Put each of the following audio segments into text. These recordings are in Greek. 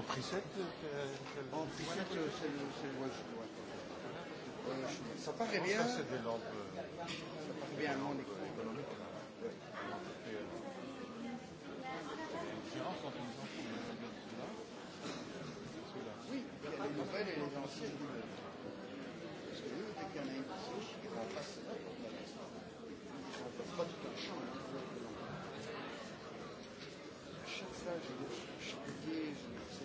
en preset En c'est le Ça paraît bien. Ça, Ça paraît bien, un économique. Oui, il y a les nouvelles et les pas γιατί εκεί σε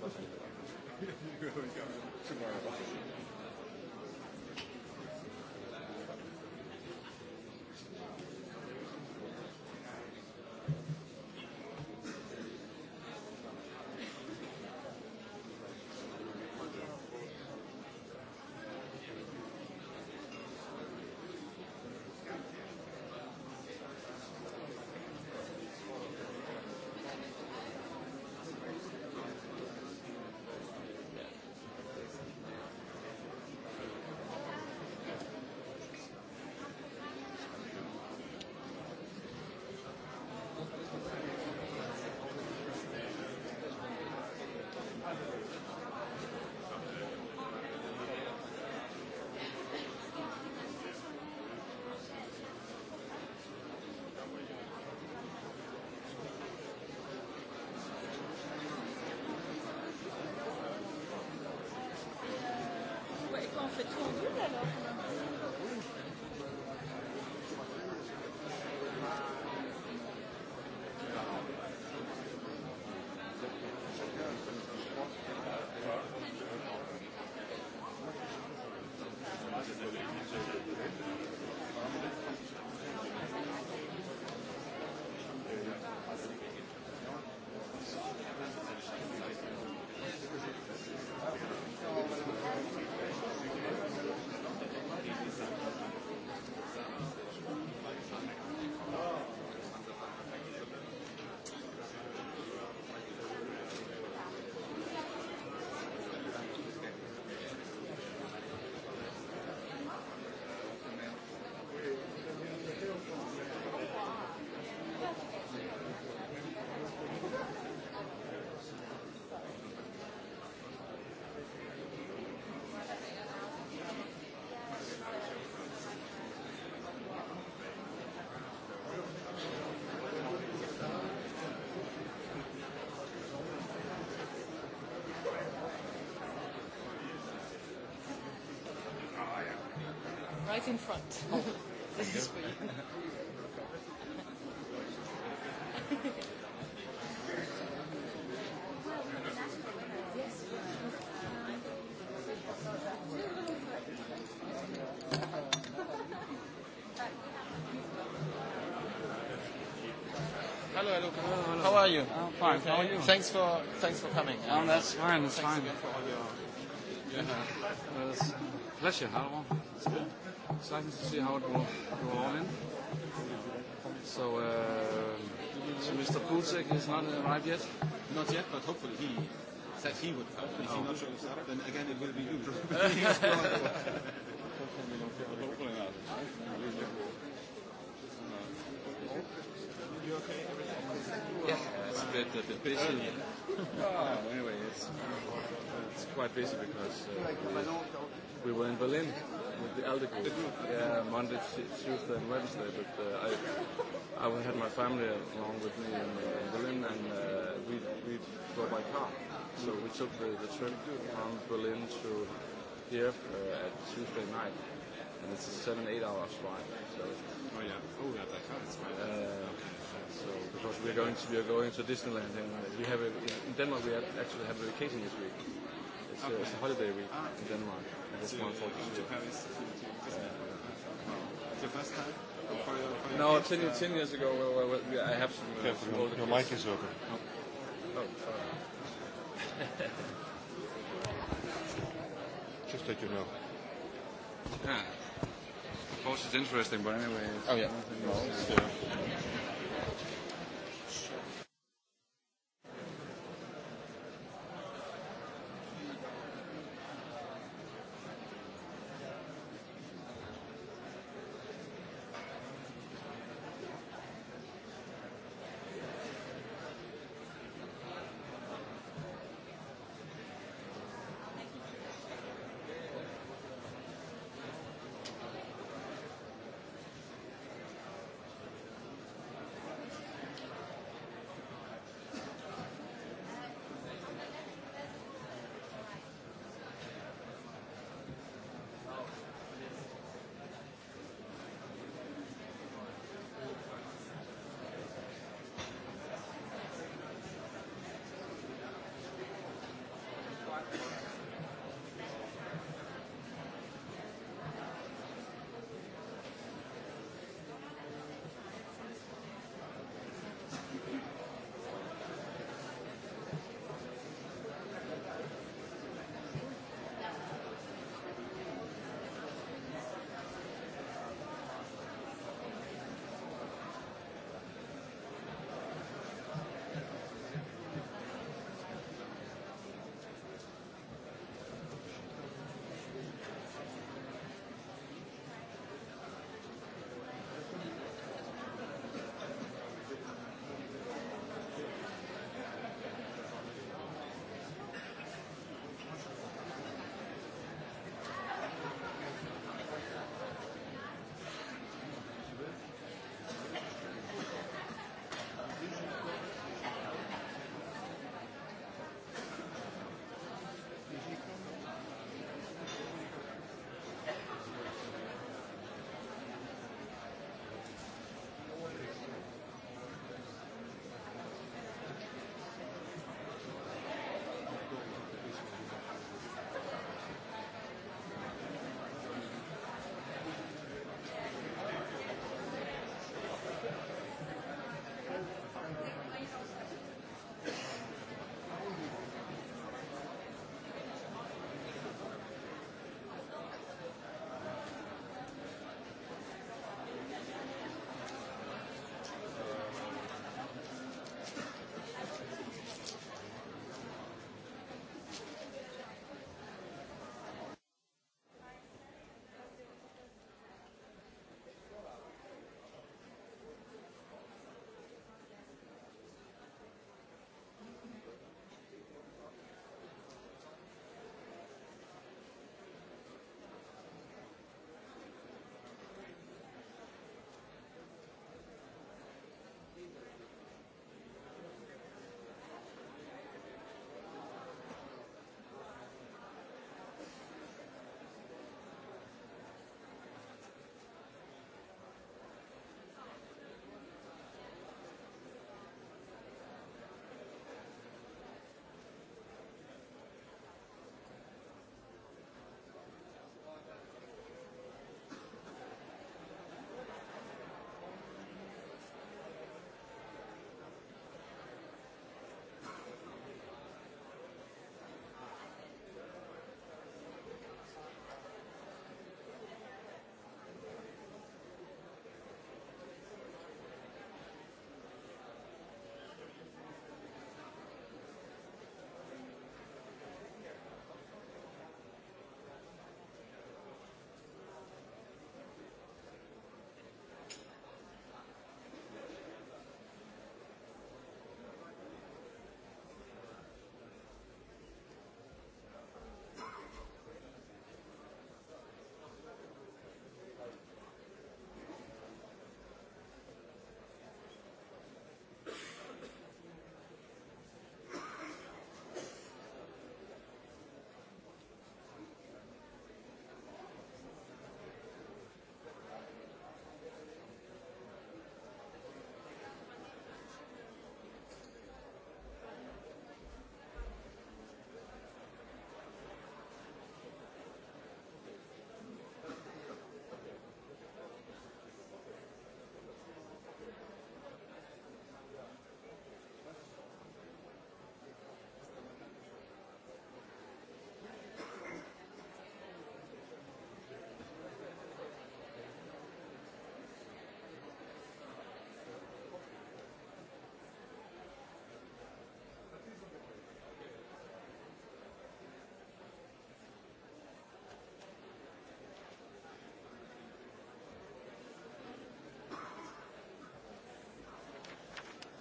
Tomorrow. fait tout right in front. This is for you. Hello, hello. How are you? I'm fine. How are you? Thanks for thanks for coming. Oh, that's fine. That's fine. Thanks again for all your. Yeah. Pleasure. Hello exciting to see how it will go on in. So, so Mr. Pulsek has not arrived yet? Not yet, but hopefully he said he would come. If he not shows up, then again it will be you. Yeah, it's a bit, a bit anyway, it's, quite busy because uh, we were in Berlin with the elder group. Yeah, Monday, Tuesday, and Wednesday. But uh, I, I had my family along with me in, Berlin, and uh, we we go by car. So we took the, the trip from Berlin to here uh, at Tuesday night, and it's a seven eight hours flight. So. Oh yeah. Oh yeah, that so because we're going to we are going to Disneyland, and we have a, in Denmark we actually have a vacation this week. It's, a, it's a holiday week in Denmark this No, ten, years ago. I have some. Your, mic is open. Just you know. Yeah. interesting, but anyway. Oh yeah.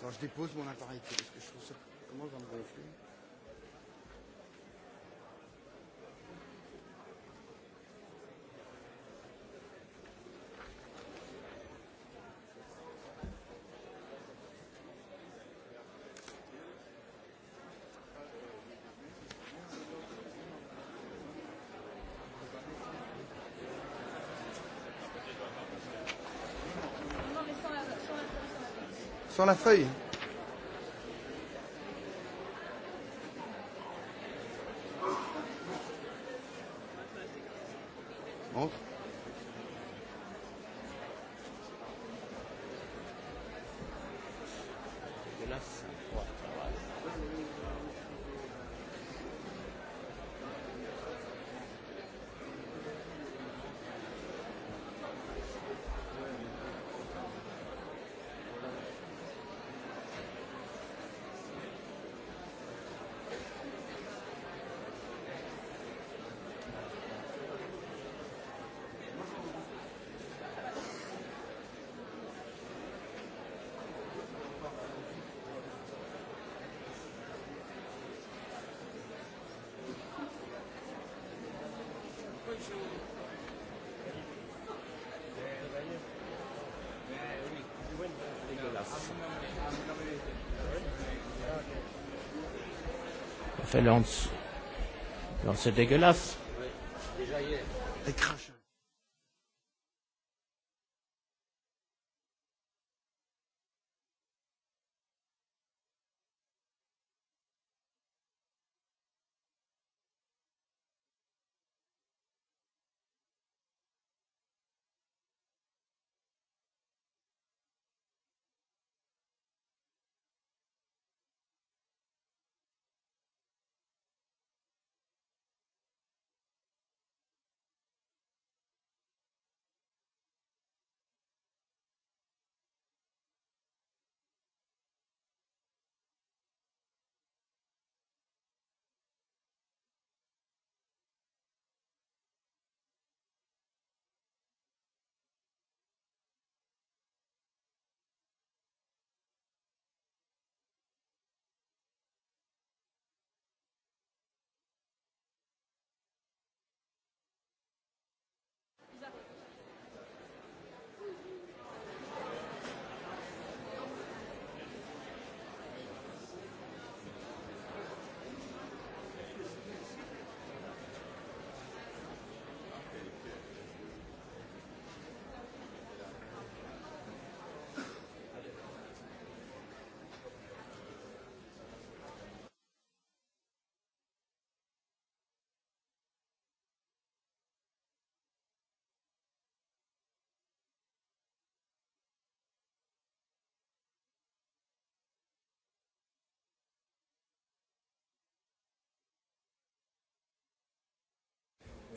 Quand je dépose mon appareil, parce que je trouve ça. Comment je vais me gonfler sur la feuille. Fais-le en dessous. c'est dégueulasse. Déjà hier.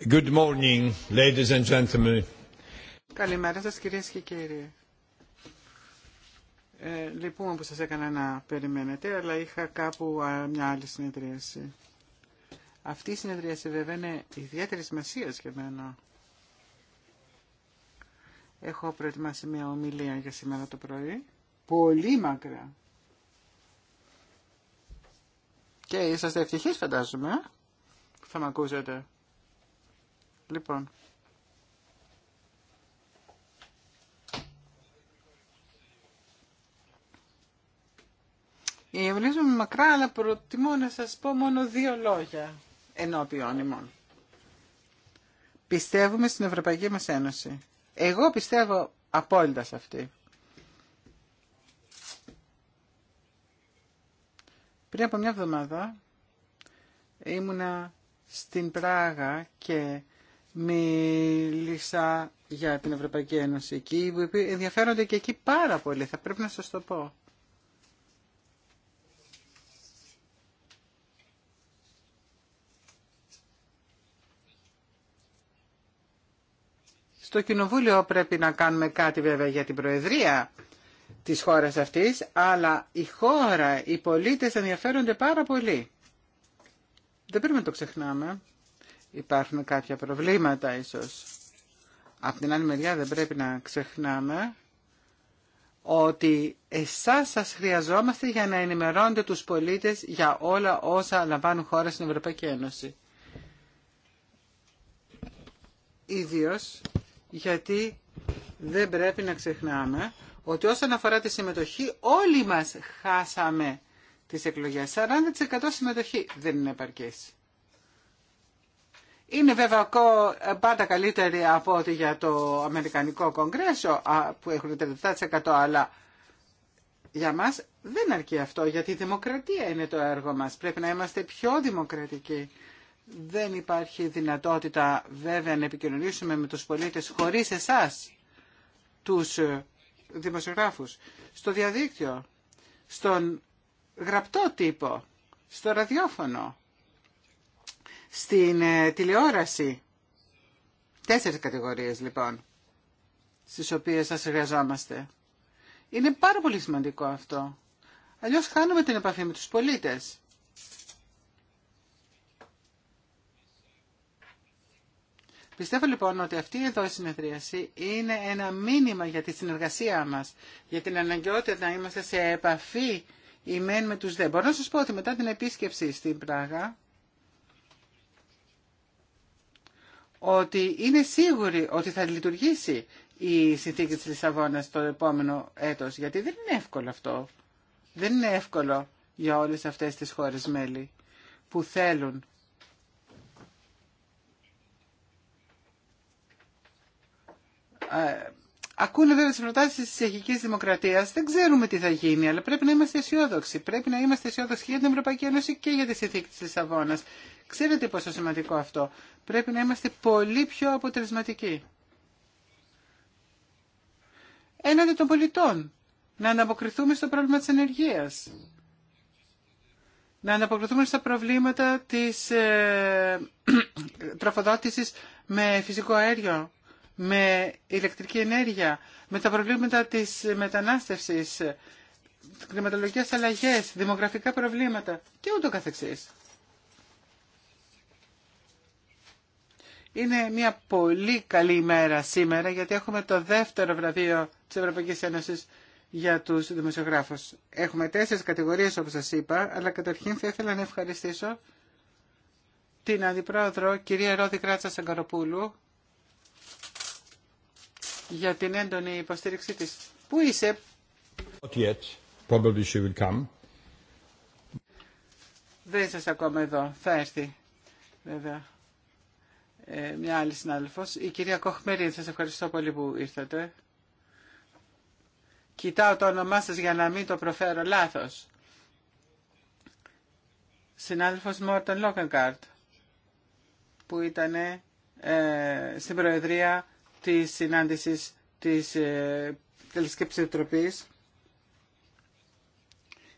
Good morning, ladies and gentlemen. Καλημέρα σας κυρίες και κύριοι. Ε, λυπούμε που σας έκανα να περιμένετε, αλλά είχα κάπου μια άλλη συνεδρίαση. Αυτή η συνεδρίαση βέβαια είναι ιδιαίτερη σημασία για μένα. Έχω προετοιμάσει μια ομιλία για σήμερα το πρωί. Πολύ μακρά. Και είσαστε ευτυχείς φαντάζομαι, ε, θα με ακούσετε. Λοιπόν. Διαβολίζουμε μακρά, αλλά προτιμώ να σας πω μόνο δύο λόγια ενώπιον ημών. Πιστεύουμε στην Ευρωπαϊκή μας Ένωση. Εγώ πιστεύω απόλυτα σε αυτή. Πριν από μια εβδομάδα ήμουνα στην Πράγα και μίλησα για την Ευρωπαϊκή Ένωση εκεί, που ενδιαφέρονται και εκεί πάρα πολύ, θα πρέπει να σας το πω. Στο Κοινοβούλιο πρέπει να κάνουμε κάτι βέβαια για την Προεδρία της χώρας αυτής, αλλά η χώρα, οι πολίτες ενδιαφέρονται πάρα πολύ. Δεν πρέπει να το ξεχνάμε. Υπάρχουν κάποια προβλήματα ίσως. Από την άλλη μεριά δεν πρέπει να ξεχνάμε ότι εσάς σας χρειαζόμαστε για να ενημερώνετε τους πολίτες για όλα όσα λαμβάνουν χώρα στην Ευρωπαϊκή Ένωση. Ιδίως γιατί δεν πρέπει να ξεχνάμε ότι όσον αφορά τη συμμετοχή όλοι μας χάσαμε τις εκλογές. 40% συμμετοχή δεν είναι επαρκή. Είναι βέβαια πάντα καλύτερη από ό,τι για το Αμερικανικό Κογκρέσο που έχουν 37% αλλά για μας δεν αρκεί αυτό γιατί η δημοκρατία είναι το έργο μας. Πρέπει να είμαστε πιο δημοκρατικοί. Δεν υπάρχει δυνατότητα βέβαια να επικοινωνήσουμε με τους πολίτες χωρίς εσάς τους ε, δημοσιογράφους. Στο διαδίκτυο, στον γραπτό τύπο, στο ραδιόφωνο στην ε, τηλεόραση. Τέσσερις κατηγορίες λοιπόν, στις οποίες σας εργαζόμαστε. Είναι πάρα πολύ σημαντικό αυτό. Αλλιώς χάνουμε την επαφή με τους πολίτες. Πιστεύω λοιπόν ότι αυτή εδώ η συνεδρίαση είναι ένα μήνυμα για τη συνεργασία μας, για την αναγκαιότητα να είμαστε σε επαφή ημέν με τους δε. Μπορώ να σας πω ότι μετά την επίσκεψη στην Πράγα, ότι είναι σίγουροι ότι θα λειτουργήσει η συνθήκη της Λισαβόνας το επόμενο έτος, γιατί δεν είναι εύκολο αυτό. Δεν είναι εύκολο για όλες αυτές τις χώρες μέλη που θέλουν ε, Ακούνε βέβαια τι προτάσει τη Τσεχική Δημοκρατία. Δεν ξέρουμε τι θα γίνει, αλλά πρέπει να είμαστε αισιόδοξοι. Πρέπει να είμαστε αισιόδοξοι και για την Ευρωπαϊκή Ένωση και για τη συνθήκη τη Λισαβόνα. Ξέρετε πόσο σημαντικό αυτό. Πρέπει να είμαστε πολύ πιο αποτελεσματικοί. Έναντι των πολιτών. Να ανταποκριθούμε στο πρόβλημα τη ενεργείας. Να ανταποκριθούμε στα προβλήματα τη ε, με φυσικό αέριο με ηλεκτρική ενέργεια, με τα προβλήματα της μετανάστευσης, κλιματολογικές αλλαγές, δημογραφικά προβλήματα και ούτω καθεξής. Είναι μια πολύ καλή ημέρα σήμερα γιατί έχουμε το δεύτερο βραβείο της Ευρωπαϊκής Ένωσης για τους δημοσιογράφους. Έχουμε τέσσερις κατηγορίες όπως σας είπα, αλλά καταρχήν θα ήθελα να ευχαριστήσω την Αντιπρόεδρο κυρία Ρώδη Κράτσα Σαγκαροπούλου για την έντονη υποστήριξή της. Πού είσαι? Probably she will come. Δεν είσαι ακόμα εδώ. Θα έρθει. Βέβαια. Ε, μια άλλη συνάδελφος. Η κυρία Κοχμερίν, σας ευχαριστώ πολύ που ήρθατε. Κοιτάω το όνομά σας για να μην το προφέρω λάθος. Συνάδελφος Μόρτον Λόκενκάρτ, που ήταν ε, στην Προεδρία της συνάντησης της ε, Τελεσκέψης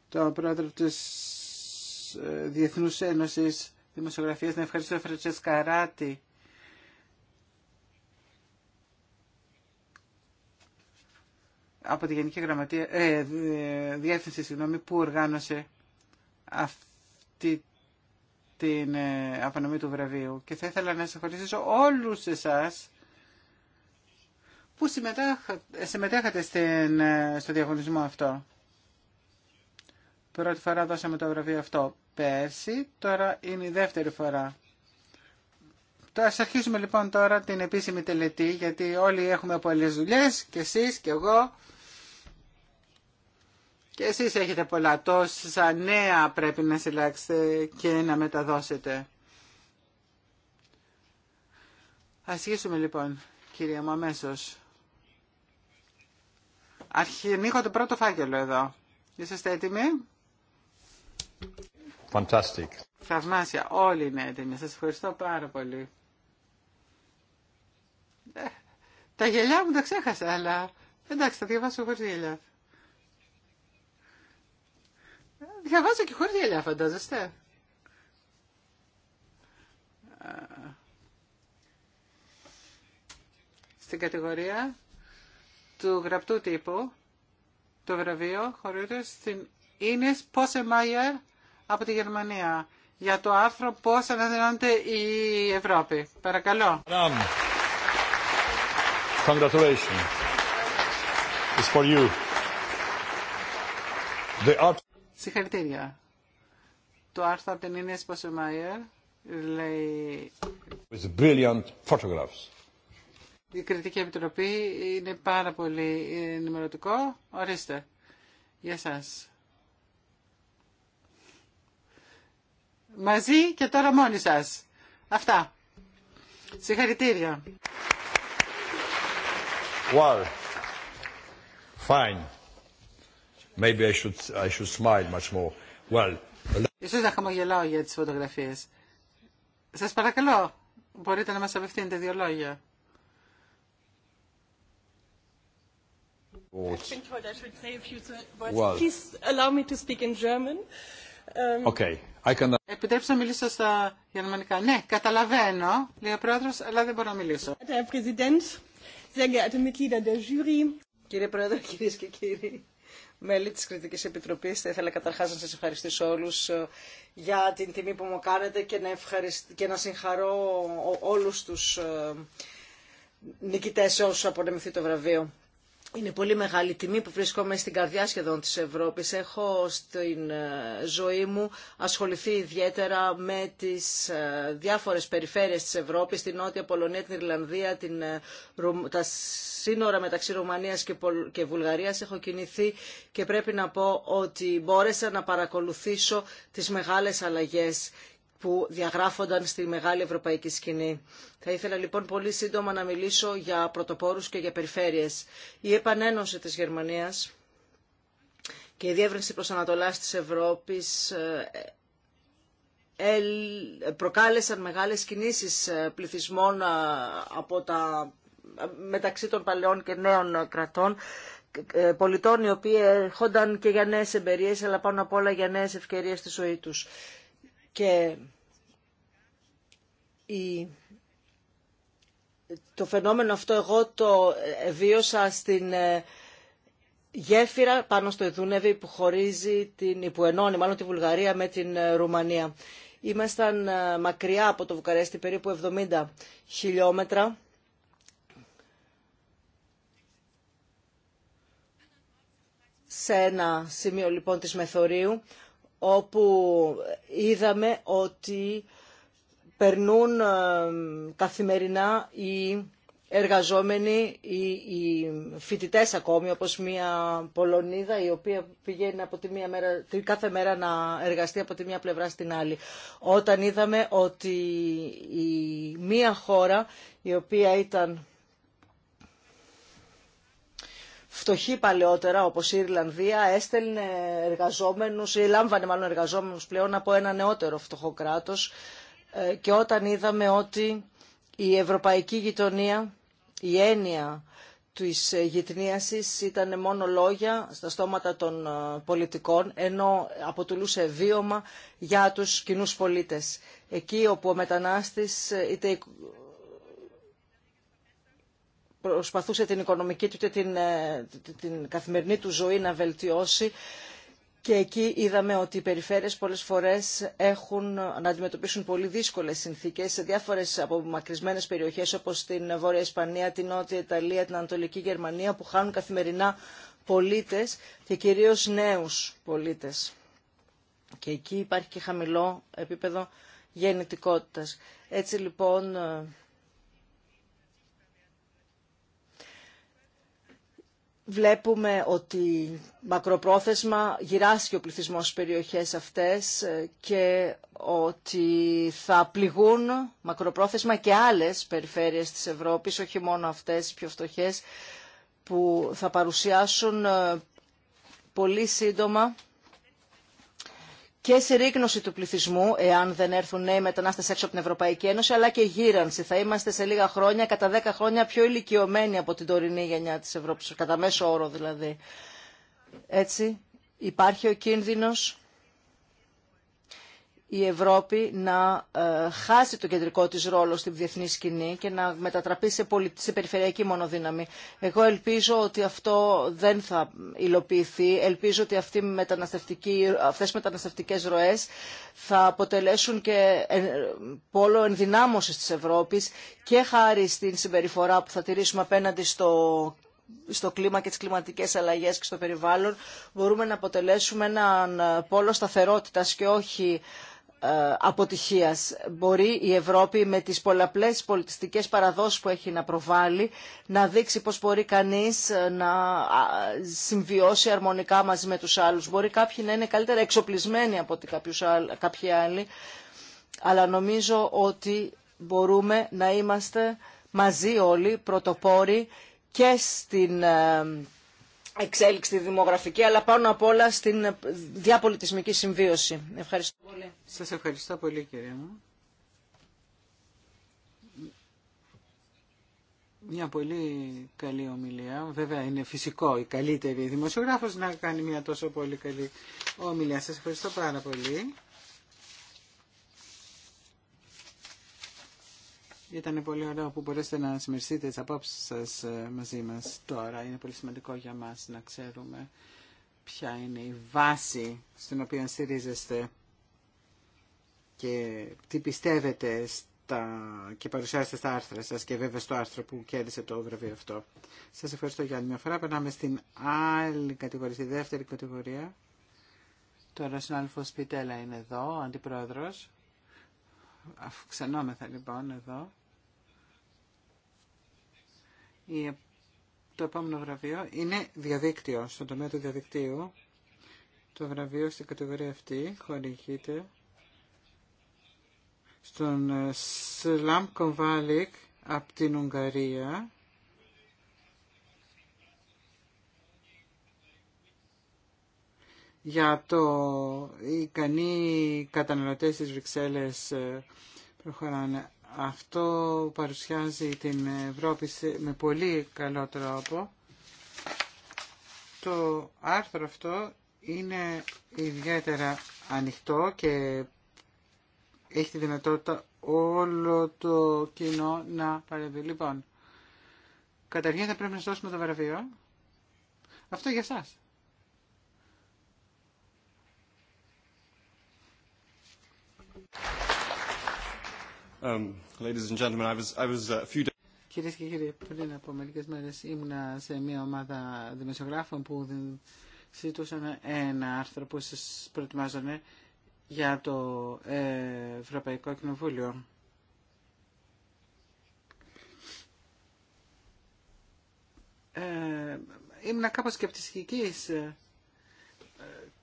το πρόεδρο της ε, Διεθνούς Ένωσης Δημοσιογραφίας, να ευχαριστώ Φραντσέσκα Ράτη, από τη Γενική Γραμματεία, ε, ε, Διεύθυνση συγγνώμη, που οργάνωσε αυτή την ε, απονομή του βραβείου. Και θα ήθελα να ευχαριστήσω όλους εσάς που συμμετέχατε στην, ε, στο διαγωνισμό αυτό. Πρώτη φορά δώσαμε το βραβείο αυτό πέρσι, τώρα είναι η δεύτερη φορά. Τώρα ας αρχίσουμε λοιπόν τώρα την επίσημη τελετή, γιατί όλοι έχουμε πολλές δουλειές, και εσείς και εγώ. Και εσείς έχετε πολλά τόσα νέα πρέπει να συλλάξετε και να μεταδώσετε. Ας αρχίσουμε λοιπόν, κυρία μου, αμέσως. Αρχινήχω το πρώτο φάκελο εδώ. Είσαστε έτοιμοι. Fantastic. Θαυμάσια. Όλοι είναι έτοιμοι. Σας ευχαριστώ πάρα πολύ. Ε, τα γελιά μου τα ξέχασα, αλλά εντάξει, θα διαβάσω χωρίς γελιά. Διαβάζω και χωρίς γελιά, φαντάζεστε. Ε, στην κατηγορία του γραπτού τύπου το βραβείο χωρίς στην Ίνες Πόσε από τη Γερμανία για το άρθρο πώς αναδυνώνεται η Ευρώπη. Παρακαλώ. Congratulations. It's for you. The... Συγχαρητήρια. Το άρθρο από την Ίνες Πόσε λέει... With brilliant photographs η Κρητική Επιτροπή είναι πάρα πολύ ενημερωτικό. Ορίστε, για σας. Μαζί και τώρα μόνοι σας. Αυτά. Συγχαρητήρια. Well, fine. Maybe I should, I should smile much more. Well, Ίσως να χαμογελάω για τις φωτογραφίες. Σας παρακαλώ, μπορείτε να μας απευθύνετε δύο λόγια. Επιτρέψτε να μιλήσω στα γερμανικά. Ναι, καταλαβαίνω, λέει ο πρόεδρο, αλλά δεν μπορώ να μιλήσω. Κύριε Πρόεδρε, κυρίε και κύριοι μέλη τη Κριτική Επιτροπή, Θα ήθελα καταρχά να σα ευχαριστήσω όλου ε, για την τιμή που μου κάνετε και να, και να συγχαρώ όλου του ε, νικητέ όσου απονεμηθεί το βραβείο. Είναι πολύ μεγάλη τιμή που βρισκόμαι στην καρδιά σχεδόν της Ευρώπης. Έχω στην ε, ζωή μου ασχοληθεί ιδιαίτερα με τις ε, διάφορες περιφέρειες της Ευρώπης, την Νότια Πολωνία, την Ιρλανδία, την, ε, τα σύνορα μεταξύ Ρουμανίας και, Βουλγαρίας. Έχω κινηθεί και πρέπει να πω ότι μπόρεσα να παρακολουθήσω τις μεγάλες αλλαγές που διαγράφονταν στη μεγάλη ευρωπαϊκή σκηνή. Θα ήθελα λοιπόν πολύ σύντομα να μιλήσω για πρωτοπόρους και για περιφέρειες. Η επανένωση της Γερμανίας και η διεύρυνση προς Ανατολάς της Ευρώπης ε, ε, ε, προκάλεσαν μεγάλες κινήσεις πληθυσμών από τα, μεταξύ των παλαιών και νέων κρατών πολιτών οι οποίοι έρχονταν και για νέες εμπειρίες αλλά πάνω απ' όλα για νέες ευκαιρίες στη ζωή τους και το φαινόμενο αυτό εγώ το βίωσα στην ε, γέφυρα πάνω στο Ιδούνευη που χωρίζει την, που ενώνει μάλλον τη Βουλγαρία με την ε, Ρουμανία. Ήμασταν ε, μακριά από το Βουκαρέστι, περίπου 70 χιλιόμετρα. Σε ένα σημείο λοιπόν της Μεθορίου, όπου είδαμε ότι περνούν ε, καθημερινά οι εργαζόμενοι, οι, οι φοιτητές ακόμη, όπως μια Πολωνίδα η οποία πηγαίνει από τη μία μέρα, κάθε μέρα να εργαστεί από τη μία πλευρά στην άλλη. Όταν είδαμε ότι η μία χώρα η οποία ήταν φτωχή παλαιότερα, όπως η Ιρλανδία, έστελνε εργαζόμενους ή λάμβανε μάλλον εργαζόμενους πλέον από ένα νεότερο φτωχό κράτος ε, και όταν είδαμε ότι η λαμβανε μαλλον εργαζομενου πλεον απο ενα νεοτερο φτωχο κρατο και οταν ειδαμε οτι η έννοια της γειτνίασης ήταν μόνο λόγια στα στόματα των ε, πολιτικών, ενώ αποτελούσε βίωμα για τους κοινού πολίτες. Εκεί όπου ο μετανάστης, είτε προσπαθούσε την οικονομική του και ε, την, την καθημερινή του ζωή να βελτιώσει. Και εκεί είδαμε ότι οι περιφέρειες πολλές φορές έχουν να αντιμετωπίσουν πολύ δύσκολες συνθήκες σε διάφορες απομακρυσμένες περιοχές όπως την Βόρεια Ισπανία, την Νότια Ιταλία, την Ανατολική Γερμανία που χάνουν καθημερινά πολίτες και κυρίως νέους πολίτες. Και εκεί υπάρχει και χαμηλό επίπεδο γεννητικότητας. Έτσι λοιπόν ε, βλέπουμε ότι μακροπρόθεσμα γυράσκει ο πληθυσμός στις περιοχές αυτές ε, και ότι θα πληγούν μακροπρόθεσμα και άλλες περιφέρειες της Ευρώπης, όχι μόνο αυτές οι πιο φτωχές, που θα παρουσιάσουν ε, πολύ σύντομα και σε ρήγνωση του πληθυσμού, εάν δεν έρθουν νέοι μετανάστες έξω από την Ευρωπαϊκή Ένωση, αλλά και γύρανση. Θα είμαστε σε λίγα χρόνια, κατά δέκα χρόνια, πιο ηλικιωμένοι από την τωρινή γενιά της Ευρώπης, κατά μέσο όρο δηλαδή. Έτσι, υπάρχει ο κίνδυνος η Ευρώπη να ε, χάσει το κεντρικό της ρόλο στην διεθνή σκηνή και να μετατραπεί σε, πολι... σε περιφερειακή μονοδύναμη. Εγώ ελπίζω ότι αυτό δεν θα υλοποιηθεί. Ελπίζω ότι αυτή μεταναστευτική... αυτές οι μεταναστευτικές ροές θα αποτελέσουν και ε, πόλο ενδυνάμωσης της Ευρώπης και χάρη στην συμπεριφορά που θα τηρήσουμε απέναντι στο στο κλίμα και τις κλιματικές αλλαγές και στο περιβάλλον μπορούμε να αποτελέσουμε έναν ε, πόλο σταθερότητας και όχι ε, αποτυχίας. Μπορεί η Ευρώπη με τις πολλαπλές πολιτιστικές παραδόσεις που έχει να προβάλλει να δείξει πώς μπορεί κανείς ε, να συμβιώσει αρμονικά μαζί με τους άλλους. Μπορεί κάποιοι να είναι καλύτερα εξοπλισμένοι από κάποιοι άλλοι, αλλά νομίζω ότι μπορούμε να είμαστε μαζί όλοι πρωτοπόροι και στην ε, εξέλιξη τη δημογραφική, αλλά πάνω απ' όλα στην διαπολιτισμική συμβίωση. Ευχαριστώ πολύ. Σας ευχαριστώ πολύ κύριε μου. Μια πολύ καλή ομιλία. Βέβαια είναι φυσικό η καλύτερη δημοσιογράφος να κάνει μια τόσο πολύ καλή ομιλία. Σας ευχαριστώ πάρα πολύ. Ήταν πολύ ωραίο που μπορέσετε να συμμεριστείτε τι απόψει σα ε, μαζί μα τώρα. Είναι πολύ σημαντικό για μα να ξέρουμε ποια είναι η βάση στην οποία στηρίζεστε και τι πιστεύετε στα... και παρουσιάσετε στα άρθρα σα και βέβαια στο άρθρο που κέρδισε το βραβείο αυτό. Σα ευχαριστώ για άλλη μια φορά. Περνάμε στην άλλη κατηγορία, στη δεύτερη κατηγορία. Τώρα ο συνάδελφος Πιτέλα είναι εδώ, αντιπρόεδρο, Αυξανόμεθα λοιπόν εδώ. Το επόμενο βραβείο είναι διαδίκτυο, στον τομέα του διαδικτύου. Το βραβείο στην κατηγορία αυτή χορηγείται στον Σλάμ ε, Κομβάλικ από την Ουγγαρία. για το ικανοί καταναλωτές της Βρυξέλλες ε, προχωράνε αυτό παρουσιάζει την Ευρώπη με πολύ καλό τρόπο. Το άρθρο αυτό είναι ιδιαίτερα ανοιχτό και έχει τη δυνατότητα όλο το κοινό να παρεμβεί. Λοιπόν, καταρχήν θα πρέπει να σας το βραβείο. Αυτό για σας. Κυρίες και κύριοι, πριν από μερικές μέρες ήμουνα σε μια ομάδα δημοσιογράφων που ζητούσαν ένα άρθρο που σας προετοιμάζανε για το ε, Ευρωπαϊκό Κοινοβούλιο. Ε, ήμουνα κάπω κάπως σκεπτιστικής. Ε,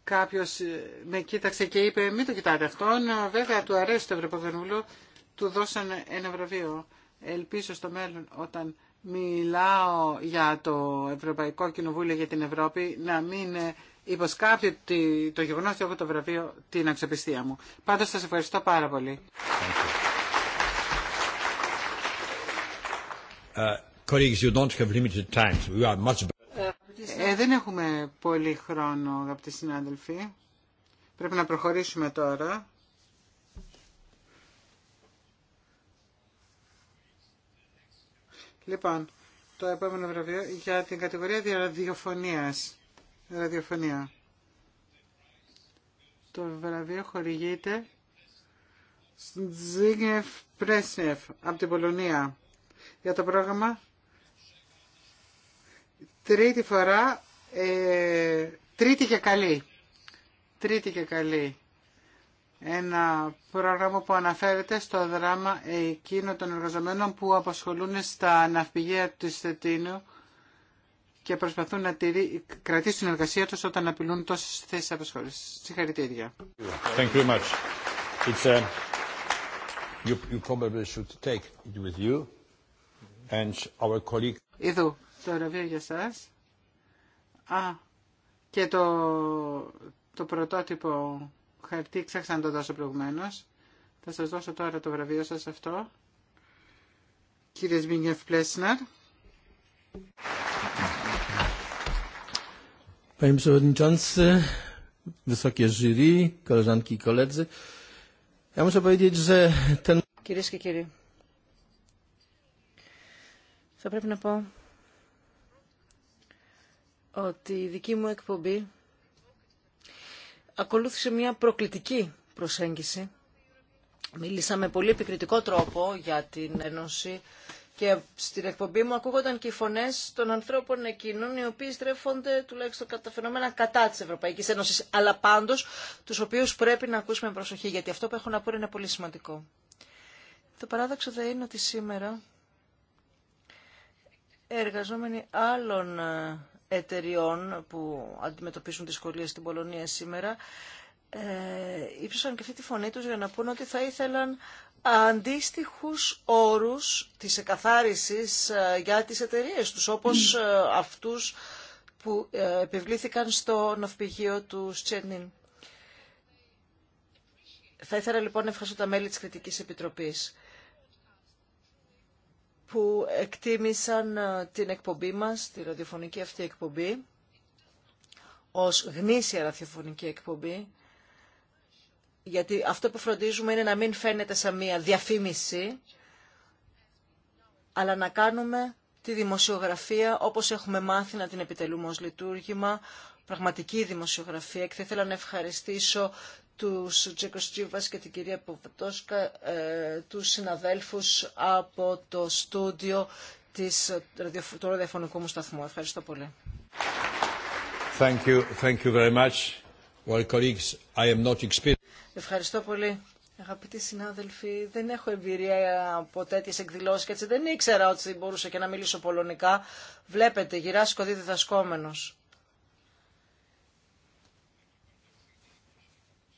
κάποιος με κοίταξε και είπε μην το κοιτάτε αυτόν. Βέβαια του αρέσει το Ευρωπαϊκό Κοινοβούλιο του δώσαν ένα βραβείο. Ελπίζω στο μέλλον όταν μιλάω για το Ευρωπαϊκό Κοινοβούλιο για την Ευρώπη να μην υποσκάπτει το γεγονός ότι έχω το βραβείο την αξιοπιστία μου. Πάντως σας ευχαριστώ πάρα πολύ. δεν έχουμε πολύ χρόνο, αγαπητοί συνάδελφοι. Πρέπει να προχωρήσουμε τώρα. Λοιπόν, το επόμενο βραβείο για την κατηγορία διαραδιοφωνίας. Ραδιοφωνία. Το βραβείο χορηγείται Ζίγεφ Πρέσνεφ από την Πολωνία για το πρόγραμμα τρίτη φορά ε, τρίτη και καλή τρίτη και καλή ένα πρόγραμμα που αναφέρεται στο δράμα εκείνο των εργαζομένων που απασχολούν στα ναυπηγεία του Στετίνου και προσπαθούν να τηρεί, κρατήσουν την εργασία τους όταν απειλούν τόσες θέσεις απασχόλησης. Συγχαρητήρια. Thank you much. It's uh, you, you probably should take it with you and our colleague. Εδώ το ραβείο για σας. Α, και το, το πρωτότυπο χαρτί ξέχασα να το δώσω προηγουμένω. Θα σας δώσω τώρα το βραβείο σα, αυτό. Κύριε Σμίγεφ Πλέσναρ. Panie jury, i Κυρίες και κύριοι, θα πρέπει να πω ότι η δική μου εκπομπή ακολούθησε μια προκλητική προσέγγιση. Μίλησα με πολύ επικριτικό τρόπο για την Ένωση και στην εκπομπή μου ακούγονταν και οι φωνέ των ανθρώπων εκείνων οι οποίοι στρέφονται τουλάχιστον κατά φαινόμενα κατά τη Ευρωπαϊκή Ένωση. Αλλά πάντω του οποίου πρέπει να ακούσουμε προσοχή, γιατί αυτό που έχω να πω είναι πολύ σημαντικό. Το παράδοξο θα είναι ότι σήμερα εργαζόμενοι άλλων ε, εταιριών που αντιμετωπίζουν δυσκολίες στην Πολωνία σήμερα ε, ύψωσαν και αυτή τη φωνή τους για να πούν ότι θα ήθελαν αντίστοιχους όρους της εκαθάρισης ε, για τις εταιρείες τους, όπως ε, αυτούς που ε, επιβλήθηκαν στο ναυπηγείο του Στσένιν. Θα ήθελα λοιπόν να ευχαριστώ τα μέλη της Κριτικής Επιτροπής που εκτίμησαν ε, την εκπομπή μας, τη ραδιοφωνική αυτή εκπομπή, ως γνήσια ραδιοφωνική εκπομπή, γιατί αυτό που φροντίζουμε είναι να μην φαίνεται σαν μία διαφήμιση, αλλά να κάνουμε τη δημοσιογραφία όπως έχουμε μάθει να την επιτελούμε ως λειτουργήμα, πραγματική δημοσιογραφία και θα ήθελα να ευχαριστήσω τους Τζέκος Τσίβας και την κυρία Ποβατόσκα, ε, τους συναδέλφους από το στούντιο της, του ραδιοφωνικού μου σταθμού. Ευχαριστώ πολύ. Ευχαριστώ πολύ. Αγαπητοί συνάδελφοι, δεν έχω εμπειρία από τέτοιε εκδηλώσει και έτσι δεν ήξερα ότι μπορούσα και να μιλήσω πολωνικά. Βλέπετε, γυράσκω διδασκόμενος.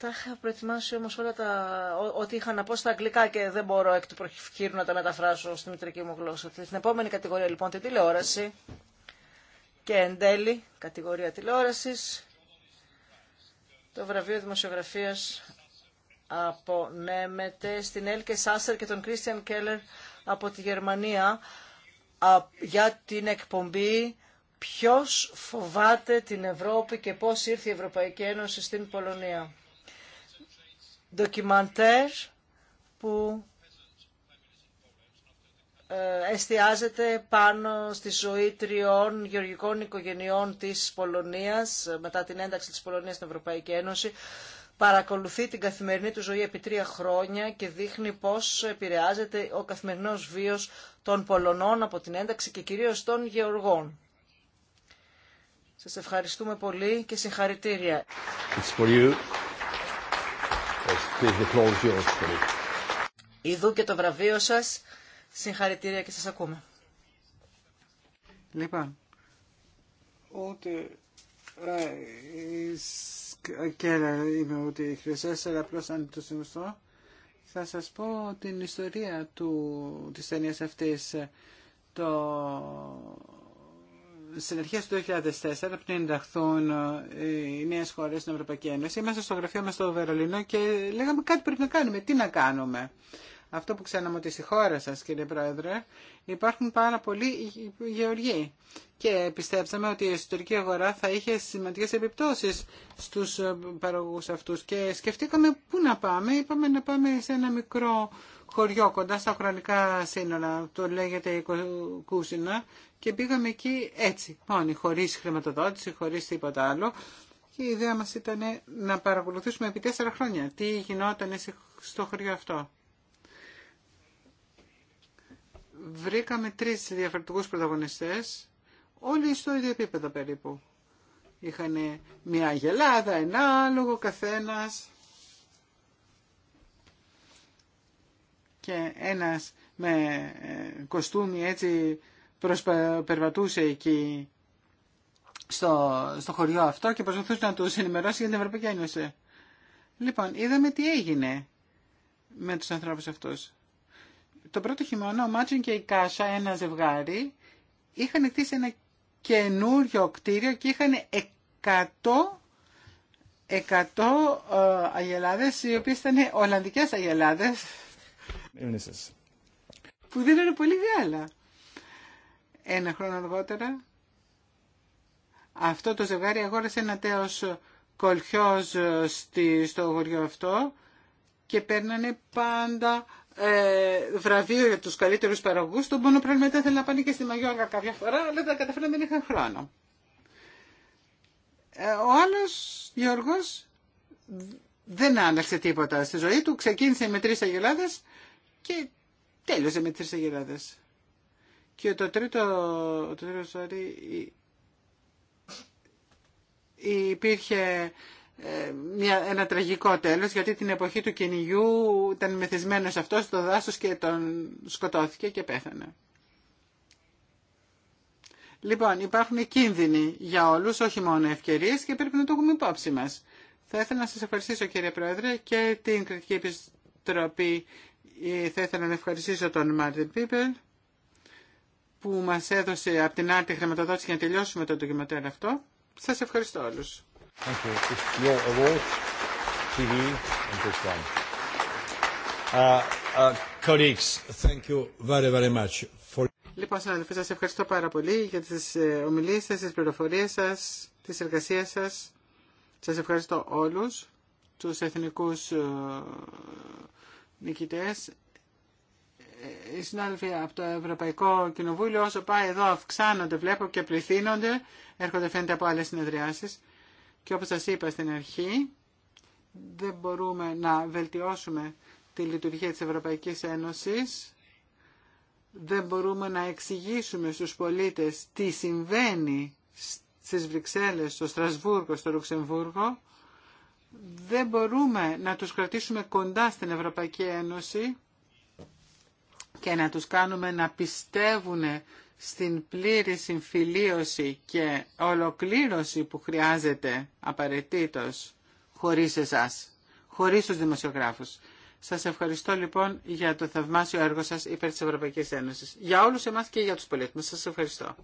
Τα είχα προετοιμάσει όμως όλα τα... ό,τι είχα να πω στα αγγλικά και δεν μπορώ εκ του προχειρού να τα μεταφράσω στη μητρική μου γλώσσα. Την επόμενη κατηγορία λοιπόν τη τηλεόραση και εν τέλει κατηγορία τηλεόραση, το βραβείο δημοσιογραφία απονέμεται στην Έλκε Σάσερ και τον Κρίστιαν Κέλλερ από τη Γερμανία για την εκπομπή ποιος φοβάται την Ευρώπη και πώς ήρθε η Ευρωπαϊκή Ένωση στην Πολωνία ντοκιμαντέρ που ε, εστιάζεται πάνω στη ζωή τριών γεωργικών οικογενειών της Πολωνίας ε, μετά την ένταξη της Πολωνίας στην Ευρωπαϊκή Ένωση. Παρακολουθεί την καθημερινή του ζωή επί τρία χρόνια και δείχνει πώς επηρεάζεται ο καθημερινός βίος των Πολωνών από την ένταξη και κυρίως των γεωργών. Σας ευχαριστούμε πολύ και συγχαρητήρια. Please και το βραβείο σας. Συγχαρητήρια και σας ακούμε. Λοιπόν, ούτε κέρα είμαι οτι η χρυσές, αλλά απλώς αν το συμβουστώ θα σας πω την ιστορία του, της ταινίας αυτής. Το στην αρχή του 2004 πριν ενταχθούν ε, οι νέε χώρε στην Ευρωπαϊκή Ένωση, είμαστε στο γραφείο μα στο Βερολίνο και λέγαμε κάτι πρέπει να κάνουμε. Τι να κάνουμε. Αυτό που ξέραμε ότι στη χώρα σα, κύριε Πρόεδρε, υπάρχουν πάρα πολλοί γεωργοί. Και πιστέψαμε ότι η εσωτερική αγορά θα είχε σημαντικέ επιπτώσει στου παραγωγού αυτού. Και σκεφτήκαμε πού να πάμε. Είπαμε να πάμε σε ένα μικρό χωριό κοντά στα χρονικά σύνορα, το λέγεται Κούσινα, και πήγαμε εκεί έτσι, μόνοι, λοιπόν, χωρίς χρηματοδότηση, χωρίς τίποτα άλλο. Και η ιδέα μας ήταν να παρακολουθήσουμε επί τέσσερα χρόνια τι γινόταν στο χωριό αυτό. Βρήκαμε τρεις διαφορετικούς πρωταγωνιστές, όλοι στο ίδιο επίπεδο περίπου. Είχαν μια γελάδα, ένα άλογο, καθένας και ένας με ε, κοστούμι έτσι προσπερβατούσε εκεί στο, στο χωριό αυτό και προσπαθούσε να τους ενημερώσει για την Ευρωπαϊκή Ένωση. Λοιπόν, είδαμε τι έγινε με τους ανθρώπους αυτούς. Το πρώτο χειμώνα ο Μάτσιν και η Κάσα, ένα ζευγάρι, είχαν χτίσει ένα καινούριο κτίριο και είχαν 100 100 ε, αγελάδες, οι οποίε ήταν Ολλανδικές αγελάδες, illnesses. Που είναι πολύ γάλα. Ένα χρόνο αργότερα, αυτό το ζευγάρι αγόρασε ένα τέος κολχιός στη, στο γοριό αυτό και παίρνανε πάντα ε, βραβείο για τους καλύτερους παραγωγούς. Το μόνο πράγμα ήταν να πάνε και στη Μαγιόργα κάποια φορά, αλλά τα καταφέραν δεν είχαν χρόνο. Ε, ο άλλος Γιώργος δεν άλλαξε τίποτα στη ζωή του. Ξεκίνησε με τρεις αγελάδες και τέλειωσε με τρεις αγελάδες. Και το τρίτο, το τρίτο υπήρχε ε, μια, ένα τραγικό τέλος γιατί την εποχή του κυνηγιού ήταν μεθυσμένος αυτός στο δάσος και τον σκοτώθηκε και πέθανε. Λοιπόν, υπάρχουν κίνδυνοι για όλους, όχι μόνο ευκαιρίες και πρέπει να το έχουμε υπόψη μας. Θα ήθελα να σας ευχαριστήσω κύριε Πρόεδρε και την Κριτική Επιστροπή θα ήθελα να ευχαριστήσω τον Μάρτιν Πίπελ που μας έδωσε από την άρτη χρηματοδότηση για να τελειώσουμε το ντοκιμαντέρ αυτό. Σας ευχαριστώ όλους. Λοιπόν, συναδελφοί, σας ευχαριστώ πάρα πολύ για τις ε, ομιλίες σας, τις πληροφορίες σας, τις εργασίες σας. Σας ευχαριστώ όλους τους εθνικούς ε, νικητές. Ε, οι συνάδελφοι από το Ευρωπαϊκό Κοινοβούλιο όσο πάει εδώ αυξάνονται, βλέπω και πληθύνονται, έρχονται φαίνεται από άλλες συνεδριάσεις. Και όπως σας είπα στην αρχή, δεν μπορούμε να βελτιώσουμε τη λειτουργία της Ευρωπαϊκής Ένωσης, δεν μπορούμε να εξηγήσουμε στους πολίτες τι συμβαίνει στις Βρυξέλλες, στο Στρασβούργο, στο Λουξεμβούργο, δεν μπορούμε να τους κρατήσουμε κοντά στην Ευρωπαϊκή Ένωση και να τους κάνουμε να πιστεύουν στην πλήρη συμφιλίωση και ολοκλήρωση που χρειάζεται απαραίτητος χωρίς εσάς, χωρίς τους δημοσιογράφους. Σας ευχαριστώ λοιπόν για το θαυμάσιο έργο σας υπέρ της Ευρωπαϊκής Ένωσης. Για όλους εμάς και για τους πολίτες μας. Σας ευχαριστώ.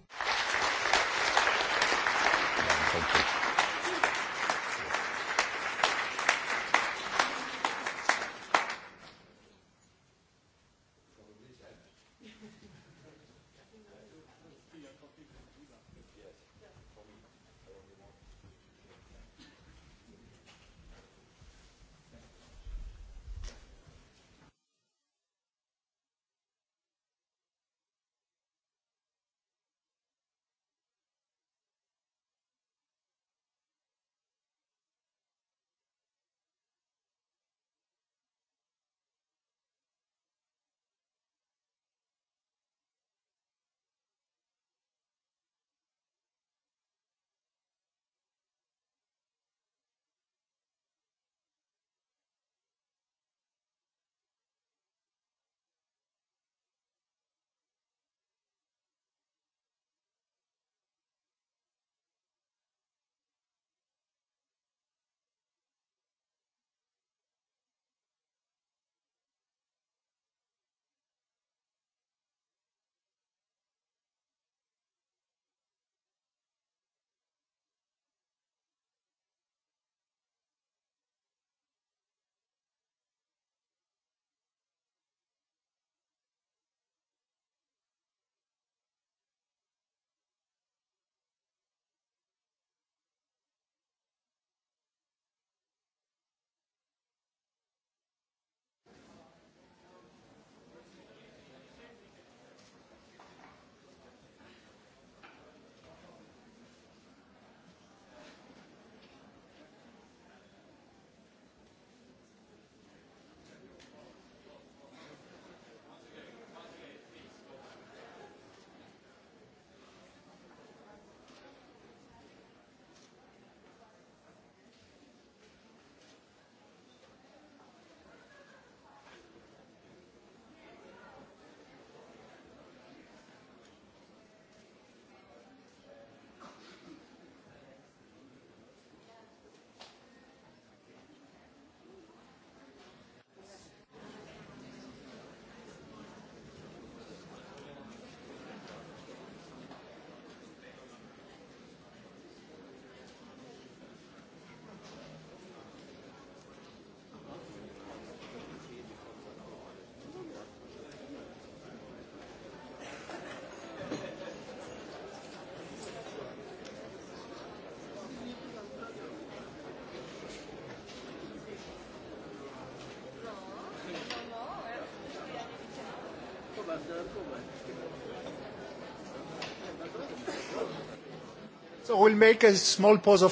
So we'll make a small pause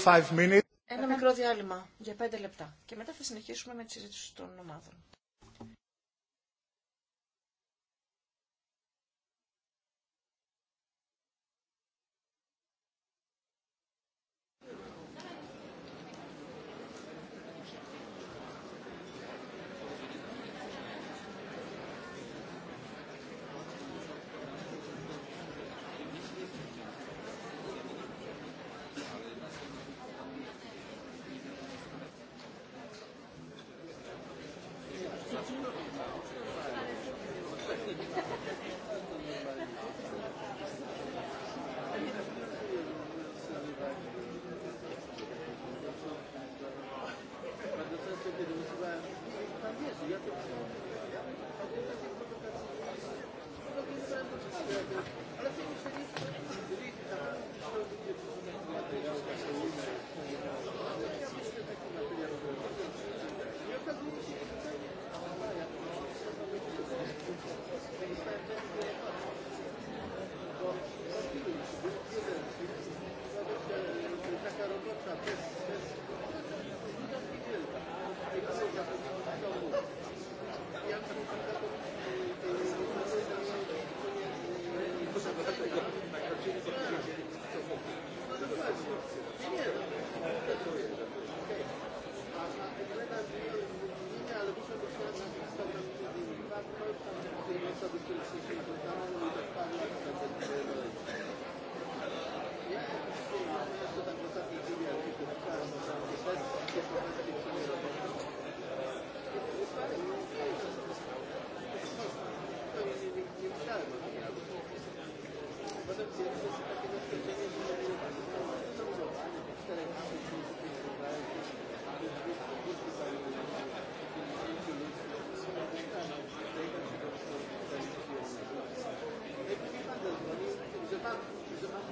Ένα μικρό διάλειμμα για πέντε λεπτά και μετά θα συνεχίσουμε με τη συζήτηση των ομάδων.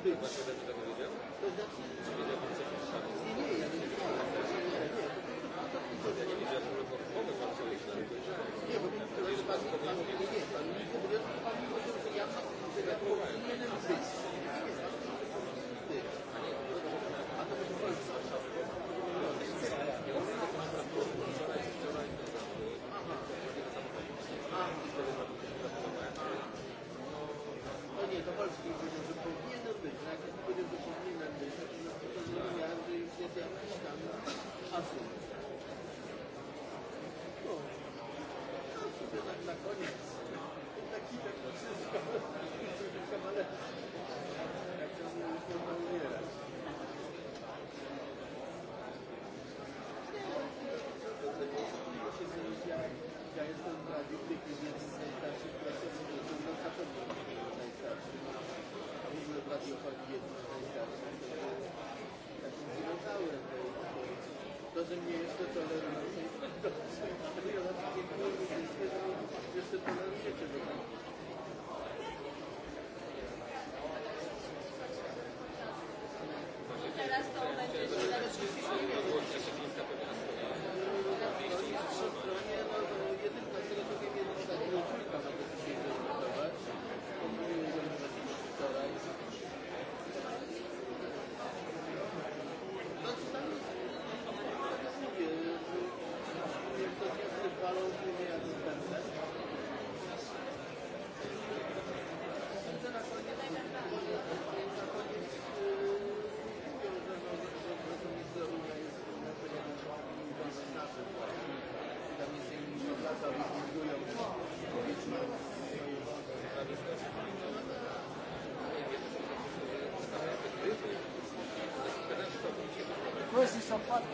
Beach. Switzerland. support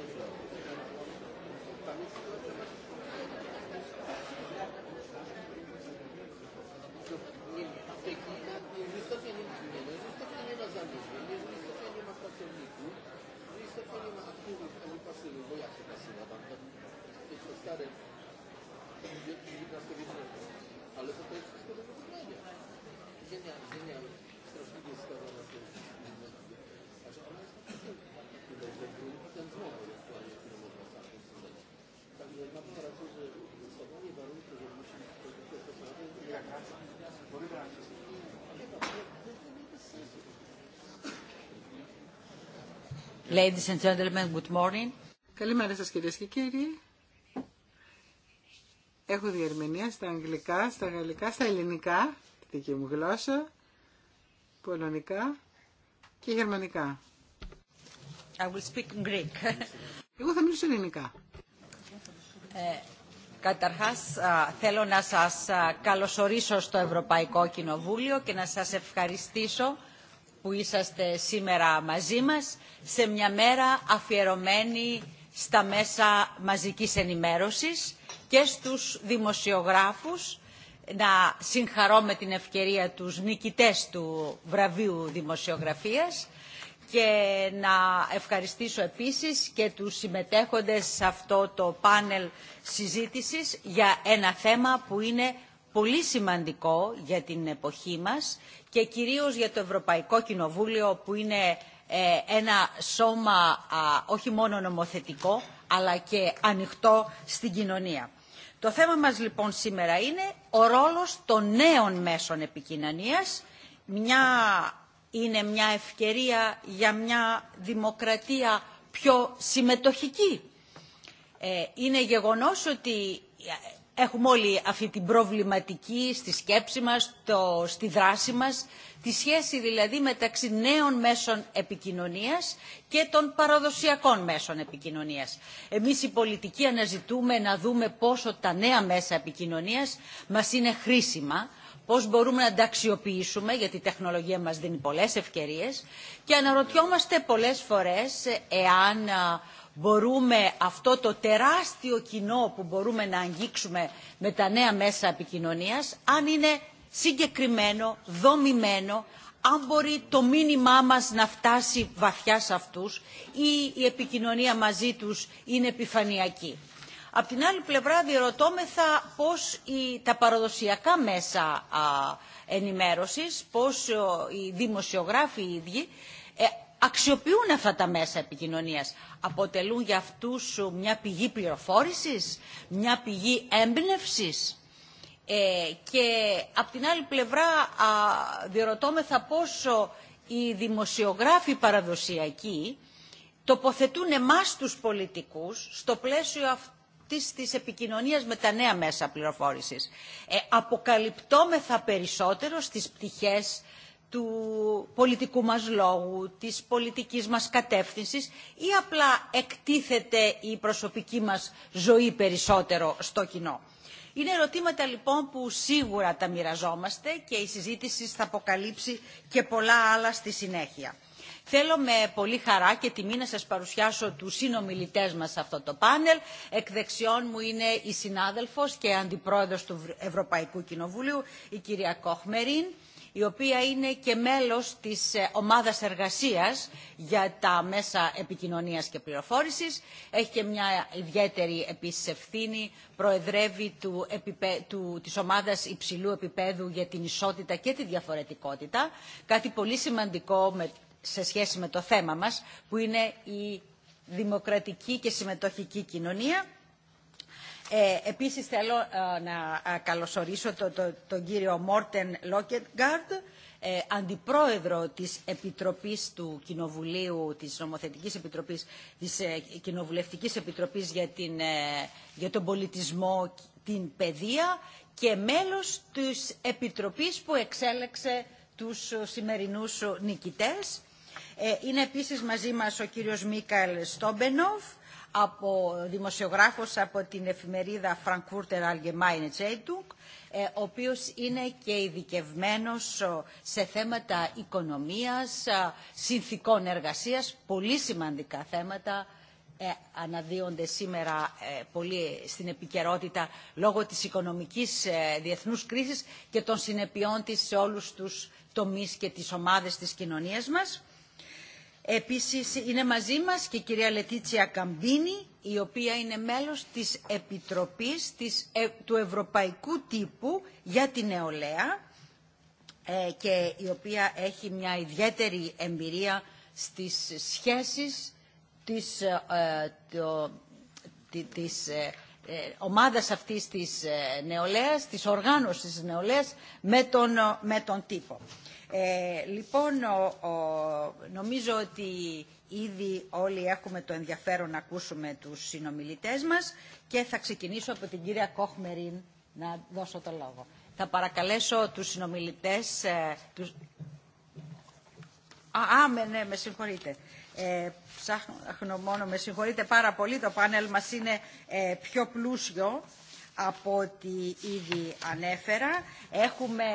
Ladies and gentlemen, good morning. Καλημέρα σας κυρίες και κύριοι. Έχω διερμηνία στα αγγλικά, στα γαλλικά, στα ελληνικά, τη δική μου γλώσσα, πολωνικά και γερμανικά. I will speak in Greek. Εγώ θα μιλήσω ελληνικά. Ε, καταρχάς, θέλω να σας καλωσορίσω στο Ευρωπαϊκό Κοινοβούλιο και να σας ευχαριστήσω που είσαστε σήμερα μαζί μας σε μια μέρα αφιερωμένη στα μέσα μαζικής ενημέρωσης και στους δημοσιογράφους να συγχαρώ με την ευκαιρία τους νικητές του βραβείου δημοσιογραφίας και να ευχαριστήσω επίσης και τους συμμετέχοντες σε αυτό το πάνελ συζήτησης για ένα θέμα που είναι πολύ σημαντικό για την εποχή μας και κυρίως για το Ευρωπαϊκό Κοινοβούλιο που είναι ε, ένα σώμα όχι μόνο νομοθετικό αλλά και ανοιχτό στην κοινωνία. Το θέμα μας λοιπόν σήμερα είναι ο ρόλος των νέων μέσων επικοινωνίας. Μια, είναι μια ευκαιρία για μια δημοκρατία πιο συμμετοχική. Ε, είναι γεγονός ότι Έχουμε όλοι αυτή την προβληματική στη σκέψη μας, το, στη δράση μας, τη σχέση δηλαδή μεταξύ νέων μέσων επικοινωνίας και των παραδοσιακών μέσων επικοινωνίας. Εμείς οι πολιτικοί αναζητούμε να δούμε πόσο τα νέα μέσα επικοινωνίας μας είναι χρήσιμα, πώς μπορούμε να τα αξιοποιήσουμε, γιατί η τεχνολογία μας δίνει πολλές ευκαιρίες και αναρωτιόμαστε πολλές φορές εάν μπορούμε αυτό το τεράστιο κοινό που μπορούμε να αγγίξουμε με τα νέα μέσα επικοινωνίας, αν είναι συγκεκριμένο, δομημένο, αν μπορεί το μήνυμά μας να φτάσει βαθιά σε αυτούς ή η επικοινωνία μαζί τους είναι επιφανειακή. Απ' την άλλη πλευρά διερωτώμεθα πώς η, τα παραδοσιακά μέσα α, ενημέρωσης, πώς οι δημοσιογράφοι οι ίδιοι ε, αξιοποιούν αυτά τα μέσα επικοινωνίας. Αποτελούν για αυτούς μια πηγή πληροφόρησης, μια πηγή έμπνευσης. Ε, και από την άλλη πλευρά α, διερωτώμεθα πόσο οι δημοσιογράφοι παραδοσιακοί τοποθετούν εμάς τους πολιτικούς στο πλαίσιο αυτής της επικοινωνίας με τα νέα μέσα πληροφόρησης. Ε, αποκαλυπτόμεθα περισσότερο στις πτυχές του πολιτικού μας λόγου, της πολιτικής μας κατεύθυνσης ή απλά εκτίθεται η προσωπική μας ζωή περισσότερο στο κοινό. Είναι ερωτήματα λοιπόν που σίγουρα τα μοιραζόμαστε και η συζήτηση θα αποκαλύψει και πολλά άλλα στη συνέχεια. Θέλω με πολύ χαρά και τιμή να σας παρουσιάσω τους συνομιλητές μας σε αυτό το πάνελ. Εκ δεξιών μου είναι η συνάδελφος και αντιπρόεδρος του Ευρωπαϊκού Κοινοβουλίου, η κυρία Κοχμερίν η οποία είναι και μέλος της ε, ομάδας εργασίας για τα μέσα επικοινωνίας και πληροφόρησης. Έχει και μια ιδιαίτερη επίσης ευθύνη, προεδρεύει του, του, της ομάδας υψηλού επίπεδου για την ισότητα και τη διαφορετικότητα, κάτι πολύ σημαντικό σε σχέση με το θέμα μας, που είναι η δημοκρατική και συμμετοχική κοινωνία. Ε, επίσης θέλω ε, να ε, καλωσορίσω τον κύριο Μόρτεν Λόκετγκάρντ, ε, αντιπρόεδρο της Επιτροπής του Κοινοβουλίου, της Νομοθετικής Επιτροπής, της ε, Κοινοβουλευτικής Επιτροπής για, την, για τον πολιτισμό, την παιδεία και μέλος της Επιτροπής που εξέλεξε τους σημερινούς νικητές. Είναι επίσης μαζί μας ο κύριος Μίκαλ Στόμπενοφ, από δημοσιογράφος από την εφημερίδα Frankfurter Allgemeine Zeitung, ε, ο οποίος είναι και ειδικευμένο ε, σε θέματα οικονομίας, ε, συνθήκων εργασίας, πολύ σημαντικά θέματα αναδύονται σήμερα πολύ στην επικαιρότητα λόγω της οικονομικής διεθνούς κρίσης και των συνεπειών της σε όλους τους τομείς και τις ομάδες της κοινωνίας μας. Επίσης είναι μαζί μας και η κυρία Λετίτσια Καμπίνη, η οποία είναι μέλος της Επιτροπής ε, του Ευρωπαϊκού Τύπου για την Νεολαία ε, και η οποία έχει μια ιδιαίτερη εμπειρία στις σχέσεις της, ε, της ε, ομάδας αυτής της νεολαίας, της οργάνωσης της νεολαίας με με τον τύπο. Ε, λοιπόν, νομίζω ότι ήδη όλοι έχουμε το ενδιαφέρον να ακούσουμε τους συνομιλητές μας και θα ξεκινήσω από την κυρία Κόχμεριν να δώσω το λόγο. Θα παρακαλέσω τους συνομιλητές... Ε, α, με, ναι, με συγχωρείτε. Ε, ψάχνω μόνο, με συγχωρείτε πάρα πολύ, το πάνελ μας είναι ε, πιο πλούσιο από ό,τι ήδη ανέφερα. Έχουμε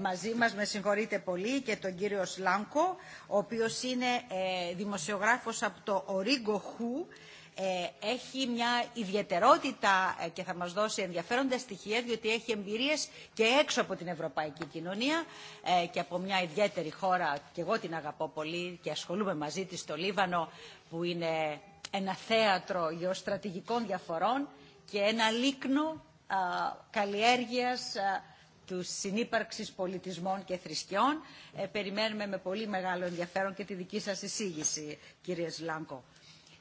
μαζί μας, με συγχωρείτε πολύ, και τον κύριο Σλάνκο, ο οποίος είναι ε, δημοσιογράφος από το Ορίγκο Χου, ε, έχει μια ιδιαιτερότητα ε, και θα μας δώσει ενδιαφέροντα στοιχεία διότι έχει εμπειρίες και έξω από την ευρωπαϊκή κοινωνία και από μια ιδιαίτερη χώρα και εγώ την αγαπώ πολύ και ασχολούμαι μαζί της στο Λίβανο που είναι ένα θέατρο γεωστρατηγικών διαφορών και ένα λίκνο καλλιέργειας του συνύπαρξης πολιτισμών και θρησκειών. Ε, περιμένουμε με πολύ μεγάλο ενδιαφέρον και τη δική σας εισήγηση, κύριε Σλάνκο.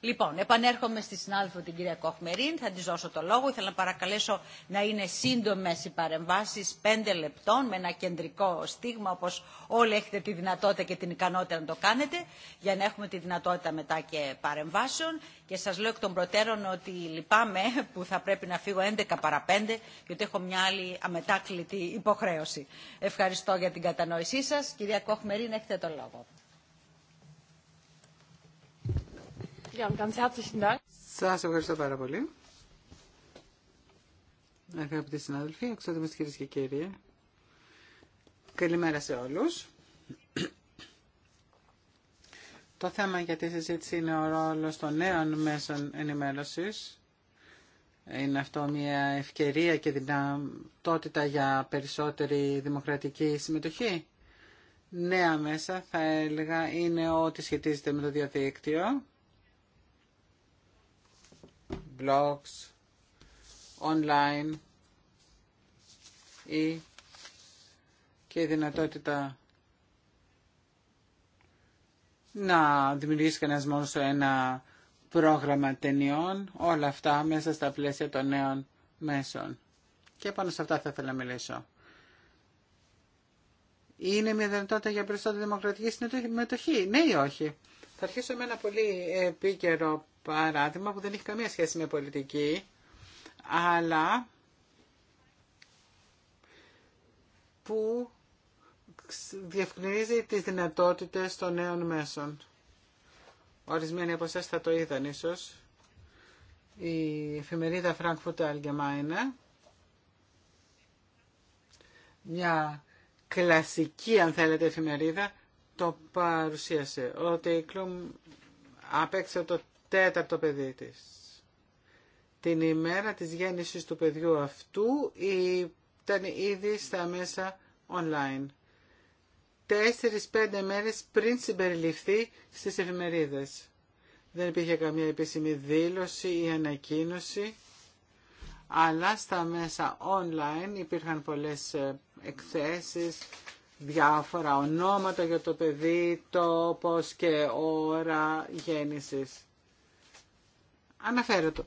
Λοιπόν, επανέρχομαι στη συνάδελφο την κυρία Κοχμερίν, θα της δώσω το λόγο. Ήθελα να παρακαλέσω να είναι σύντομες οι παρεμβάσεις, πέντε λεπτών, με ένα κεντρικό στίγμα, όπως όλοι έχετε τη δυνατότητα και την ικανότητα να το κάνετε, για να έχουμε τη δυνατότητα μετά και παρεμβάσεων. Και σας λέω εκ των προτέρων ότι λυπάμαι που θα πρέπει να φύγω 11 παρα 5, γιατί έχω μια άλλη αμετάκλητη υποχρέωση. Ευχαριστώ για την κατανόησή σας. Κυρία Κοχμερίν, έχετε το λόγο. Σας ευχαριστώ πάρα πολύ. Αγαπητοί συνάδελφοι, εξόδημες κυρίες και κύριοι. Καλημέρα σε όλους. Το θέμα για τη συζήτηση είναι ο ρόλος των νέων μέσων ενημέρωσης. Είναι αυτό μια ευκαιρία και δυνατότητα για περισσότερη δημοκρατική συμμετοχή. Νέα μέσα θα έλεγα είναι ό,τι σχετίζεται με το διαδίκτυο blogs, online ή και η δυνατότητα να δημιουργήσει κανένα μόνο σε ένα πρόγραμμα ταινιών, όλα αυτά μέσα στα πλαίσια των νέων μέσων. Και πάνω σε αυτά θα ήθελα να μιλήσω. Είναι μια δυνατότητα για περισσότερη δημοκρατική συμμετοχή, ναι ή όχι. Θα αρχίσω με ένα πολύ επίκαιρο παράδειγμα που δεν έχει καμία σχέση με πολιτική, αλλά που διευκρινίζει τις δυνατότητες των νέων μέσων. Ορισμένοι από εσάς θα το είδαν ίσως. Η εφημερίδα Frankfurt Allgemeine, μια κλασική αν θέλετε εφημερίδα, το παρουσίασε. Ο Τέικλουμ απέξε το τέταρτο παιδί της. Την ημέρα της γέννησης του παιδιού αυτού ήταν ήδη στα μέσα online. Τέσσερις-πέντε μέρες πριν συμπεριληφθεί στις εφημερίδες. Δεν υπήρχε καμία επίσημη δήλωση ή ανακοίνωση, αλλά στα μέσα online υπήρχαν πολλές ε, εκθέσεις, διάφορα ονόματα για το παιδί, τόπος και ώρα γέννησης. Αναφέρω το.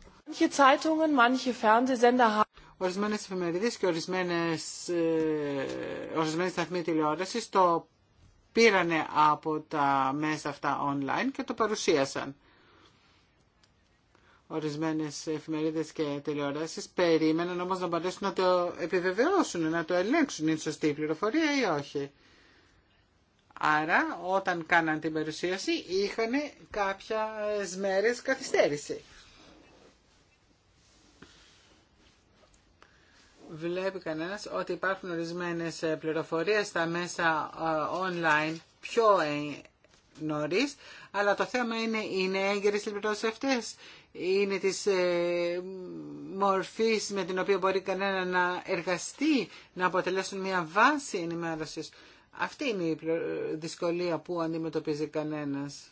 Ορισμένε εφημερίδε και ορισμένε ε, ορισμένες σταθμοί τηλεόραση το πήρανε από τα μέσα αυτά online και το παρουσίασαν. Ορισμένε εφημερίδες και τηλεόρασης περίμεναν όμω να μπορέσουν να το επιβεβαιώσουν, να το ελέγξουν, είναι σωστή η πληροφορία ή όχι. Άρα όταν κάναν την παρουσίαση είχαν κάποιες μέρε καθυστέρηση. βλέπει κανένας ότι υπάρχουν ορισμένες ε, πληροφορίες στα μέσα ε, online πιο ε, νωρίς, αλλά το θέμα είναι, είναι έγκαιρες οι πληροφορίες αυτές, είναι της ε, μορφής με την οποία μπορεί κανένα να εργαστεί, να αποτελέσουν μια βάση ενημέρωσης. Αυτή είναι η δυσκολία που αντιμετωπίζει κανένας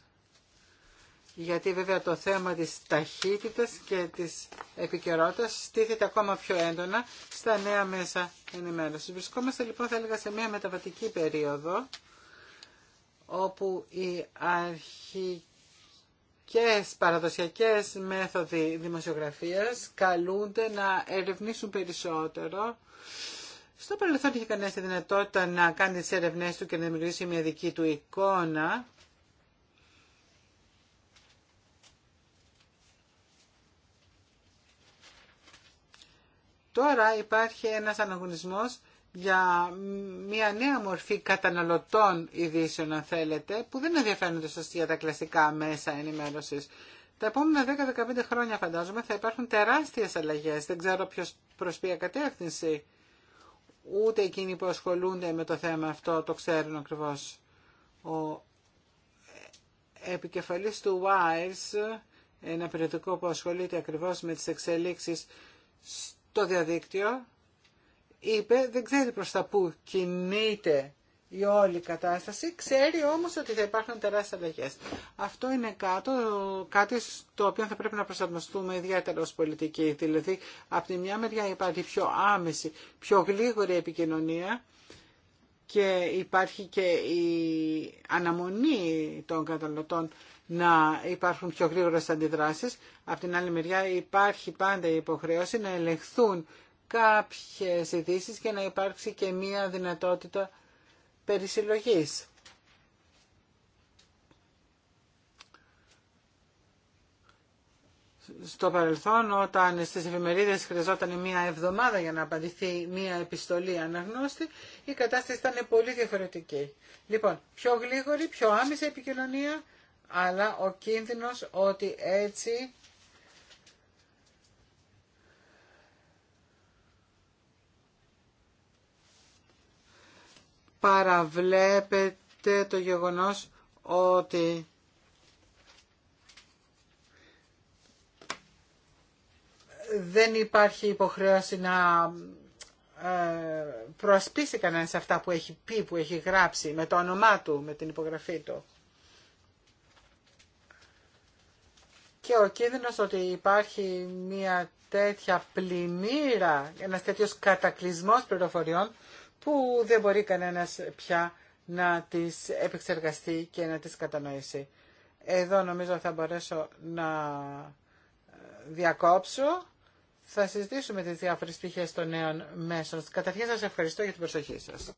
γιατί βέβαια το θέμα της ταχύτητας και της επικαιρότητα στήθεται ακόμα πιο έντονα στα νέα μέσα ενημέρωσης. Βρισκόμαστε λοιπόν θα έλεγα σε μια μεταβατική περίοδο όπου οι αρχικές παραδοσιακές μέθοδοι δημοσιογραφίας καλούνται να ερευνήσουν περισσότερο. Στο παρελθόν είχε κανένα τη δυνατότητα να κάνει τι έρευνέ του και να δημιουργήσει μια δική του εικόνα Τώρα υπάρχει ένας αναγωνισμός για μια νέα μορφή καταναλωτών ειδήσεων, αν θέλετε, που δεν ενδιαφέρονται σωστά για τα κλασικά μέσα ενημέρωσης. Τα επόμενα 10-15 χρόνια, φαντάζομαι, θα υπάρχουν τεράστιες αλλαγές. Δεν ξέρω ποιος προς ποια κατεύθυνση. Ούτε εκείνοι που ασχολούνται με το θέμα αυτό το ξέρουν ακριβώς. Ο επικεφαλής του WISE, ένα περιοδικό που ασχολείται ακριβώς με τις εξελίξεις το διαδίκτυο είπε δεν ξέρει προς τα που κινείται η όλη κατάσταση, ξέρει όμως ότι θα υπάρχουν τεράστιες αλλαγές. Αυτό είναι κάτω, κάτι στο οποίο θα πρέπει να προσαρμοστούμε ιδιαίτερα ως πολιτική. Δηλαδή, από τη μια μεριά υπάρχει πιο άμεση, πιο γλίγορη επικοινωνία και υπάρχει και η αναμονή των καταναλωτών να υπάρχουν πιο γρήγορε αντιδράσεις. Από την άλλη μεριά υπάρχει πάντα η υποχρέωση να ελεγχθούν κάποιες ειδήσει και να υπάρξει και μία δυνατότητα περισυλλογής. στο παρελθόν όταν στις εφημερίδες χρειαζόταν μία εβδομάδα για να απαντηθεί μία επιστολή αναγνώστη, η κατάσταση ήταν πολύ διαφορετική. Λοιπόν, πιο γλίγορη, πιο άμεση επικοινωνία, αλλά ο κίνδυνος ότι έτσι παραβλέπεται το γεγονός ότι δεν υπάρχει υποχρέωση να ε, προσπίσει κανένα σε αυτά που έχει πει, που έχει γράψει, με το όνομά του, με την υπογραφή του. Και ο κίνδυνος ότι υπάρχει μια τέτοια πλημμύρα, ένας τέτοιος κατακλυσμός πληροφοριών που δεν μπορεί κανένας πια να τις επεξεργαστεί και να τις κατανοήσει. Εδώ νομίζω θα μπορέσω να διακόψω θα συζητήσουμε τις διάφορες πτυχές των νέων μέσων. Καταρχήν σας ευχαριστώ για την προσοχή σας.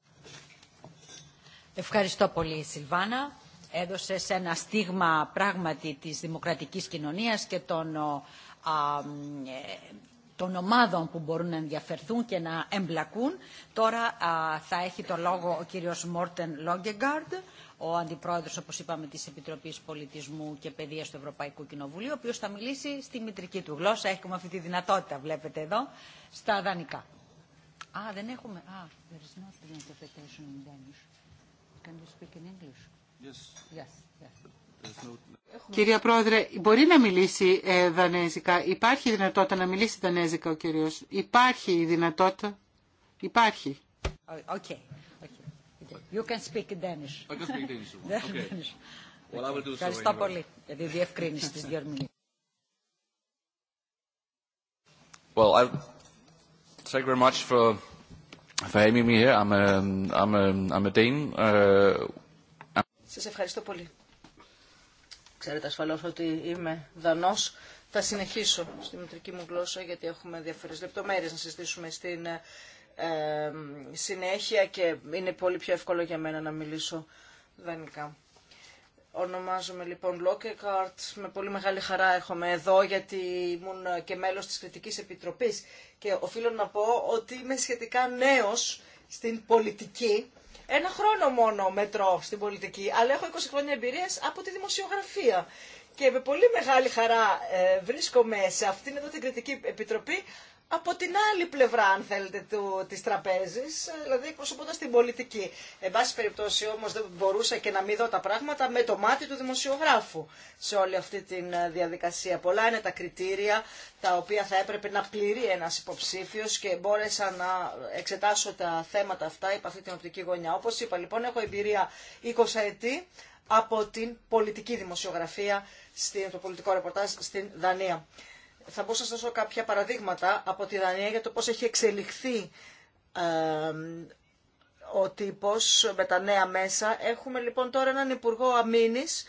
Ευχαριστώ πολύ Σιλβάνα. Έδωσε ένα στίγμα πράγματι της δημοκρατικής κοινωνίας και των, α, ε, ομάδων που μπορούν να ενδιαφερθούν και να εμπλακούν. Τώρα θα έχει το λόγο ο κύριος Μόρτεν Λόγκεγκάρντ ο αντιπρόεδρο όπως είπαμε, τη Επιτροπή Πολιτισμού και Παιδείας του Ευρωπαϊκού Κοινοβουλίου, ο οποίο θα μιλήσει στη μητρική του γλώσσα. Έχουμε αυτή τη δυνατότητα, βλέπετε εδώ, στα δανεικά. Α, δεν έχουμε. Α, there not interpretation in Danish. Can speak in English? Yes. Yes, yes. Κυρία Πρόεδρε, μπορεί να μιλήσει ε, δανέζικα. Υπάρχει δυνατότητα να μιλήσει δανέζικα ο κύριος. Υπάρχει η δυνατότητα. Υπάρχει. Okay. You can speak Danish. I can speak Danish. Okay. Well, I will do so. Ευχαριστώ πολύ για τη διευκρίνηση της διερμηνής. Well, I thank you very much for for having me here. I'm a I'm a I'm a Dane. Uh, Σας ευχαριστώ πολύ. Ξέρετε ασφαλώς ότι είμαι Δανός. Θα συνεχίσω στη μητρική μου γλώσσα γιατί έχουμε διαφορετικές λεπτομέρειες να συζητήσουμε στην συνέχεια και είναι πολύ πιο εύκολο για μένα να μιλήσω δανεικά. Ονομάζομαι λοιπόν Λόκεκαρτ. Με πολύ μεγάλη χαρά έρχομαι εδώ γιατί ήμουν και μέλος της Κριτικής Επιτροπής και οφείλω να πω ότι είμαι σχετικά νέος στην πολιτική. Ένα χρόνο μόνο μετρώ στην πολιτική, αλλά έχω 20 χρόνια εμπειρίας από τη δημοσιογραφία. Και με πολύ μεγάλη χαρά ε, βρίσκομαι σε αυτήν εδώ την Κριτική Επιτροπή από την άλλη πλευρά, αν θέλετε, του, της τραπέζης, ε, δηλαδή εκπροσωπώντας την πολιτική. Εν πάση περιπτώσει όμως δεν μπορούσα και να μην δω τα πράγματα με το μάτι του δημοσιογράφου σε όλη αυτή τη ε, διαδικασία. Πολλά είναι τα κριτήρια τα οποία θα έπρεπε να πληρεί ένας υποψήφιος και μπόρεσα να εξετάσω τα θέματα αυτά υπ' αυτή την οπτική γωνιά. Όπως είπα λοιπόν έχω εμπειρία 20 ετή από την πολιτική δημοσιογραφία, στο πολιτικό ρεπορτάζ στην Δανία θα μπορούσα να σας δώσω κάποια παραδείγματα από τη Δανία για το πώς έχει εξελιχθεί ο τύπος με τα νέα μέσα. Έχουμε λοιπόν τώρα έναν Υπουργό Αμήνης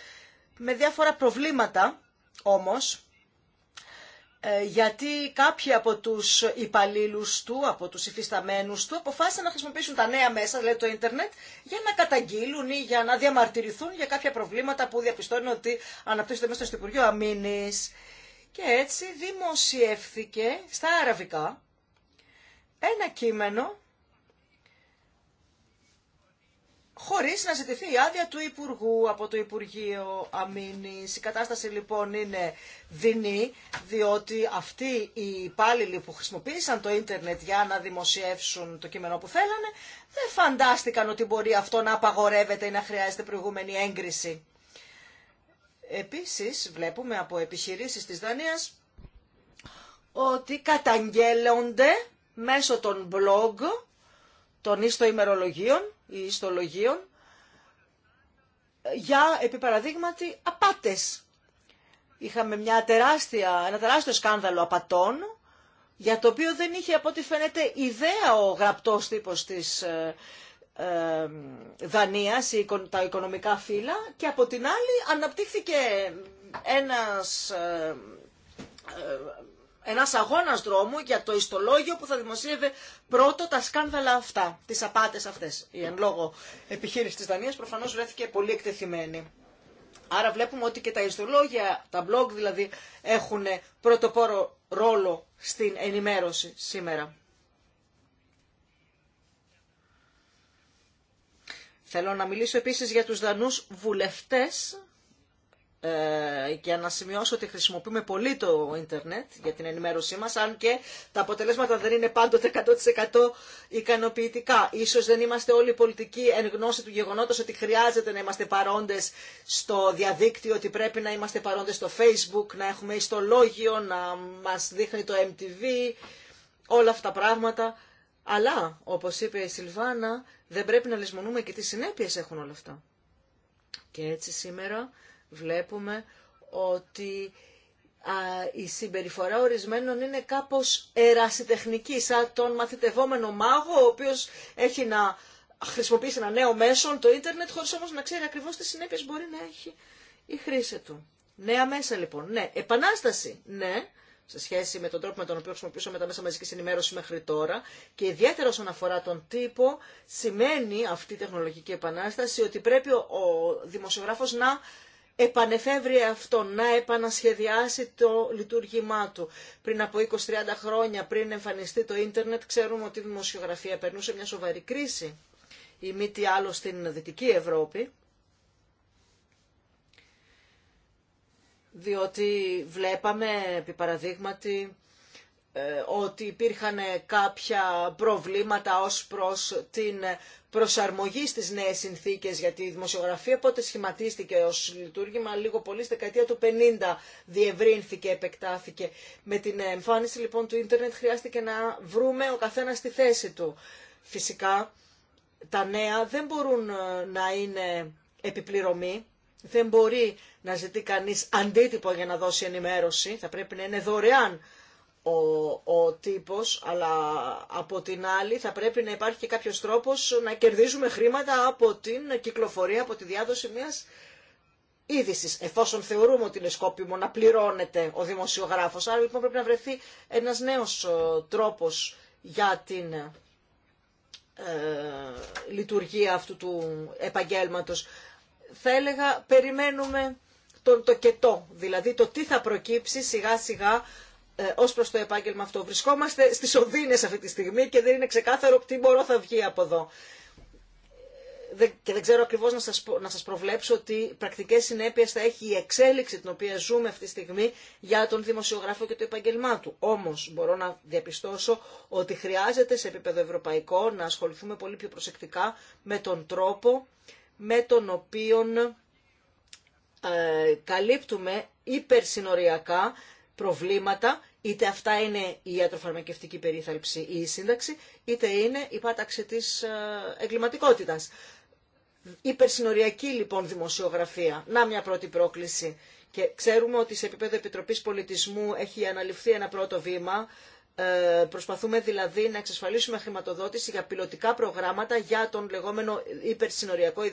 με διάφορα προβλήματα όμως, ε, γιατί κάποιοι από τους υπαλλήλου του, από τους υφισταμένους του, αποφάσισαν να χρησιμοποιήσουν τα νέα μέσα, δηλαδή το ίντερνετ, για να καταγγείλουν ή για να διαμαρτυρηθούν για κάποια προβλήματα που διαπιστώνουν ότι αναπτύσσονται μέσα στο Υπουργείο Αμήνης. Και έτσι δημοσιεύθηκε στα αραβικά ένα κείμενο χωρίς να ζητηθεί η άδεια του Υπουργού από το Υπουργείο Αμήνης. Η κατάσταση λοιπόν είναι δεινή, διότι αυτοί οι υπάλληλοι που χρησιμοποίησαν το ίντερνετ για να δημοσιεύσουν το κείμενο που θέλανε, δεν φαντάστηκαν ότι μπορεί αυτό να απαγορεύεται ή να χρειάζεται προηγούμενη έγκριση. Επίσης βλέπουμε από επιχειρήσεις της Δανίας ότι καταγγέλλονται μέσω των blog, των ιστοημερολογίων ή ιστολογίων, για, επί παραδείγματι, απάτες. Είχαμε μια τεράστια, ένα τεράστιο σκάνδαλο απατών, για το οποίο δεν είχε από ό,τι φαίνεται ιδέα ο γραπτός τύπος της ε, ε, Δανίας, τα οικονομικά φύλλα και από την άλλη αναπτύχθηκε ένας, ε, ε, ένας αγώνας δρόμου για το ιστολόγιο που θα δημοσίευε πρώτο τα σκάνδαλα αυτά, τις απάτες αυτές. Η εν λόγω επιχείρηση της Δανίας προφανώς βρέθηκε πολύ εκτεθειμένη. Άρα βλέπουμε ότι και τα ιστολόγια, τα blog δηλαδή, έχουν πρωτοπόρο ρόλο στην ενημέρωση σήμερα. Θέλω να μιλήσω επίσης για τους δανούς βουλευτές ε, για να σημειώσω ότι χρησιμοποιούμε πολύ το ίντερνετ για την ενημέρωσή μας, αν και τα αποτελέσματα δεν είναι πάντοτε 100% ικανοποιητικά. Ίσως δεν είμαστε όλοι πολιτικοί εν γνώση του γεγονότος ότι χρειάζεται να είμαστε παρόντες στο διαδίκτυο, ότι πρέπει να είμαστε παρόντες στο facebook, να έχουμε ιστολόγιο, να μας δείχνει το MTV, όλα αυτά τα πράγματα. Αλλά, όπως είπε η Σιλβάνα, δεν πρέπει να λησμονούμε και τι συνέπειες έχουν όλα αυτά. Και έτσι σήμερα βλέπουμε ότι η συμπεριφορά ορισμένων είναι κάπως ερασιτεχνική, σαν τον μαθητευόμενο μάγο, ο οποίος έχει να χρησιμοποιήσει ένα νέο μέσο, το ίντερνετ, χωρίς όμως να ξέρει ακριβώς τι συνέπειες μπορεί να έχει η χρήση του. Νέα μέσα λοιπόν, ναι. Επανάσταση, ναι σε σχέση με τον τρόπο με τον οποίο χρησιμοποιούσαμε τα μέσα μαζικής ενημέρωσης μέχρι τώρα και ιδιαίτερα όσον αφορά τον τύπο σημαίνει αυτή η τεχνολογική επανάσταση ότι πρέπει ο, ο δημοσιογράφος να επανεφεύρει αυτό, να επανασχεδιάσει το λειτουργήμά του. Πριν από 20-30 χρόνια, πριν εμφανιστεί το ίντερνετ, ξέρουμε ότι η δημοσιογραφία περνούσε μια σοβαρή κρίση ή μη άλλο στην Δυτική Ευρώπη διότι βλέπαμε, επί παραδείγματι, ε, ότι υπήρχαν κάποια προβλήματα ως προς την προσαρμογή στις νέες συνθήκες γιατί η δημοσιογραφία, πότε σχηματίστηκε ως λειτουργήμα λίγο πολύ στη δεκαετία του 50 διευρύνθηκε, επεκτάθηκε. Με την εμφάνιση λοιπόν του ίντερνετ χρειάστηκε να βρούμε ο καθένας τη θέση του. Φυσικά τα νέα δεν μπορούν ε, να είναι επιπληρωμή, δεν μπορεί να ζητεί κανείς αντίτυπο για να δώσει ενημέρωση, θα πρέπει να είναι δωρεάν ο, ο τύπος, αλλά από την άλλη θα πρέπει να υπάρχει και κάποιος τρόπος να κερδίζουμε χρήματα από την κυκλοφορία, από τη διάδοση μιας είδηση, εφόσον θεωρούμε ότι είναι σκόπιμο να πληρώνεται ο δημοσιογράφος. Άρα λοιπόν πρέπει να βρεθεί ένας νέος τρόπος για την ε, λειτουργία αυτού του επαγγέλματος θα έλεγα περιμένουμε το, το κετό, δηλαδή το τι θα προκύψει σιγά σιγά ε, ως προς το επάγγελμα αυτό. Βρισκόμαστε στις οδύνες αυτή τη στιγμή και δεν είναι ξεκάθαρο τι μπορώ θα βγει από εδώ. Και δεν ξέρω ακριβώς να σας, να σας προβλέψω ότι πρακτικές συνέπειες θα έχει η εξέλιξη την οποία ζούμε αυτή τη στιγμή για τον δημοσιογράφο και το επαγγελμά του. Όμως μπορώ να διαπιστώσω ότι χρειάζεται σε επίπεδο ευρωπαϊκό να ασχοληθούμε πολύ πιο προσεκτικά με τον τρόπο με τον οποίο ε, καλύπτουμε υπερσυνοριακά προβλήματα, είτε αυτά είναι η ιατροφαρμακευτική περίθαλψη ή η σύνταξη, είτε είναι η πάταξη της ε, εγκληματικότητας. Υπερσυνοριακή λοιπόν δημοσιογραφία. Να μια πρώτη πρόκληση. Και ξέρουμε ότι σε επίπεδο Επιτροπής Πολιτισμού έχει αναλυφθεί ένα πρώτο βήμα ε, προσπαθούμε δηλαδή να εξασφαλίσουμε χρηματοδότηση για πιλωτικά προγράμματα για τον λεγόμενο υπερσυνοριακό,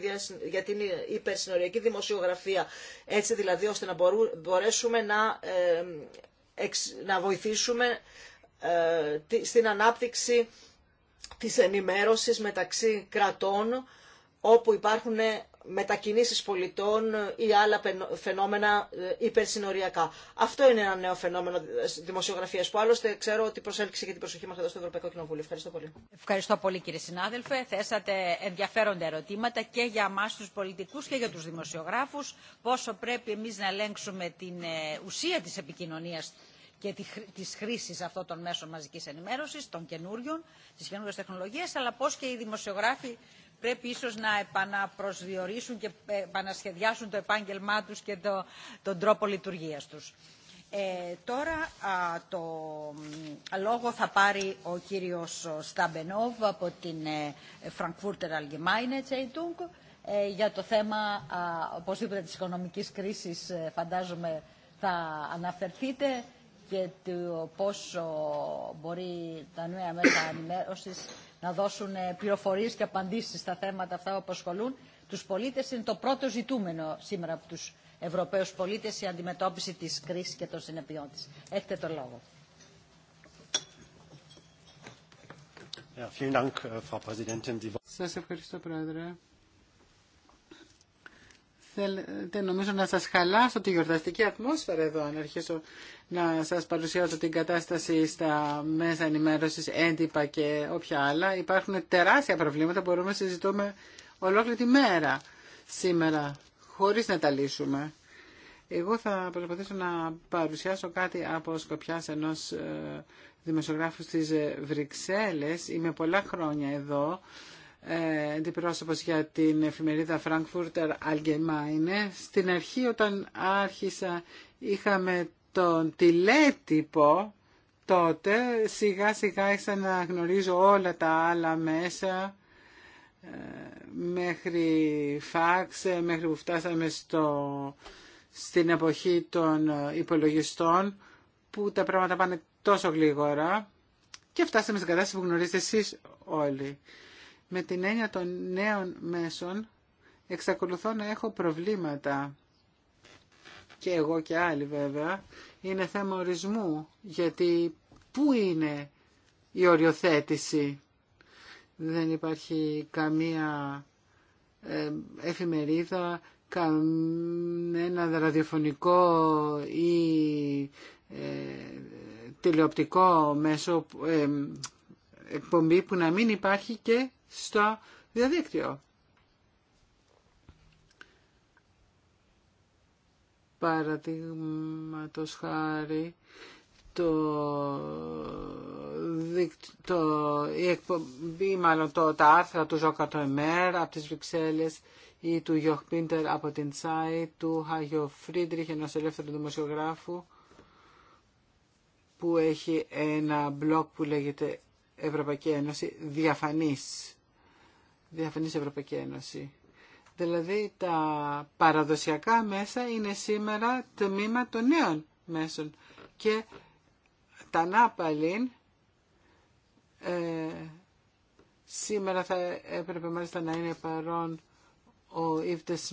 για την υπερσυνοριακή δημοσιογραφία. Έτσι δηλαδή ώστε να μπορέσουμε να, ε, να βοηθήσουμε ε, στην ανάπτυξη της ενημέρωσης μεταξύ κρατών όπου υπάρχουν μετακινήσεις πολιτών ή άλλα φαινόμενα ε, υπερσυνοριακά. Αυτό είναι ένα νέο φαινόμενο ε, δημοσιογραφίας που άλλωστε ξέρω ότι προσέλκυσε και την προσοχή μας εδώ στο Ευρωπαϊκό Κοινοβούλιο. Ευχαριστώ πολύ. Ευχαριστώ πολύ κύριε συνάδελφε. Θέσατε ενδιαφέροντα ερωτήματα και για εμάς τους πολιτικούς και για τους δημοσιογράφους. Πόσο πρέπει εμείς να ελέγξουμε την ε, ουσία της επικοινωνίας και τη χρήση αυτών των μέσων μαζική ενημέρωση, των καινούριων, τη καινούργια τεχνολογία, αλλά πώ και οι δημοσιογράφοι πρέπει ίσως να επαναπροσδιορίσουν και επανασχεδιάσουν το επάγγελμά τους και το, τον τρόπο λειτουργίας τους. Ε, τώρα το λόγο θα πάρει ο κύριος Σταμπενόβ από την ε, Frankfurter Allgemeine Zeitung ε, για το θέμα α, οπωσδήποτε της οικονομικής κρίσης ε, φαντάζομαι θα αναφερθείτε και το πόσο μπορεί τα νέα μέσα ενημέρωσης να δώσουν ε, πληροφορίε και απαντήσεις στα θέματα αυτά που απασχολούν τους πολίτε είναι το πρώτο ζητούμενο σήμερα από τους Ευρωπαίους πολίτες η αντιμετώπιση της κρίσης και των συνεπειών της. Έχετε το λόγο. Äh, Σα ευχαριστώ, Πρόεδρε. Θέλετε νομίζω να σας χαλάσω τη γιορταστική ατμόσφαιρα εδώ αν αρχίσω να σας παρουσιάσω την κατάσταση στα μέσα ενημέρωσης έντυπα και όποια άλλα. Υπάρχουν τεράστια προβλήματα που μπορούμε να συζητούμε ολόκληρη τη μέρα σήμερα χωρίς να τα λύσουμε. Εγώ θα προσπαθήσω να παρουσιάσω κάτι από σκοπιά ενός ε, δημοσιογράφου στις Βρυξέλλες. Είμαι πολλά χρόνια εδώ. Ε, αντιπρόσωπος για την εφημερίδα Frankfurter Allgemeine. Στην αρχή όταν άρχισα είχαμε τον τηλέτυπο τότε σιγά σιγά ήρθα να γνωρίζω όλα τα άλλα μέσα ε, μέχρι φάξ, ε, μέχρι που φτάσαμε στο, στην εποχή των υπολογιστών που τα πράγματα πάνε τόσο γλίγορα και φτάσαμε στην κατάσταση που γνωρίζετε εσείς όλοι με την έννοια των νέων μέσων εξακολουθώ να έχω προβλήματα. Και εγώ και άλλοι βέβαια. Είναι θέμα ορισμού, γιατί πού είναι η οριοθέτηση. Δεν υπάρχει καμία ε, εφημερίδα, κανένα ραδιοφωνικό ή ε, τηλεοπτικό μέσο ε, ε, εκπομπή που να μην υπάρχει και στο διαδίκτυο. Παραδείγματο χάρη το, το, η εκπομπή, μάλλον το, τα άρθρα του Ζωκα Εμέρ από τις Βρυξέλλες ή του Γιώχ Πίντερ από την Τσάι, του Χάγιο Φρίντριχ, ενός ελεύθερου δημοσιογράφου που έχει ένα μπλοκ που λέγεται Ευρωπαϊκή Ένωση Διαφανής διαφανής Ευρωπαϊκή Ένωση. Δηλαδή τα παραδοσιακά μέσα είναι σήμερα τμήμα των νέων μέσων και τα Νάπαλιν ε, σήμερα θα έπρεπε μάλιστα να είναι παρόν ο Ιβτες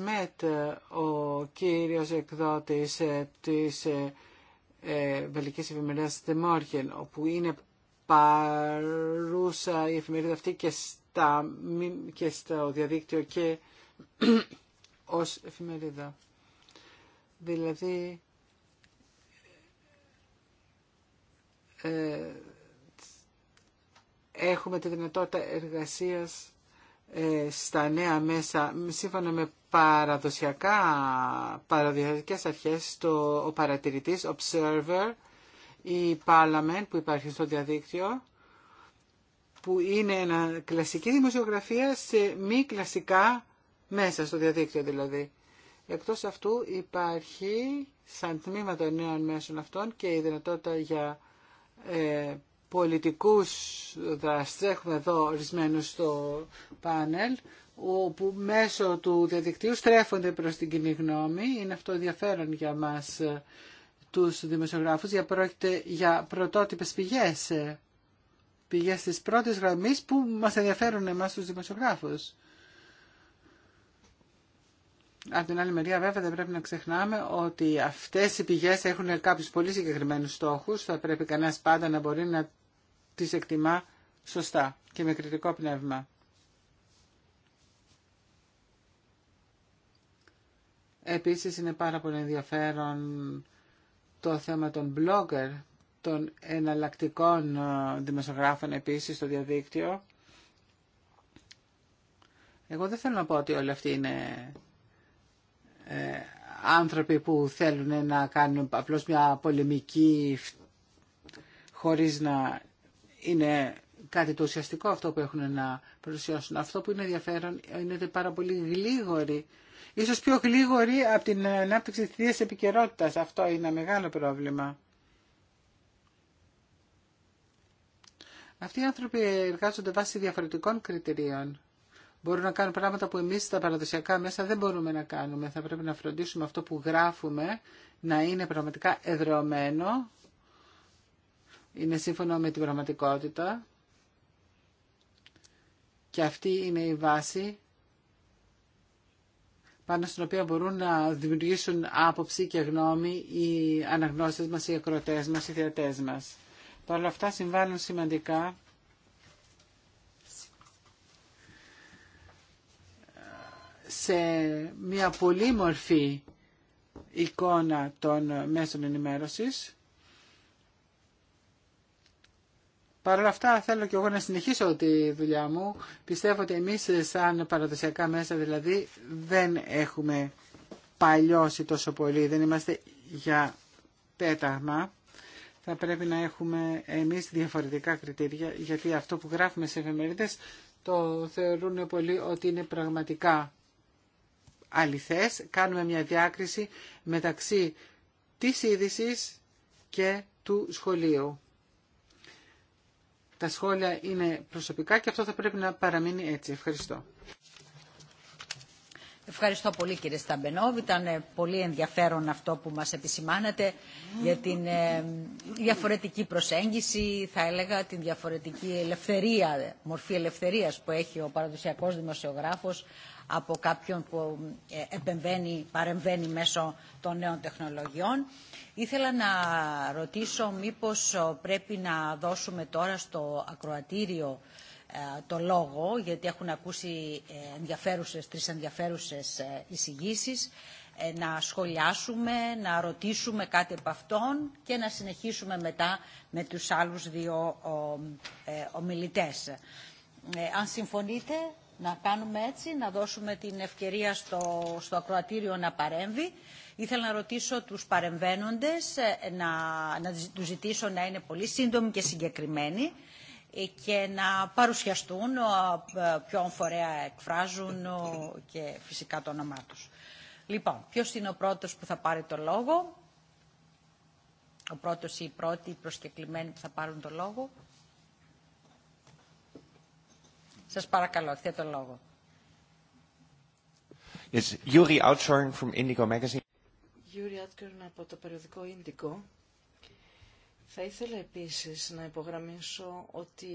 ο κύριος εκδότης ε, της ε, ε, Βελικής Εφημερίδας The Morgan, όπου είναι παρούσα η εφημερίδα αυτή και και στο διαδίκτυο και ως εφημερίδα. Δηλαδή, ε, έχουμε τη δυνατότητα εργασίας ε, στα νέα μέσα, σύμφωνα με παραδοσιακά, παραδοσιακές αρχές, το, ο παρατηρητής, observer, η parliament που υπάρχει στο διαδίκτυο, που είναι ένα κλασική δημοσιογραφία σε μη κλασικά μέσα στο διαδίκτυο δηλαδή. Εκτός αυτού υπάρχει σαν τμήμα των νέων μέσων αυτών και η δυνατότητα για ε, πολιτικούς δράστες, έχουμε εδώ ορισμένους στο πάνελ, όπου μέσω του διαδικτύου στρέφονται προς την κοινή γνώμη. Είναι αυτό ενδιαφέρον για μας ε, τους δημοσιογράφους, για πρόκειται για πρωτότυπες πηγές ε, Πηγέ της πρώτης γραμμής που μας ενδιαφέρουν εμά τους δημοσιογράφους. Από την άλλη μεριά βέβαια δεν πρέπει να ξεχνάμε ότι αυτές οι πηγές έχουν κάποιου πολύ συγκεκριμένου στόχου. Θα πρέπει κανένα πάντα να μπορεί να τι εκτιμά σωστά και με κριτικό πνεύμα. Επίσης είναι πάρα πολύ ενδιαφέρον το θέμα των blogger των εναλλακτικών ε, δημοσιογράφων επίσης στο διαδίκτυο. Εγώ δεν θέλω να πω ότι όλοι αυτοί είναι ε, άνθρωποι που θέλουν να κάνουν απλώς μια πολεμική χωρίς να είναι κάτι το ουσιαστικό αυτό που έχουν να παρουσιάσουν. Αυτό που είναι ενδιαφέρον είναι ότι πάρα πολύ γλίγοροι, ίσως πιο γλίγοροι από την ανάπτυξη της επικαιρότητα. Αυτό είναι ένα μεγάλο πρόβλημα. Αυτοί οι άνθρωποι εργάζονται βάσει διαφορετικών κριτηρίων. Μπορούν να κάνουν πράγματα που εμείς στα παραδοσιακά μέσα δεν μπορούμε να κάνουμε. Θα πρέπει να φροντίσουμε αυτό που γράφουμε να είναι πραγματικά εδρεωμένο, είναι σύμφωνο με την πραγματικότητα και αυτή είναι η βάση πάνω στην οποία μπορούν να δημιουργήσουν άποψη και γνώμη οι αναγνώστες μας, οι ακροτές μας, οι θεατές μας. Παρ' όλα αυτά συμβάλλουν σημαντικά σε μια μορφή εικόνα των μέσων ενημέρωσης. Παρ' όλα αυτά θέλω και εγώ να συνεχίσω τη δουλειά μου. Πιστεύω ότι εμείς σαν παραδοσιακά μέσα δηλαδή δεν έχουμε παλιώσει τόσο πολύ, δεν είμαστε για πέταγμα θα πρέπει να έχουμε εμείς διαφορετικά κριτήρια, γιατί αυτό που γράφουμε σε εφημερίδες το θεωρούν πολύ ότι είναι πραγματικά αληθές. Κάνουμε μια διάκριση μεταξύ της είδηση και του σχολείου. Τα σχόλια είναι προσωπικά και αυτό θα πρέπει να παραμείνει έτσι. Ευχαριστώ. Ευχαριστώ πολύ κύριε Σταμπενόβ. Ήταν πολύ ενδιαφέρον αυτό που μας επισημάνατε για την ε, διαφορετική προσέγγιση, θα έλεγα, την διαφορετική ελευθερία, μορφή ελευθερίας που έχει ο παραδοσιακός δημοσιογράφος από κάποιον που ε, επεμβαίνει, παρεμβαίνει μέσω των νέων τεχνολογιών. Ήθελα να ρωτήσω μήπως ε, πρέπει να δώσουμε τώρα στο ακροατήριο ε, το λόγο, γιατί έχουν ακούσει ε, ενδιαφέρουσες, τρεις ενδιαφέρουσες ε, εισηγήσει, να σχολιάσουμε, να ρωτήσουμε κάτι από αυτόν και να συνεχίσουμε μετά με τους άλλους δύο ομιλητές. Αν συμφωνείτε, να κάνουμε έτσι, να δώσουμε την ευκαιρία στο, στο ακροατήριο να παρέμβει. Ήθελα να ρωτήσω τους παρεμβαίνοντες, να, να τους ζητήσω να είναι πολύ σύντομοι και συγκεκριμένοι, ε, και να παρουσιαστούν ε, ποιον φορέα εκφράζουν και φυσικά το όνομά τους. Λοιπόν, ποιος είναι ο πρώτος που θα πάρει το λόγο. Ο πρώτος ή η πρώτη προσκεκλημένη που θα πάρουν το λόγο. Σας παρακαλώ, έχετε το λόγο. Yes, Yuri from από το περιοδικό Indigo. Θα ήθελα επίσης να υπογραμμίσω ότι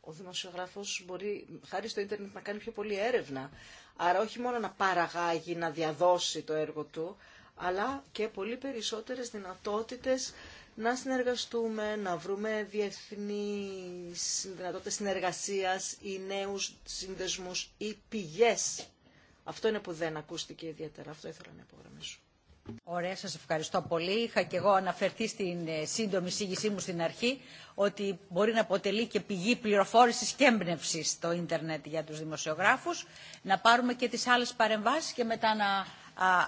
ο δημοσιογράφος μπορεί χάρη στο ίντερνετ να κάνει πιο πολύ έρευνα. Άρα όχι μόνο να παραγάγει, να διαδώσει το έργο του, αλλά και πολύ περισσότερες δυνατότητες να συνεργαστούμε, να βρούμε διεθνείς δυνατότητες συνεργασίας ή νέους συνδεσμούς ή πηγές. Αυτό είναι που δεν ακούστηκε ιδιαίτερα. Αυτό ήθελα να υπογραμμίσω. Ωραία, σας ευχαριστώ πολύ. Είχα και εγώ αναφερθεί στην ε, σύντομη εισήγησή μου στην αρχή ότι μπορεί να αποτελεί και πηγή πληροφόρησης και έμπνευση το ίντερνετ για τους δημοσιογράφους. Να πάρουμε και τις άλλες παρεμβάσεις και μετά να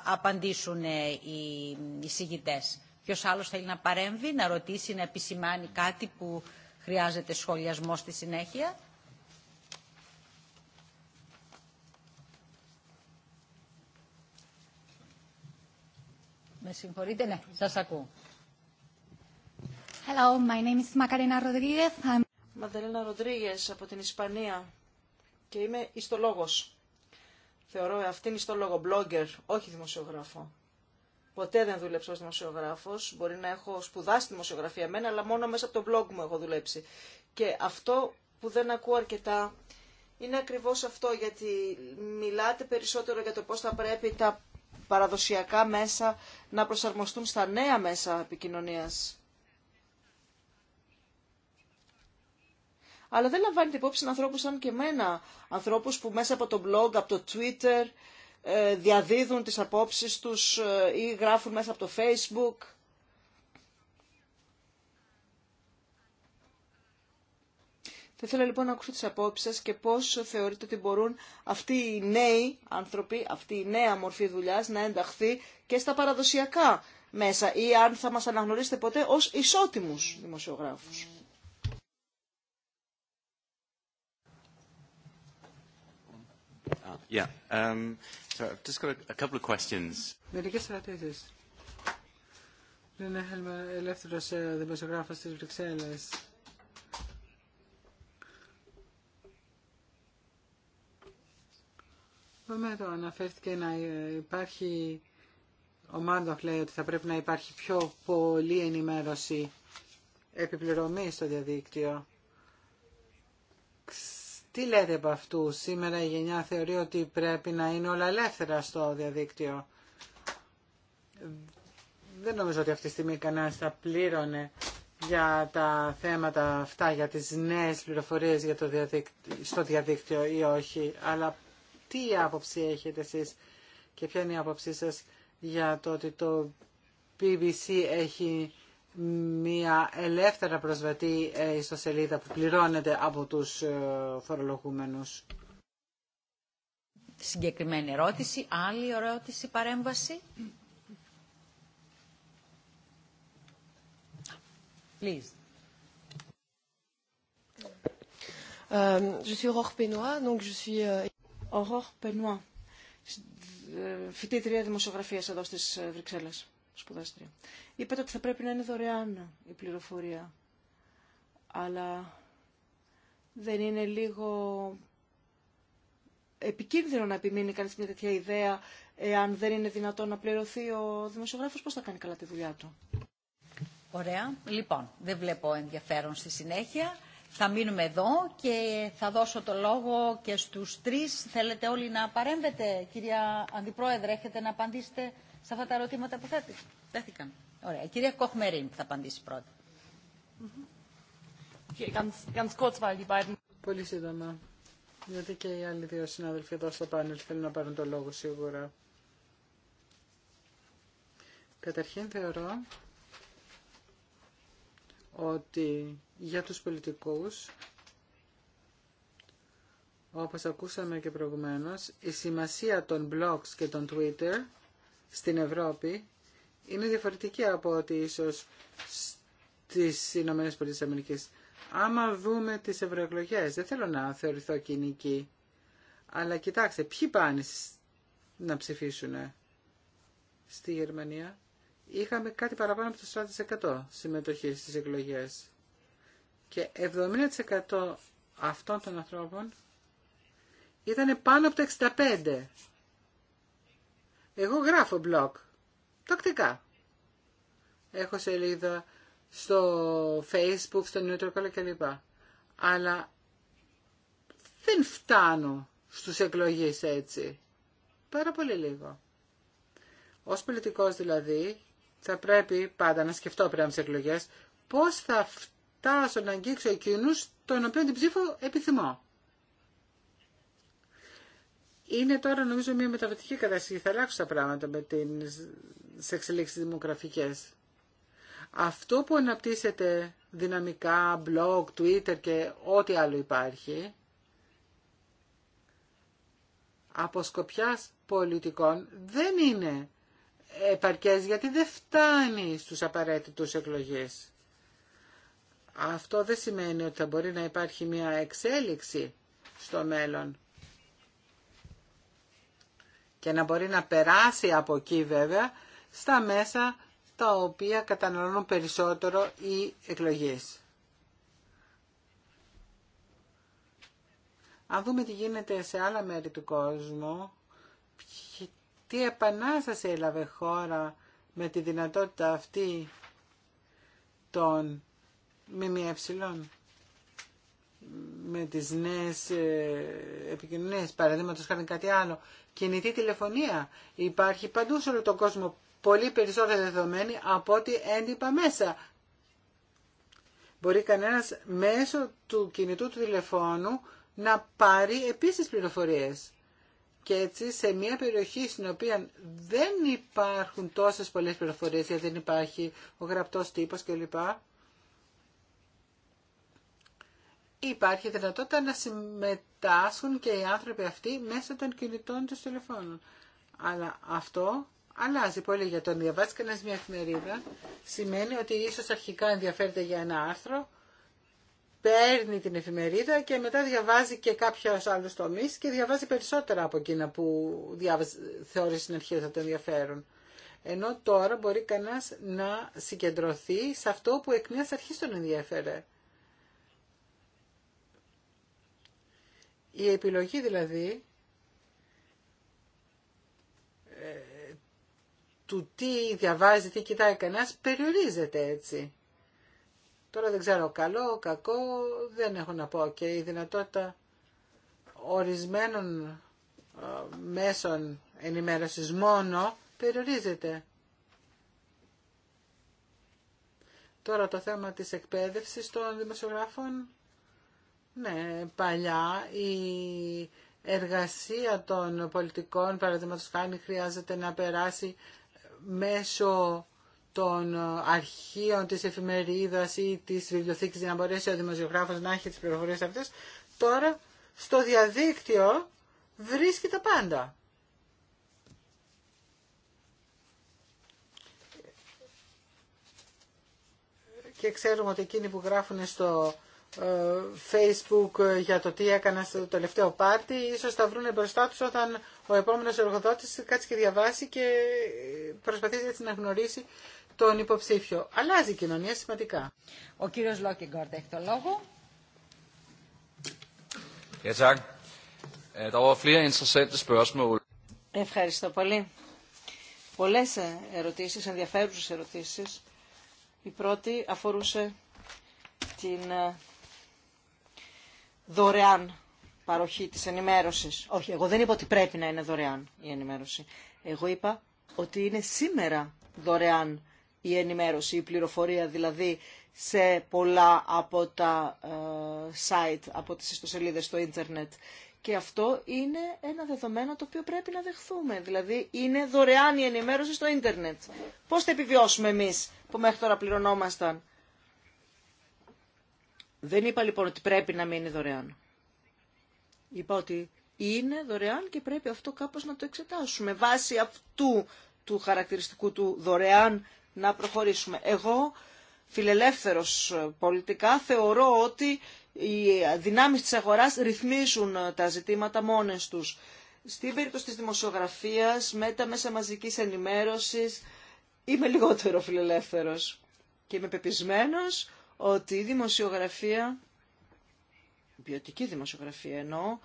απαντήσουν ε, οι εισηγητές. Ποιο άλλος θέλει να παρέμβει, να ρωτήσει, να επισημάνει κάτι που χρειάζεται σχολιασμό στη συνέχεια. Με συγχωρείτε, ναι, σας ακούω. Hello, my name is Macarena Rodriguez. I'm... Μαντελένα από την Ισπανία και είμαι ιστολόγος. Θεωρώ αυτήν ιστολόγο, blogger, όχι δημοσιογράφο. Ποτέ δεν δούλεψα ως δημοσιογράφος. Μπορεί να έχω σπουδάσει δημοσιογραφία μένα, αλλά μόνο μέσα από το blog μου έχω δουλέψει. Και αυτό που δεν ακούω αρκετά είναι ακριβώς αυτό, γιατί μιλάτε περισσότερο για το πώς θα πρέπει τα παραδοσιακά μέσα να προσαρμοστούν στα νέα μέσα επικοινωνίας. Αλλά δεν την υπόψη ανθρώπου σαν και εμένα, ανθρώπους που μέσα από το blog, από το Twitter ε, διαδίδουν τις απόψεις τους ε, ή γράφουν μέσα από το Facebook. Θα ήθελα λοιπόν να ακούσω τις απόψεις σας και πώς θεωρείτε ότι μπορούν αυτοί οι νέοι άνθρωποι, αυτή η νέα μορφή δουλειάς να ενταχθεί και στα παραδοσιακά μέσα ή αν θα μας αναγνωρίσετε ποτέ ως ισότιμους δημοσιογράφους. Uh, um, Μερικές ερωτήσεις. Είναι ελεύθερος ε, δημοσιογράφος της αναφέρθηκε να υπάρχει ο Μάντοχ λέει ότι θα πρέπει να υπάρχει πιο πολλή ενημέρωση επιπληρωμή στο διαδίκτυο. Τι λέτε από αυτού, σήμερα η γενιά θεωρεί ότι πρέπει να είναι όλα ελεύθερα στο διαδίκτυο. Δεν νομίζω ότι αυτή τη στιγμή κανένα θα πλήρωνε για τα θέματα αυτά, για τις νέες πληροφορίες για το στο διαδίκτυο ή όχι, αλλά τι άποψη έχετε εσείς και ποια είναι η άποψή σας για το ότι το BBC έχει μια ελεύθερα προσβατή ε, ιστοσελίδα που πληρώνεται από τους ε, φορολογούμενους. Συγκεκριμένη ερώτηση. Άλλη ερώτηση, παρέμβαση. Please. Euh, je suis Aurore Pénois, donc je suis... Euh, Aurore Πενουά, φοιτήτρια δημοσιογραφίας εδώ στις ε, Βρυξέλλες, σπουδάστρια. Είπατε ότι θα πρέπει να είναι δωρεάν η πληροφορία, αλλά δεν είναι λίγο επικίνδυνο να επιμείνει κανείς μια τέτοια ιδέα εάν δεν είναι δυνατόν να πληρωθεί ο δημοσιογράφος, πώς θα κάνει καλά τη δουλειά του. Ωραία. Λοιπόν, δεν βλέπω ενδιαφέρον στη συνέχεια θα μείνουμε εδώ και θα δώσω το λόγο και στους τρεις. Θέλετε όλοι να παρέμβετε, κυρία Αντιπρόεδρε, έχετε να απαντήσετε σε αυτά τα ερωτήματα που θέθηκαν. Ωραία. Η κυρία Κοχμερίν θα απαντήσει πρώτα. Πολύ σύντομα, γιατί και οι άλλοι δύο συνάδελφοι εδώ στο πάνελ θέλουν να πάρουν το λόγο σίγουρα. Καταρχήν θεωρώ ότι για τους πολιτικούς, όπως ακούσαμε και προηγουμένως, η σημασία των blogs και των Twitter στην Ευρώπη είναι διαφορετική από ότι ίσως στις Ηνωμένες Πολιτείες Αμερικής. Άμα δούμε τις ευρωεκλογέ, δεν θέλω να θεωρηθώ κοινική, αλλά κοιτάξτε, ποιοι πάνε να ψηφίσουν στη Γερμανία είχαμε κάτι παραπάνω από το 40% συμμετοχή στις εκλογές. Και 70% αυτών των ανθρώπων ήταν πάνω από το 65%. Εγώ γράφω blog, τακτικά. Έχω σελίδα στο facebook, στο neutral κλπ. Αλλά δεν φτάνω στους εκλογείς έτσι. Πάρα πολύ λίγο. Ως πολιτικός δηλαδή θα πρέπει πάντα να σκεφτώ πριν από τι εκλογέ πώ θα φτάσω να αγγίξω εκείνου τον οποίο την ψήφο επιθυμώ. Είναι τώρα νομίζω μια μεταβατική κατάσταση. Θα αλλάξω τα πράγματα με τι εξελίξει δημογραφικέ. Αυτό που αναπτύσσεται δυναμικά, blog, twitter και ό,τι άλλο υπάρχει, από σκοπιάς πολιτικών δεν είναι επαρκές γιατί δεν φτάνει στους απαραίτητους εκλογές. Αυτό δεν σημαίνει ότι θα μπορεί να υπάρχει μια εξέλιξη στο μέλλον. Και να μπορεί να περάσει από εκεί βέβαια στα μέσα τα οποία καταναλώνουν περισσότερο οι εκλογές. Αν δούμε τι γίνεται σε άλλα μέρη του κόσμου, τι επανάσταση έλαβε χώρα με τη δυνατότητα αυτή των ΜΜΕ με τις νέες ε, επικοινωνίες, παραδείγματος χάρη κάτι άλλο, κινητή τηλεφωνία. Υπάρχει παντού σε όλο τον κόσμο πολύ περισσότερα δεδομένη από ό,τι έντυπα μέσα. Μπορεί κανένας μέσω του κινητού του τηλεφώνου να πάρει επίσης πληροφορίες. Και έτσι σε μια περιοχή στην οποία δεν υπάρχουν τόσες πολλές πληροφορίες, γιατί δεν υπάρχει ο γραπτός τύπος κλπ. Υπάρχει δυνατότητα να συμμετάσχουν και οι άνθρωποι αυτοί μέσα των κινητών τους τηλεφώνων. Αλλά αυτό αλλάζει πολύ για τον διαβάσει κανένα μια εφημερίδα. Σημαίνει ότι ίσως αρχικά ενδιαφέρεται για ένα άρθρο, παίρνει την εφημερίδα και μετά διαβάζει και κάποιο άλλο τομεί και διαβάζει περισσότερα από εκείνα που διάβαζε, θεώρησε στην αρχή ότι θα το ενδιαφέρουν. Ενώ τώρα μπορεί κανένα να συγκεντρωθεί σε αυτό που εκ μια αρχής τον ενδιαφέρε. Η επιλογή δηλαδή ε, του τι διαβάζει, τι κοιτάει κανένας, περιορίζεται έτσι. Τώρα δεν ξέρω καλό, κακό, δεν έχω να πω και η δυνατότητα ορισμένων ε, μέσων ενημέρωσης μόνο περιορίζεται. Τώρα το θέμα της εκπαίδευσης των δημοσιογράφων. Ναι, παλιά η εργασία των πολιτικών, παραδείγματος χάνει, χρειάζεται να περάσει μέσω των ε, αρχείων της εφημερίδας ή της βιβλιοθήκης για να μπορέσει ο δημοσιογράφος να έχει τις πληροφορίες αυτές, τώρα στο διαδίκτυο βρίσκει τα πάντα. Και ξέρουμε ότι εκείνοι που γράφουν στο ε, facebook για το τι έκανα στο τελευταίο πάρτι ίσως τα βρουν μπροστά τους όταν ο επόμενος εργοδότης κάτσει και διαβάσει και προσπαθεί έτσι να γνωρίσει τον υποψήφιο. Αλλάζει η κοινωνία σημαντικά. Ο κύριος Λόκιγκορντ έχει το λόγο. Øh, Ευχαριστώ πολύ. Πολλές ε, ερωτήσεις, ενδιαφέρουσες ερωτήσεις. Η πρώτη αφορούσε την ε, δωρεάν παροχή της ενημέρωσης. Όχι, εγώ δεν είπα ότι πρέπει να είναι δωρεάν η ενημέρωση. Εγώ είπα ότι είναι σήμερα δωρεάν η ενημέρωση, η πληροφορία δηλαδή σε πολλά από τα ε, site, από τις ιστοσελίδες στο ίντερνετ. Και αυτό είναι ένα δεδομένο το οποίο πρέπει να δεχθούμε. Δηλαδή είναι δωρεάν η ενημέρωση στο ίντερνετ. Πώς θα επιβιώσουμε εμείς που μέχρι τώρα πληρωνόμασταν. Δεν είπα λοιπόν ότι πρέπει να μείνει δωρεάν. Είπα ότι είναι δωρεάν και πρέπει αυτό κάπως να το εξετάσουμε. Βάσει αυτού του χαρακτηριστικού του δωρεάν να προχωρήσουμε. Εγώ, φιλελεύθερος πολιτικά, θεωρώ ότι οι δυνάμεις της αγοράς ρυθμίζουν ε, τα ζητήματα μόνες τους. Στην περίπτωση της δημοσιογραφίας, με τα μέσα μαζικής ενημέρωσης, είμαι λιγότερο φιλελεύθερος. Και είμαι πεπισμένος ότι η δημοσιογραφία, η ποιοτική δημοσιογραφία εννοώ,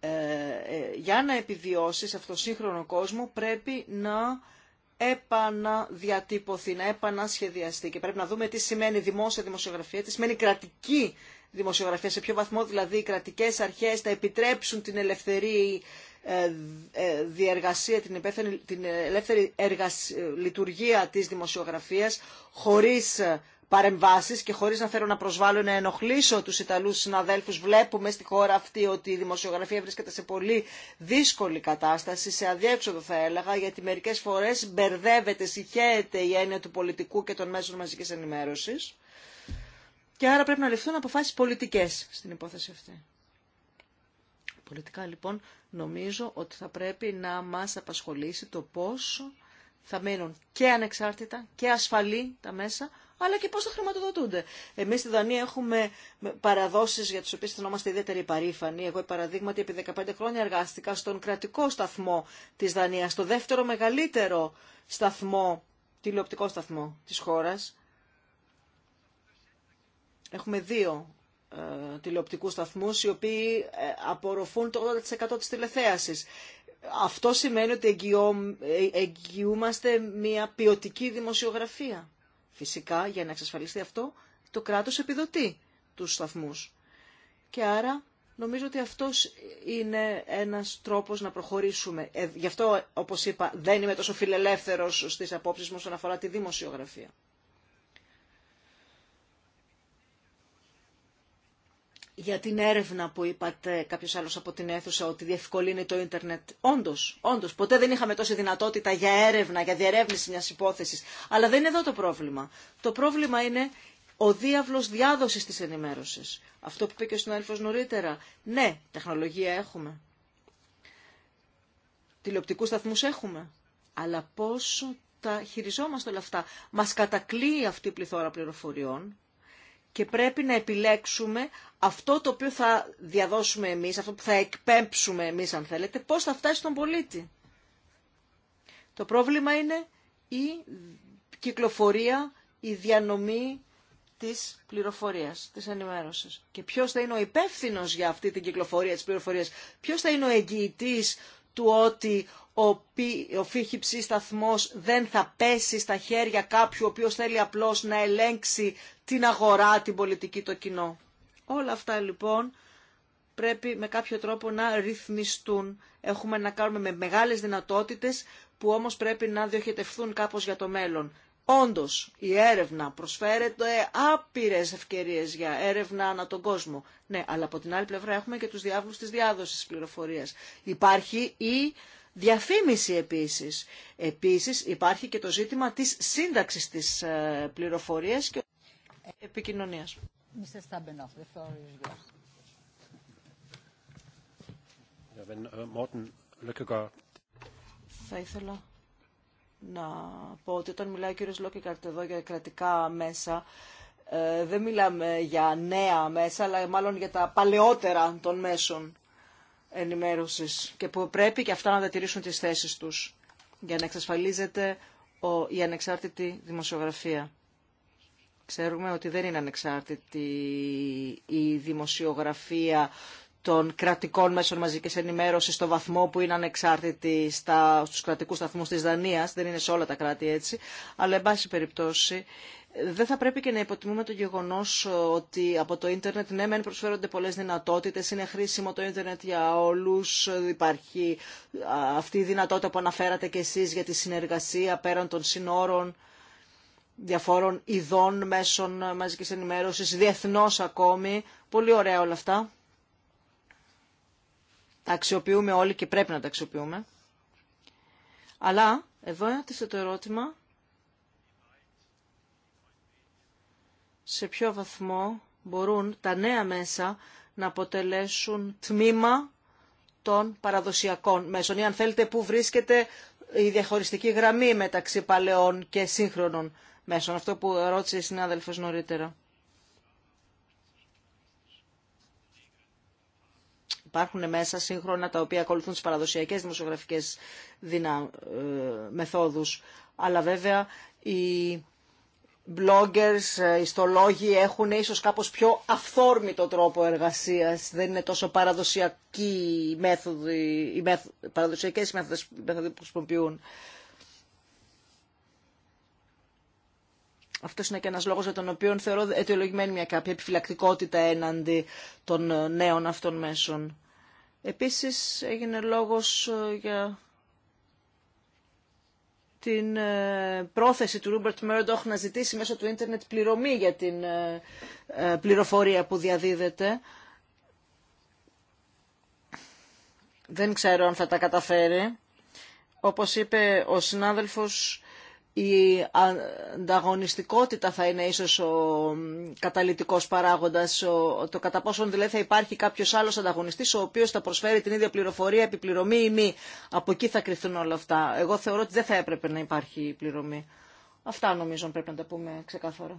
ε, ε, για να επιβιώσει σε τον σύγχρονο κόσμο πρέπει να επαναδιατύπωθεί, να επανασχεδιαστεί. Και πρέπει να δούμε τι σημαίνει δημόσια δημοσιογραφία, τι σημαίνει κρατική δημοσιογραφία, σε ποιο βαθμό δηλαδή οι κρατικές αρχές θα επιτρέψουν την ελευθερή ε, ε, διεργασία, την, ελεύθερη ε, λειτουργία της δημοσιογραφίας χωρίς παρεμβάσεις και χωρίς να θέλω να προσβάλλω ή να ενοχλήσω τους Ιταλούς συναδέλφους βλέπουμε στη χώρα αυτή ότι δημοσιογραφία βρίσκεται σε πολύ δύσκολη κατάσταση, σε αδιέξοδο θα έλεγα, γιατί μερικές φορές μπερδεύεται, συχαίεται η έννοια του πολιτικού και των μέσων μαζικής ενημέρωσης και άρα πρέπει να ληφθούν αποφάσεις πολιτικές στην υπόθεση αυτή. Πολιτικά λοιπόν νομίζω ότι θα πρέπει να μας απασχολήσει το πόσο θα μείνουν και ανεξάρτητα και ασφαλή τα μέσα αλλά και πώς θα χρηματοδοτούνται. Εμείς στη Δανία έχουμε παραδόσεις για τις οποίες αισθανόμαστε ιδιαίτερη παρήφανοι. Εγώ, παραδείγματι, επί 15 χρόνια εργάστηκα στον κρατικό σταθμό της Δανίας, στο δεύτερο μεγαλύτερο σταθμό, τηλεοπτικό σταθμό της χώρας. Έχουμε δύο ε, τηλεοπτικούς σταθμούς, οι οποίοι ε, απορροφούν το 80% της τηλεθέασης. Αυτό σημαίνει ότι ε, εγγυούμαστε μια ποιοτική δημοσιογραφία. Φυσικά, για να εξασφαλιστεί αυτό, το κράτος επιδοτεί τους σταθμούς. Και άρα νομίζω ότι αυτός είναι ένας τρόπος να προχωρήσουμε. Ε, γι' αυτό, όπως είπα, δεν είμαι τόσο φιλελεύθερος στις απόψεις μου όσον αφορά τη δημοσιογραφία. για την έρευνα που είπατε κάποιος άλλος από την αίθουσα ότι διευκολύνει το ίντερνετ. Όντως, όντως, ποτέ δεν είχαμε τόση δυνατότητα για έρευνα, για διερεύνηση μιας υπόθεσης. Αλλά δεν είναι εδώ το πρόβλημα. Το πρόβλημα είναι ο διάβλος διάδοσης της ενημέρωσης. Αυτό που είπε και ο συνάδελφος νωρίτερα. Ναι, τεχνολογία έχουμε. Τηλεοπτικούς σταθμούς έχουμε. Αλλά πόσο τα χειριζόμαστε όλα αυτά. Μας κατακλείει αυτή η πληθώρα πληροφοριών και πρέπει να επιλέξουμε αυτό το οποίο θα διαδώσουμε εμείς, αυτό που θα εκπέμψουμε εμείς αν θέλετε, πώς θα φτάσει στον πολίτη. Το πρόβλημα είναι η κυκλοφορία, η διανομή της πληροφορίας, της ενημέρωσης. Και ποιος θα είναι ο υπεύθυνος για αυτή την κυκλοφορία της πληροφορίας, ποιος θα είναι ο εγγυητής του ότι ο φύχηψη σταθμός δεν θα πέσει στα χέρια κάποιου ο οποίος θέλει απλώς να ελέγξει την αγορά, την πολιτική, το κοινό. Όλα αυτά λοιπόν πρέπει με κάποιο τρόπο να ρυθμιστούν. Έχουμε να κάνουμε με μεγάλες δυνατότητες που όμως πρέπει να διοχετευθούν κάπως για το μέλλον. Όντως, η έρευνα προσφέρεται άπειρες ευκαιρίες για έρευνα ανά τον κόσμο. Ναι, αλλά από την άλλη πλευρά έχουμε και τους διάβλους της διάδοσης πληροφορίας. Υπάρχει η διαφήμιση επίσης. Επίσης υπάρχει και το ζήτημα της σύνταξης της ε, πληροφορίας και επικοινωνίας. Θα ήθελα να πω ότι όταν μιλάει ο κύριος Λόκικαρτ εδώ για κρατικά μέσα, ε, δεν μιλάμε για νέα μέσα, αλλά μάλλον για τα παλαιότερα των μέσων ενημέρωσης και που πρέπει και αυτά να διατηρήσουν τις θέσεις τους για να εξασφαλίζεται η ανεξάρτητη δημοσιογραφία. Ξέρουμε ότι δεν είναι ανεξάρτητη η δημοσιογραφία των κρατικών μέσων μαζικής ενημέρωσης στο βαθμό που είναι ανεξάρτητη στα, στους κρατικούς σταθμούς της Δανίας, δεν είναι σε όλα τα κράτη έτσι, αλλά εν πάση περιπτώσει δεν θα πρέπει και να υποτιμούμε το γεγονό ότι από το ίντερνετ, ναι, μεν προσφέρονται πολλέ δυνατότητε, είναι χρήσιμο το ίντερνετ για όλου. Υπάρχει αυτή η δυνατότητα που αναφέρατε κι εσεί για τη συνεργασία πέραν των συνόρων διαφόρων ειδών μέσων μαζικής ενημέρωσης, διεθνώς ακόμη. Πολύ ωραία όλα αυτά τα αξιοποιούμε όλοι και πρέπει να τα αξιοποιούμε. Αλλά εδώ έρχεται το ερώτημα σε ποιο βαθμό μπορούν τα νέα μέσα να αποτελέσουν τμήμα των παραδοσιακών μέσων ή αν θέλετε που βρίσκεται η διαχωριστική γραμμή μεταξύ παλαιών και σύγχρονων μέσων. Αυτό που ρώτησε η συνάδελφος νωρίτερα. Υπάρχουν μέσα σύγχρονα τα οποία ακολουθούν τις παραδοσιακές δημοσιογραφικές δυνα... Ε, μεθόδους. Αλλά βέβαια οι bloggers, ε, ιστολόγοι έχουν ίσως κάπως πιο αυθόρμητο τρόπο εργασίας. Δεν είναι τόσο παραδοσιακή η οι μεθ... παραδοσιακές μέθοδες, μέθοδοι που χρησιμοποιούν. Αυτό είναι και ένας λόγος για τον οποίο θεωρώ αιτιολογημένη μια κάποια επιφυλακτικότητα έναντι των ε, νέων αυτών μέσων. Επίσης έγινε λόγος ε, για την ε, πρόθεση του Ρούμπερτ Μέρντοχ να ζητήσει μέσω του ίντερνετ πληρωμή για την ε, πληροφορία που διαδίδεται. Δεν ξέρω αν θα τα καταφέρει. Όπως είπε ο συνάδελφος, η ανταγωνιστικότητα θα είναι ίσως ο καταλυτικός παράγοντας, το κατά πόσον δηλαδή θα υπάρχει κάποιος άλλος ανταγωνιστής ο οποίος θα προσφέρει την ίδια πληροφορία, επιπληρωμή ή μη. Από εκεί θα κρυφθούν όλα αυτά. Εγώ θεωρώ ότι δεν θα έπρεπε να υπάρχει πληρωμή. Αυτά νομίζω πρέπει να τα πούμε ξεκάθαρα.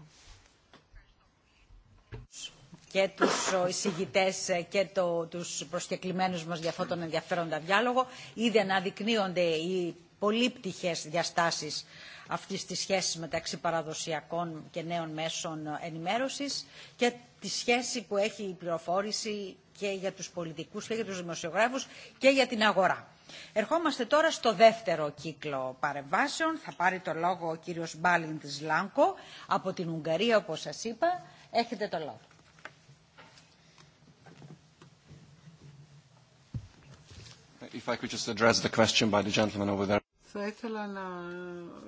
Και τους εισηγητές και τους προσκεκλημένους μας για αυτόν τον ενδιαφέροντα διάλογο. Ήδη αναδεικνύονται οι πτυχές διαστάσεις αυτής της σχέσης μεταξύ παραδοσιακών και νέων μέσων ενημέρωσης και τη σχέση που έχει η πληροφόρηση και για τους πολιτικούς και για τους δημοσιογράφους και για την αγορά. Ερχόμαστε τώρα στο δεύτερο κύκλο παρεμβάσεων. Θα πάρει το λόγο ο κύριος Μπάλιντ Λάνκο από την Ουγγαρία, όπως σας είπα. Έχετε το λόγο. Θα ήθελα να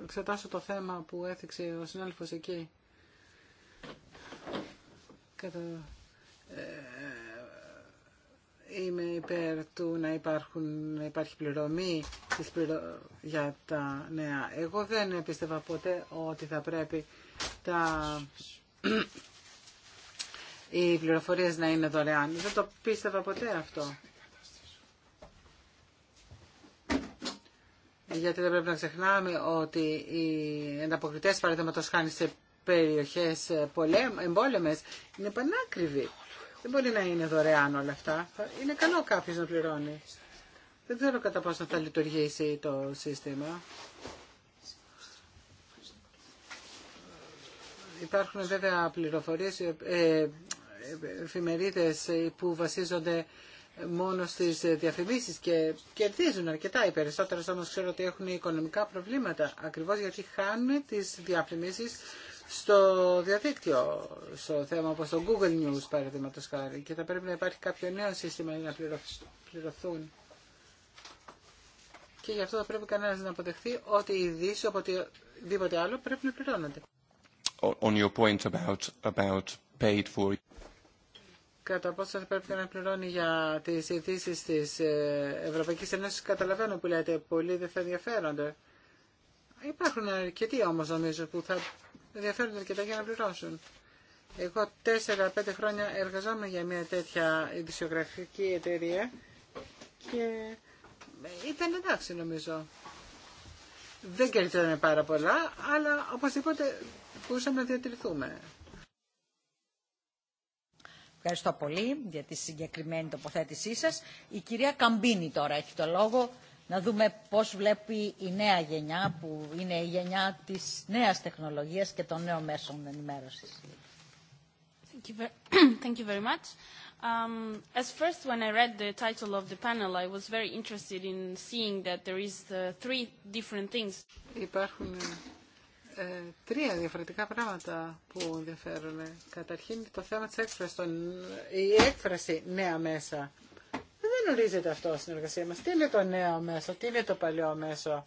εξετάσω το θέμα που έθιξε ο συνάδελφος εκεί. Κατά... Ε, είμαι υπέρ του να, υπάρχουν, να υπάρχει πληρωμή για τα νέα. Εγώ δεν πίστευα ποτέ ότι θα πρέπει τα... οι πληροφορίες να είναι δωρεάν. Δεν το πίστευα ποτέ αυτό. γιατί δεν πρέπει να ξεχνάμε ότι οι ανταποκριτές παραδείγματος χάνει σε περιοχές ε, εμπόλεμες είναι πανάκριβοι. Δεν μπορεί να είναι δωρεάν όλα αυτά. Είναι καλό κάποιος να πληρώνει. Δεν ξέρω κατά πόσο θα λειτουργήσει το σύστημα. Υπάρχουν βέβαια πληροφορίες, ε, ε, ε εφημερίδες που βασίζονται μόνο στις διαφημίσεις και κερδίζουν αρκετά. Οι περισσότερες όμως ξέρω ότι έχουν οικονομικά προβλήματα ακριβώς γιατί χάνουν τις διαφημίσεις στο διαδίκτυο, στο θέμα όπως το Google News παραδείγματος χάρη και θα πρέπει να υπάρχει κάποιο νέο σύστημα για να πληρωθούν. Και γι' αυτό θα πρέπει κανένα να αποδεχθεί ότι οι ειδήσει οτιδήποτε άλλο πρέπει να πληρώνονται. On your point about, about paid for κατά πόσο θα πρέπει να πληρώνει για τι ειδήσει τη ε, Ευρωπαϊκή Ένωση, Καταλαβαίνω που λέτε, πολλοί δεν θα ενδιαφέρονται. Υπάρχουν αρκετοί όμω νομίζω που θα ενδιαφέρονται αρκετά για να πληρώσουν. Εγώ τέσσερα-πέντε χρόνια εργαζόμουν για μια τέτοια ειδησιογραφική εταιρεία και ήταν εντάξει νομίζω. Δεν κερδίζαμε πάρα πολλά, αλλά οπωσδήποτε μπορούσαμε να διατηρηθούμε. Ευχαριστώ πολύ για τη συγκεκριμένη τοποθέτησή σας. Η κυρία Καμπίνη τώρα έχει το λόγο να δούμε πώς βλέπει η νέα γενιά που είναι η γενιά της νέας τεχνολογίας και των νέων μέσων ενημέρωσης. Thank you very much. Um, as first, when I read the title of the panel, I was very interested in seeing that there is uh, three different things. Υπάρχουν ε, τρία διαφορετικά πράγματα που ενδιαφέρουν. Καταρχήν το θέμα της έκφρασης, η έκφραση νέα μέσα. Δεν ορίζεται αυτό στην εργασία μας. Τι είναι το νέο μέσο, τι είναι το παλιό μέσο.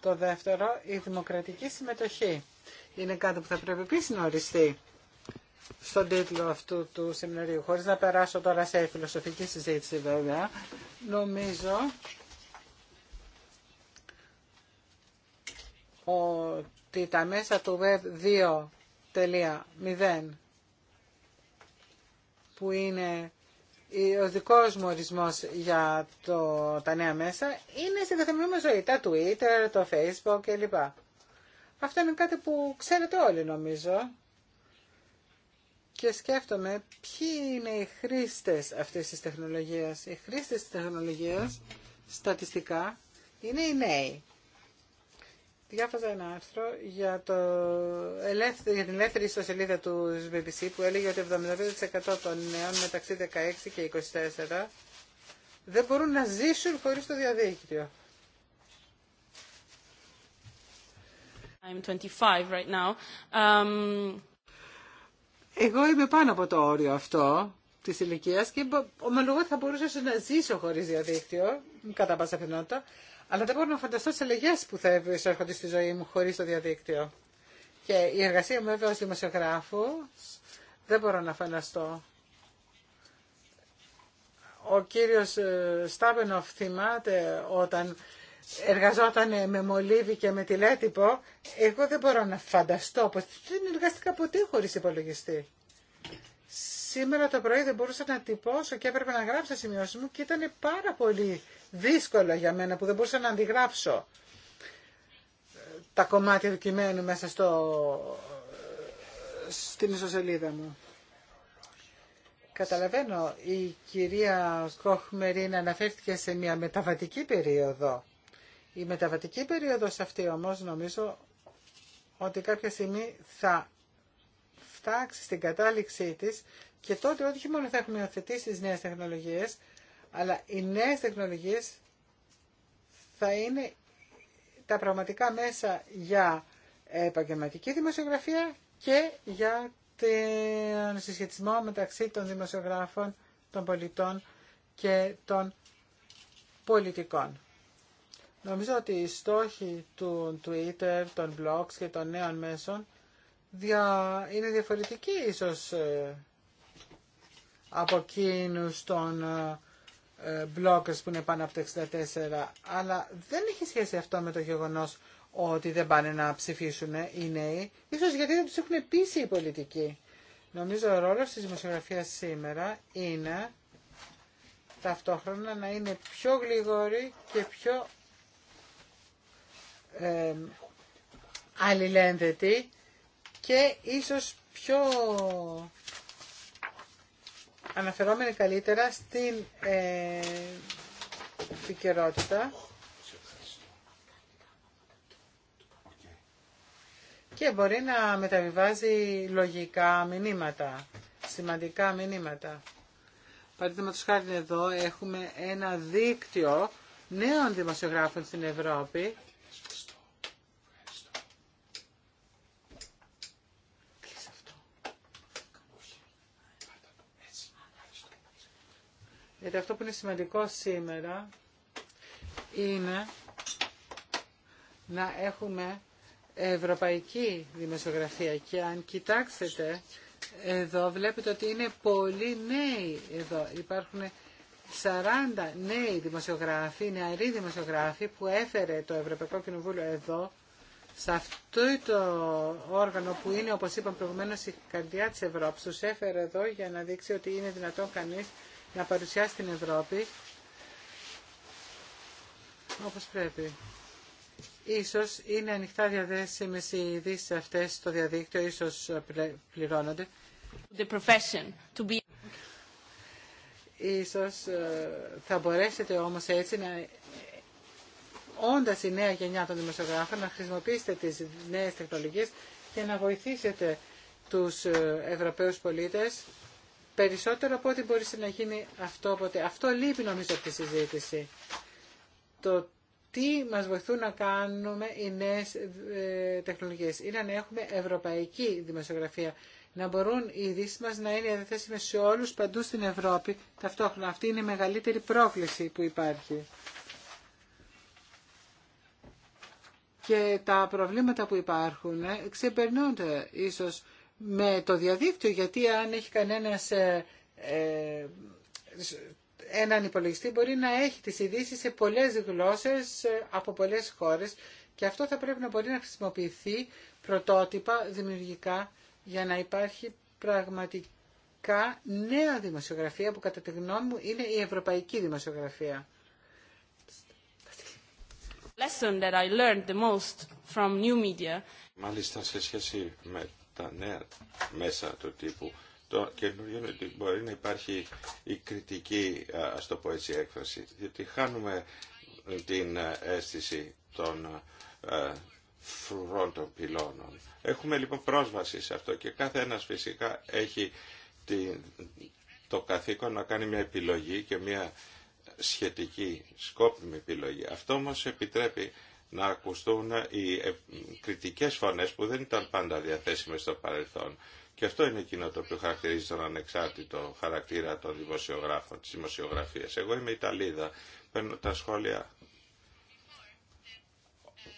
Το δεύτερο, η δημοκρατική συμμετοχή. Είναι κάτι που θα πρέπει επίση να οριστεί στον τίτλο αυτού του σεμιναρίου. Χωρίς να περάσω τώρα σε φιλοσοφική συζήτηση βέβαια, νομίζω ότι τα μέσα του Web 2.0 που είναι ο δικός μου ορισμός για το, τα νέα μέσα είναι στην καθημερινή μας ζωή, τα Twitter, το Facebook κλπ. Αυτό είναι κάτι που ξέρετε όλοι νομίζω και σκέφτομαι ποιοι είναι οι χρήστες αυτής της τεχνολογίας. Οι χρήστες της τεχνολογίας στατιστικά είναι οι νέοι διάβαζα ένα άρθρο για, το για την ελεύθερη ιστοσελίδα του BBC που έλεγε ότι 75% των νέων μεταξύ 16 και 24 δεν μπορούν να ζήσουν χωρίς το διαδίκτυο. I'm 25 right now. Um, Εγώ είμαι πάνω από το όριο αυτό τη ηλικία και ομολογώ ότι θα μπορούσα να ζήσω χωρί διαδίκτυο, κατά πάσα πιθανότητα. Αλλά δεν μπορώ να φανταστώ τι αλλαγέ που θα εισέρχονται στη ζωή μου χωρί το διαδίκτυο. Και η εργασία μου βέβαια ω δημοσιογράφου δεν μπορώ να φανταστώ. Ο κύριος ε, Στάβενοφ θυμάται όταν εργαζόταν με μολύβι και με τηλέτυπο, εγώ δεν μπορώ να φανταστώ πως δεν εργαστήκα ποτέ χωρίς υπολογιστή. Σήμερα το πρωί δεν μπορούσα να τυπώσω και έπρεπε να γράψω σημειώσεις μου και ήταν πάρα πολύ δύσκολο για μένα που δεν μπορούσα να αντιγράψω ε, τα κομμάτια του κειμένου μέσα στο, ε, στην ισοσελίδα μου. Καταλαβαίνω, η κυρία να αναφέρθηκε σε μια μεταβατική περίοδο. Η μεταβατική περίοδος αυτή όμως νομίζω ότι κάποια στιγμή θα φτάξει στην κατάληξή της και τότε όχι μόνο θα έχουμε υιοθετήσει τις νέες τεχνολογίες, αλλά οι νέες τεχνολογίες θα είναι τα πραγματικά μέσα για επαγγελματική δημοσιογραφία και για τον συσχετισμό μεταξύ των δημοσιογράφων, των πολιτών και των πολιτικών. Νομίζω ότι οι στόχοι του Twitter, των blogs και των νέων μέσων είναι διαφορετικοί ίσως ε, από εκείνους των ε, ε, bloggers που είναι πάνω από τα 64, αλλά δεν έχει σχέση αυτό με το γεγονός ότι δεν πάνε να ψηφίσουν οι νέοι, ίσως γιατί δεν τους έχουν πείσει οι πολιτικοί. Νομίζω ο ρόλος της δημοσιογραφίας σήμερα είναι ταυτόχρονα να είναι πιο γλυγόρη και πιο ε, αλληλένδετη και ίσως πιο αναφερόμενοι καλύτερα στην ε, επικαιρότητα και μπορεί να μεταβιβάζει λογικά μηνύματα, σημαντικά μηνύματα. Παραδείγματος χάρη εδώ έχουμε ένα δίκτυο νέων δημοσιογράφων στην Ευρώπη Γιατί αυτό που είναι σημαντικό σήμερα είναι να έχουμε ευρωπαϊκή δημοσιογραφία και αν κοιτάξετε εδώ βλέπετε ότι είναι πολλοί νέοι εδώ. Υπάρχουν 40 νέοι δημοσιογράφοι, νεαροί δημοσιογράφοι που έφερε το Ευρωπαϊκό Κοινοβούλιο εδώ σε αυτό το όργανο που είναι όπως είπαμε προηγουμένως η καρδιά της Ευρώπης τους έφερε εδώ για να δείξει ότι είναι δυνατόν κανείς να παρουσιάσει την Ευρώπη όπως πρέπει. Ίσως είναι ανοιχτά διαδέσιμες οι ειδήσει αυτές στο διαδίκτυο, ίσως πληρώνονται. The profession to be... Ίσως ε, θα μπορέσετε όμως έτσι να όντας η νέα γενιά των δημοσιογράφων να χρησιμοποιήσετε τις νέες τεχνολογίες και να βοηθήσετε τους ε, Ευρωπαίους πολίτες περισσότερο από ό,τι μπορεί να γίνει αυτό. ποτέ. αυτό λείπει νομίζω από τη συζήτηση. Το τι μας βοηθούν να κάνουμε οι νέες ε, τεχνολογίες είναι να έχουμε ευρωπαϊκή δημοσιογραφία. Να μπορούν οι ειδήσει μας να είναι διαθέσιμες σε όλους παντού στην Ευρώπη ταυτόχρονα. Αυτή είναι η μεγαλύτερη πρόκληση που υπάρχει. Και τα προβλήματα που υπάρχουν ε, ξεπερνούνται ίσως με το διαδίκτυο, γιατί αν έχει κανένας ε, ε, έναν υπολογιστή μπορεί να έχει τις ειδήσει σε πολλές γλώσσες ε, από πολλές χώρες και αυτό θα πρέπει να μπορεί να χρησιμοποιηθεί πρωτότυπα, δημιουργικά, για να υπάρχει πραγματικά νέα δημοσιογραφία που κατά τη γνώμη μου είναι η ευρωπαϊκή δημοσιογραφία. I the new media. Μάλιστα σε σχέση με τα νέα μέσα του τύπου το καινούριο είναι ότι μπορεί να υπάρχει η κριτική, ας το πω έτσι, έκφραση, διότι χάνουμε ε, την ε, αίσθηση των ε, φρουρών των πυλώνων. Έχουμε λοιπόν πρόσβαση σε αυτό και κάθε ένας φυσικά έχει το καθήκον να κάνει μια επιλογή και μια σχετική σκόπιμη επιλογή. Αυτό όμως επιτρέπει να ακουστούν οι ε, κριτικές φωνές που δεν ήταν πάντα διαθέσιμες στο παρελθόν. Και αυτό είναι εκείνο το οποίο χαρακτηρίζει τον ανεξάρτητο χαρακτήρα των δημοσιογράφων, της δημοσιογραφίας. Εγώ είμαι Ιταλίδα, παίρνω τα σχόλια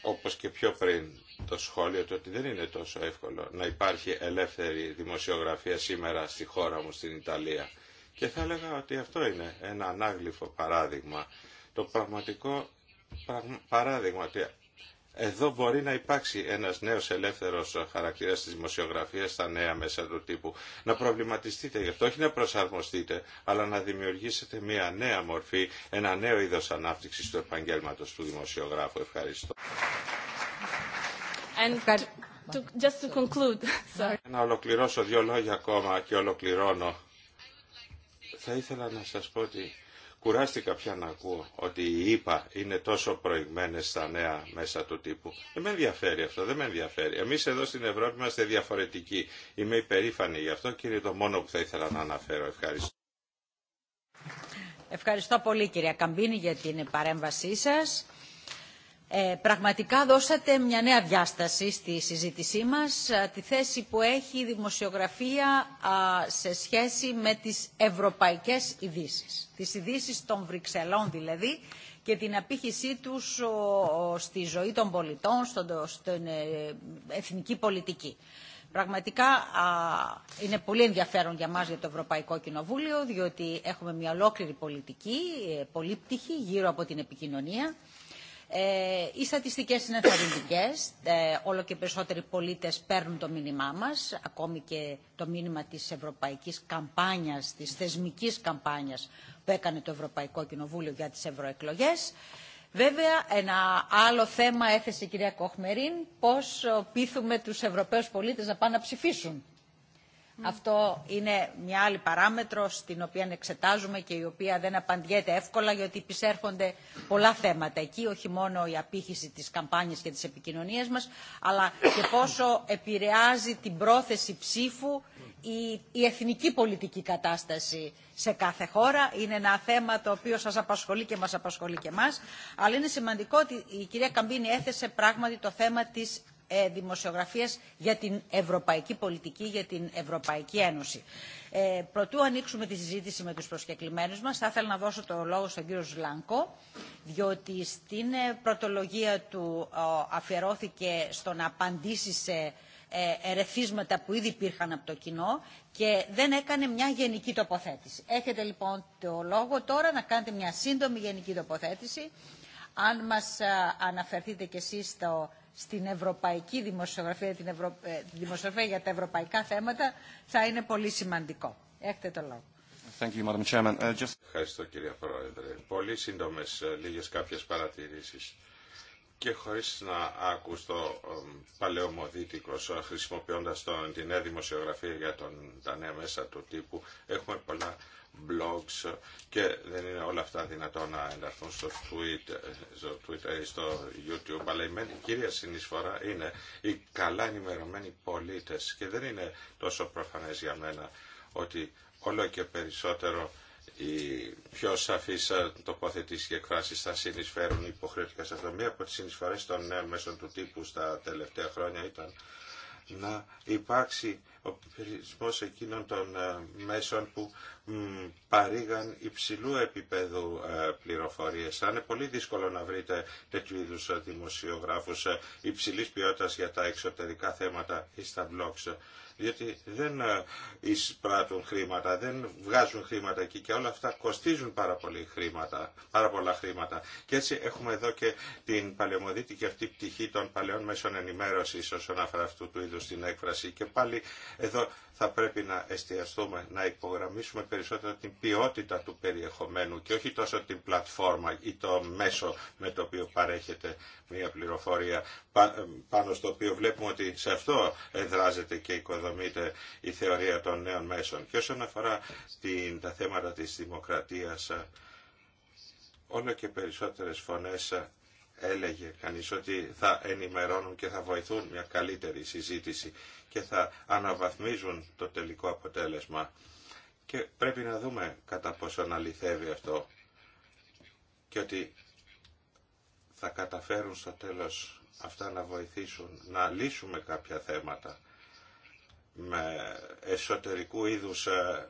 όπως και πιο πριν το σχόλιο του ότι δεν είναι τόσο εύκολο να υπάρχει ελεύθερη δημοσιογραφία σήμερα στη χώρα μου στην Ιταλία. Και θα έλεγα ότι αυτό είναι ένα ανάγλυφο παράδειγμα. Το πραγματικό παράδειγμα εδώ μπορεί να υπάρξει ένας νέος ελεύθερος χαρακτήρας της δημοσιογραφίας στα νέα μέσα του τύπου. Να προβληματιστείτε γι' αυτό, όχι να προσαρμοστείτε, αλλά να δημιουργήσετε μια νέα μορφή, ένα νέο είδος ανάπτυξη του επαγγέλματος του δημοσιογράφου. Ευχαριστώ. And just to conclude, sorry. Να ολοκληρώσω δύο λόγια ακόμα και ολοκληρώνω. Θα ήθελα να σας πω ότι Κουράστηκα πια να ακούω ότι η ΕΠΑ είναι τόσο προηγμένες στα νέα μέσα του τύπου. Δεν με ενδιαφέρει αυτό, δεν με ενδιαφέρει. Εμείς εδώ στην Ευρώπη είμαστε διαφορετικοί. Είμαι υπερήφανη γι' αυτό και είναι το μόνο που θα ήθελα να αναφέρω. Ευχαριστώ. Ευχαριστώ πολύ κυρία Καμπίνη για την παρέμβασή σας. Ε, πραγματικά δώσατε μια νέα διάσταση στη συζήτησή μας, ε, τη θέση που έχει η δημοσιογραφία σε σχέση με τις ευρωπαϊκές ειδήσει, τις ειδήσει των Βρυξελών δηλαδή και την απήχησή τους στη ζωή των πολιτών, στον, ε, εθνική πολιτική. Πραγματικά είναι πολύ ενδιαφέρον για μας για το Ευρωπαϊκό Κοινοβούλιο, διότι έχουμε μια ολόκληρη πολιτική, ε, πολύπτυχη, γύρω από την επικοινωνία. Ε, οι στατιστικές είναι θαρρυντικές. Ε, όλο και περισσότεροι πολίτες παίρνουν το μήνυμά μας, ακόμη και το μήνυμα της ευρωπαϊκής καμπάνιας, της θεσμικής καμπάνιας που έκανε το Ευρωπαϊκό Κοινοβούλιο για τις ευρωεκλογές. Βέβαια, ένα άλλο θέμα έθεσε η κυρία Κοχμερίν, πώς πείθουμε τους Ευρωπαίους πολίτες να πάνε να ψηφίσουν. Αυτό είναι μια άλλη παράμετρο στην οποία εξετάζουμε και η οποία δεν απαντιέται εύκολα γιατί επισέρχονται πολλά θέματα εκεί, όχι μόνο η απήχηση της καμπάνιας και της επικοινωνίας μας, αλλά και πόσο επηρεάζει την πρόθεση ψήφου η, εθνική πολιτική κατάσταση σε κάθε χώρα. Είναι ένα θέμα το οποίο σας απασχολεί και μας απασχολεί και εμάς, αλλά είναι σημαντικό ότι η κυρία Καμπίνη έθεσε πράγματι το θέμα της ε, δημοσιογραφίας για την ευρωπαϊκή πολιτική, για την Ευρωπαϊκή Ένωση. Ε, ανοίξουμε τη συζήτηση με τους προσκεκλημένους μας, θα ήθελα να δώσω το λόγο στον κύριο Ζλάνκο, διότι στην ε, πρωτολογία του αφιερώθηκε στο να απαντήσει σε ε, ερεθίσματα που ήδη υπήρχαν από το κοινό και δεν έκανε μια γενική τοποθέτηση. Έχετε λοιπόν το λόγο τώρα να κάνετε μια σύντομη γενική τοποθέτηση. Αν μας αναφερθείτε κι εσείς στο στην ευρωπαϊκή δημοσιογραφία, την, Ευρω... Ε, δημοσιογραφία για τα ευρωπαϊκά θέματα θα είναι πολύ σημαντικό. Έχετε το λόγο. Uh, Ευχαριστώ κύριε Πρόεδρε. Πολύ σύντομε ε, λίγε κάποιε παρατηρήσει, και χωρί να ακούσω το ε, το χρησιμοποιώντας τον, την νέα δημοσιογραφία για τον, τα νέα μέσα του τύπου έχουμε πολλά blogs και δεν είναι όλα αυτά δυνατόν να ενταχθούν στο Twitter, στο ή ε, στο YouTube, αλλά η κύρια συνεισφορά είναι οι καλά ενημερωμένοι πολίτες και δεν είναι τόσο προφανές για μένα ότι όλο και περισσότερο οι πιο σαφείς ε, τοποθετήσεις και εκφράσεις θα συνεισφέρουν υποχρεωτικά σε αυτό. Μία από τις συνεισφορές των νέων μέσων του τύπου στα τελευταία χρόνια ήταν να υπάρξει ο πληθυσμό εκείνων των ε, μέσων που παρήγαν υψηλού επίπεδου ε, πληροφορίες. Θα είναι πολύ δύσκολο να βρείτε τέτοιου είδου ε, δημοσιογράφου υψηλή ποιότητα για τα εξωτερικά θέματα ή στα blogs διότι δεν ε, εισπράττουν χρήματα, δεν βγάζουν χρήματα εκεί και όλα αυτά κοστίζουν πάρα, πολύ χρήματα, πάρα πολλά χρήματα. Και έτσι έχουμε εδώ και την παλαιομοδίτικη αυτή πτυχή των παλαιών μέσων ενημέρωσης όσον αφορά αυτού του είδους την έκφραση και πάλι εδώ θα πρέπει να εστιαστούμε, να υπογραμμίσουμε περισσότερο την ποιότητα του περιεχομένου και όχι τόσο την πλατφόρμα ή το μέσο με το οποίο παρέχεται μια πληροφορία. Ε, πάνω στο οποίο βλέπουμε ότι σε αυτό εδράζεται και οικοδομείται η θεωρία των νέων μέσων. Και όσον αφορά την, τα θέματα της δημοκρατίας, ε, όλο και περισσότερες φωνές ε, έλεγε κανείς ότι θα ενημερώνουν και θα βοηθούν μια καλύτερη συζήτηση και θα αναβαθμίζουν το τελικό αποτέλεσμα. Και πρέπει να δούμε κατά πόσο αληθεύει αυτό και ότι θα καταφέρουν στο τέλος αυτά να βοηθήσουν να λύσουμε κάποια θέματα με εσωτερικού είδους ε,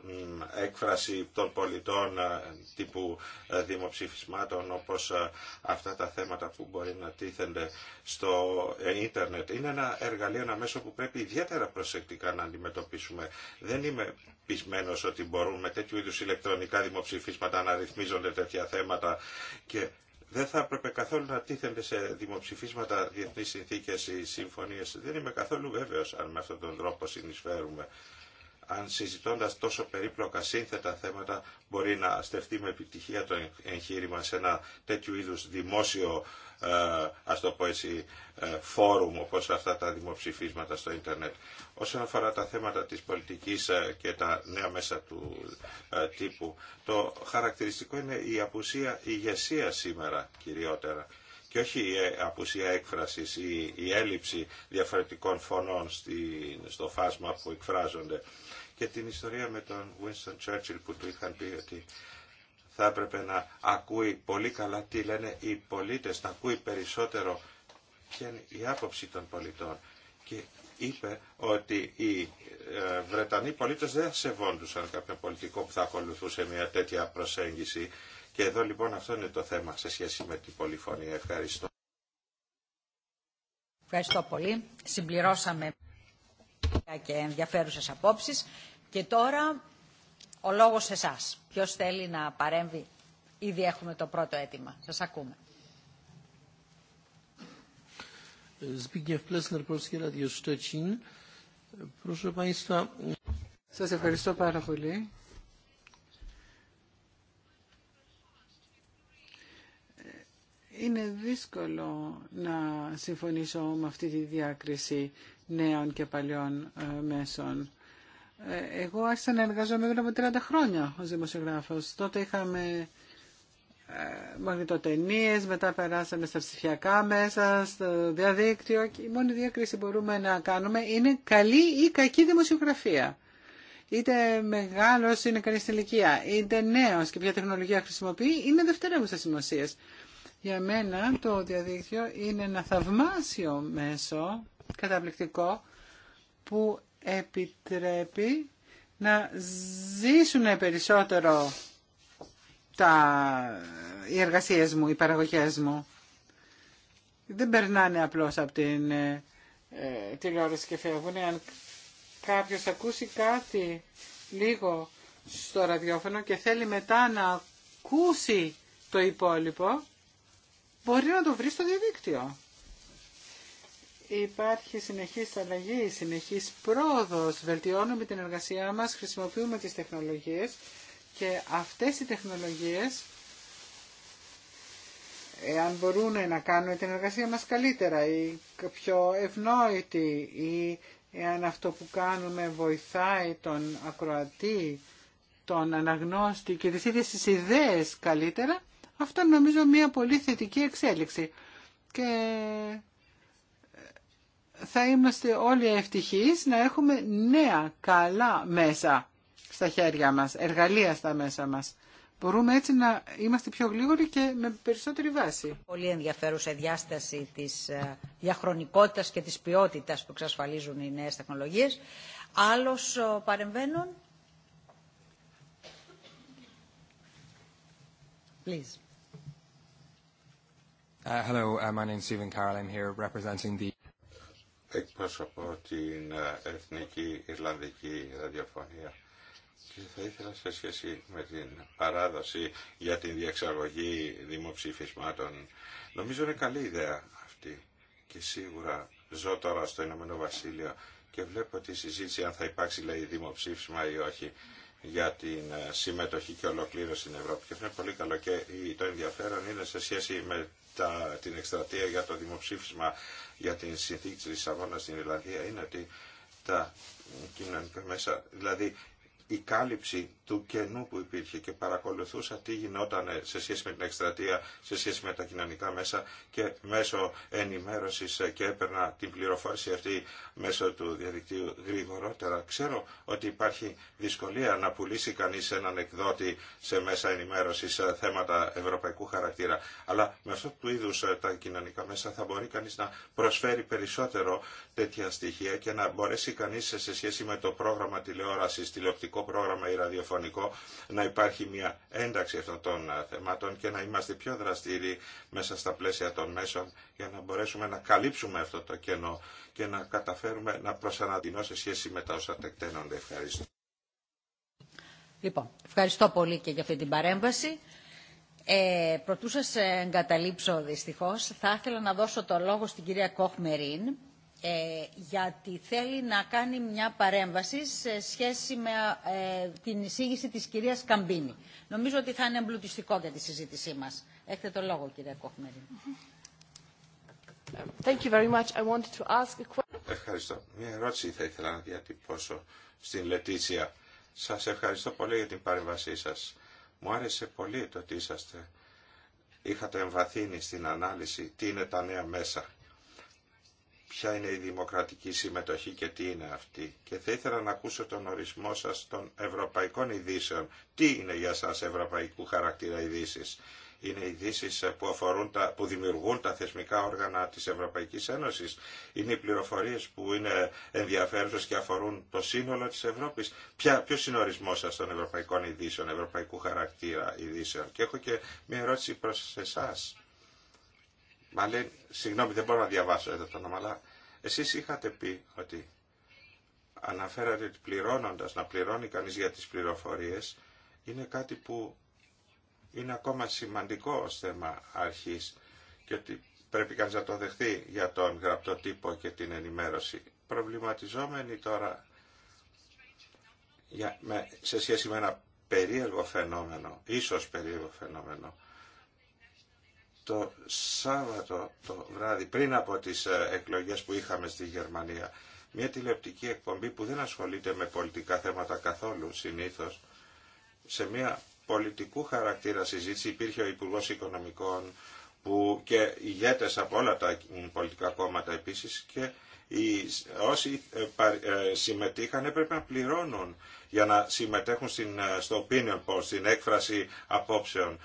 έκφραση των πολιτών ε, τύπου ε, δημοψηφισμάτων όπως αυτά τα θέματα που μπορεί να τίθενται στο ίντερνετ. Είναι ένα εργαλείο, ένα μέσο που πρέπει ιδιαίτερα προσεκτικά να αντιμετωπίσουμε. Δεν είμαι πεισμένος ότι μπορούν με τέτοιου είδους ηλεκτρονικά δημοψηφίσματα να ρυθμίζονται τέτοια θέματα και δεν θα έπρεπε καθόλου να τίθενται σε δημοψηφίσματα διεθνεί συνθήκε ή σύμφωνίε. Δεν είμαι καθόλου βέβαιο αν με αυτόν τον τρόπο συνεισφέρουμε αν συζητώντας τόσο περίπλοκα σύνθετα θέματα μπορεί να στεφτεί με επιτυχία το εγχείρημα σε ένα τέτοιου είδους δημόσιο ε, ας το πω έτσι ε, φόρουμ όπως αυτά τα δημοψηφίσματα στο ίντερνετ. Όσον αφορά τα θέματα της πολιτικής ε, και τα νέα μέσα του τύπου το χαρακτηριστικό είναι η απουσία ηγεσία σήμερα κυριότερα και όχι η απουσία έκφρασης ή η έλλειψη διαφορετικών φωνών στο φάσμα που εκφράζονται και την ιστορία με τον Winston Churchill που του είχαν πει ότι θα έπρεπε να ακούει πολύ καλά τι λένε οι πολίτες, να ακούει περισσότερο ποια είναι η άποψη των πολιτών. Και είπε ότι οι ε, Βρετανοί πολίτες δεν σεβόντουσαν κάποιο πολιτικό που θα ακολουθούσε μια τέτοια προσέγγιση. Και εδώ λοιπόν αυτό είναι το θέμα σε σχέση με την πολυφωνία. Ευχαριστώ. Ευχαριστώ πολύ και ενδιαφέρουσε απόψεις. Και τώρα ο λόγο σε εσά. Ποιο θέλει να παρέμβει. Ήδη έχουμε το πρώτο αίτημα. Σα ακούμε. Σας ευχαριστώ πάρα πολύ. Ε, είναι δύσκολο να συμφωνήσω με αυτή τη διάκριση νέων και παλιών ε, μέσων. Ε, εγώ άρχισα να εργάζομαι πριν από 30 χρόνια ως δημοσιογράφος. Τότε είχαμε ε, μαγνητοτενίες, μετά περάσαμε στα ψηφιακά μέσα, στο διαδίκτυο και η μόνη διακρίση που μπορούμε να κάνουμε είναι καλή ή κακή δημοσιογραφία. Είτε μεγάλο είναι καλή στην ηλικία, είτε νέο και ποια τεχνολογία χρησιμοποιεί, είναι δευτερεύουσα σημασία. Για μένα το διαδίκτυο είναι ένα θαυμάσιο μέσο καταπληκτικό που επιτρέπει να ζήσουν περισσότερο τα, οι εργασίες μου, οι παραγωγές μου. Δεν περνάνε απλώς από την ε, τηλεόραση και φεύγουν. Αν κάποιος ακούσει κάτι λίγο στο ραδιόφωνο και θέλει μετά να ακούσει το υπόλοιπο, μπορεί να το βρει στο διαδίκτυο υπάρχει συνεχής αλλαγή, συνεχής πρόοδος, βελτιώνουμε την εργασία μας, χρησιμοποιούμε τις τεχνολογίες και αυτές οι τεχνολογίες, εάν μπορούν να κάνουν την εργασία μας καλύτερα ή πιο ευνόητη ή εάν αυτό που κάνουμε βοηθάει τον ακροατή, τον αναγνώστη και τις ίδιες τις ιδέες καλύτερα, αυτό είναι νομίζω μια πολύ θετική εξέλιξη θα είμαστε όλοι ευτυχείς να έχουμε νέα καλά μέσα στα χέρια μας, εργαλεία στα μέσα μας. Μπορούμε έτσι να είμαστε πιο γλίγοροι και με περισσότερη βάση. Πολύ ενδιαφέρουσα διάσταση της ε, διαχρονικότητας και της ποιότητας που εξασφαλίζουν οι νέες τεχνολογίες. Άλλος παρεμβαίνων. Please. Uh, hello, uh, my name is Stephen Carroll. I'm here εκπροσωπώ την ε, Εθνική Ιρλανδική Ραδιοφωνία και θα ήθελα σε σχέση με την παράδοση για την διεξαγωγή δημοψηφισμάτων. Νομίζω είναι καλή ιδέα αυτή και σίγουρα ζω τώρα στο Ηνωμένο Βασίλειο και βλέπω τη συζήτηση αν θα υπάρξει λέει δημοψήφισμα ή όχι για την ε, συμμετοχή και ολοκλήρωση στην Ευρώπη. Και αυτό είναι πολύ καλό και το ενδιαφέρον είναι σε σχέση με τα, την εκστρατεία για το δημοψήφισμα για την συνθήκη της Λισαβόνα στην Ιρλανδία είναι ότι τα κοινωνικά μέσα, δηλαδή η κάλυψη του κενού που υπήρχε και παρακολουθούσα τι γινόταν ε, σε σχέση με την εκστρατεία, σε σχέση με τα κοινωνικά μέσα και μέσω ενημέρωσης ε, και έπαιρνα την πληροφόρηση αυτή μέσω του διαδικτύου γρήγορότερα. Ξέρω ότι υπάρχει δυσκολία να πουλήσει κανείς έναν εκδότη σε μέσα σε θέματα ευρωπαϊκού χαρακτήρα, αλλά με αυτό του είδους ε, τα κοινωνικά μέσα θα μπορεί κανείς να προσφέρει περισσότερο τέτοια στοιχεία και να μπορέσει κανεί σε σχέση με το πρόγραμμα τηλεόρασης, τηλεοπτικό πρόγραμμα ή ραδιοφωνικό να υπάρχει μια ένταξη αυτών των ε, θεμάτων και να είμαστε πιο δραστήριοι μέσα στα πλαίσια των μέσων για να μπορέσουμε να καλύψουμε αυτό το κενό και να καταφέρουμε να προσανατηνώ σε σχέση με τα όσα τεκταίνονται. Ευχαριστώ. Λοιπόν, ευχαριστώ πολύ και για αυτή την παρέμβαση. Ε, προτού σας εγκαταλείψω δυστυχώς, θα ήθελα να δώσω το λόγο στην κυρία Κοχμερίν, ε, γιατί θέλει να κάνει μια παρέμβαση σε σχέση με ε, την εισήγηση της κυρίας Καμπίνη. Νομίζω ότι θα είναι εμπλουτιστικό για τη συζήτησή μας. Έχετε το λόγο, κυρία Κόχμερη. Ε, ευχαριστώ. Μια ερώτηση θα ήθελα να διατυπώσω στην Λετήσια. Σας ευχαριστώ πολύ για την παρέμβασή σας. Μου άρεσε πολύ το ότι είσαστε. Είχατε εμβαθύνει στην ανάλυση τι είναι τα νέα μέσα ποια είναι η δημοκρατική συμμετοχή και τι είναι αυτή. Και θα ήθελα να ακούσω τον ορισμό σας των ευρωπαϊκών ειδήσεων. Τι είναι για σας ευρωπαϊκού χαρακτήρα ειδήσει. Είναι ειδήσει που, που δημιουργούν τα θεσμικά όργανα της Ευρωπαϊκής Ένωσης. Είναι οι πληροφορίες που είναι ενδιαφέρουσες και αφορούν το σύνολο της Ευρώπης. Ποια, ποιος είναι ο ορισμός σας των ευρωπαϊκών ειδήσεων, ευρωπαϊκού χαρακτήρα ειδήσεων. Και έχω και μια ερώτηση προς εσάς λέει, συγγνώμη δεν μπορώ να διαβάσω εδώ το όνομα, αλλά εσείς είχατε πει ότι αναφέρατε ότι πληρώνοντα να πληρώνει κανείς για τις πληροφορίες, είναι κάτι που είναι ακόμα σημαντικό ω θέμα αρχής και ότι πρέπει κανεί να το δεχθεί για τον γραπτό τύπο και την ενημέρωση. Προβληματιζόμενοι τώρα σε σχέση με ένα περίεργο φαινόμενο, ίσως περίεργο φαινόμενο, το Σάββατο το βράδυ πριν από τις ε, εκλογές που είχαμε στη Γερμανία μια τηλεοπτική εκπομπή που δεν ασχολείται με πολιτικά θέματα καθόλου συνήθως σε μια πολιτικού χαρακτήρα συζήτηση υπήρχε ο Υπουργός Οικονομικών που και ηγέτες από όλα τα πολιτικά κόμματα επίσης και οι, όσοι ε, ε, συμμετείχαν έπρεπε να πληρώνουν για να συμμετέχουν στην, ε, στο opinion post, στην έκφραση απόψεων.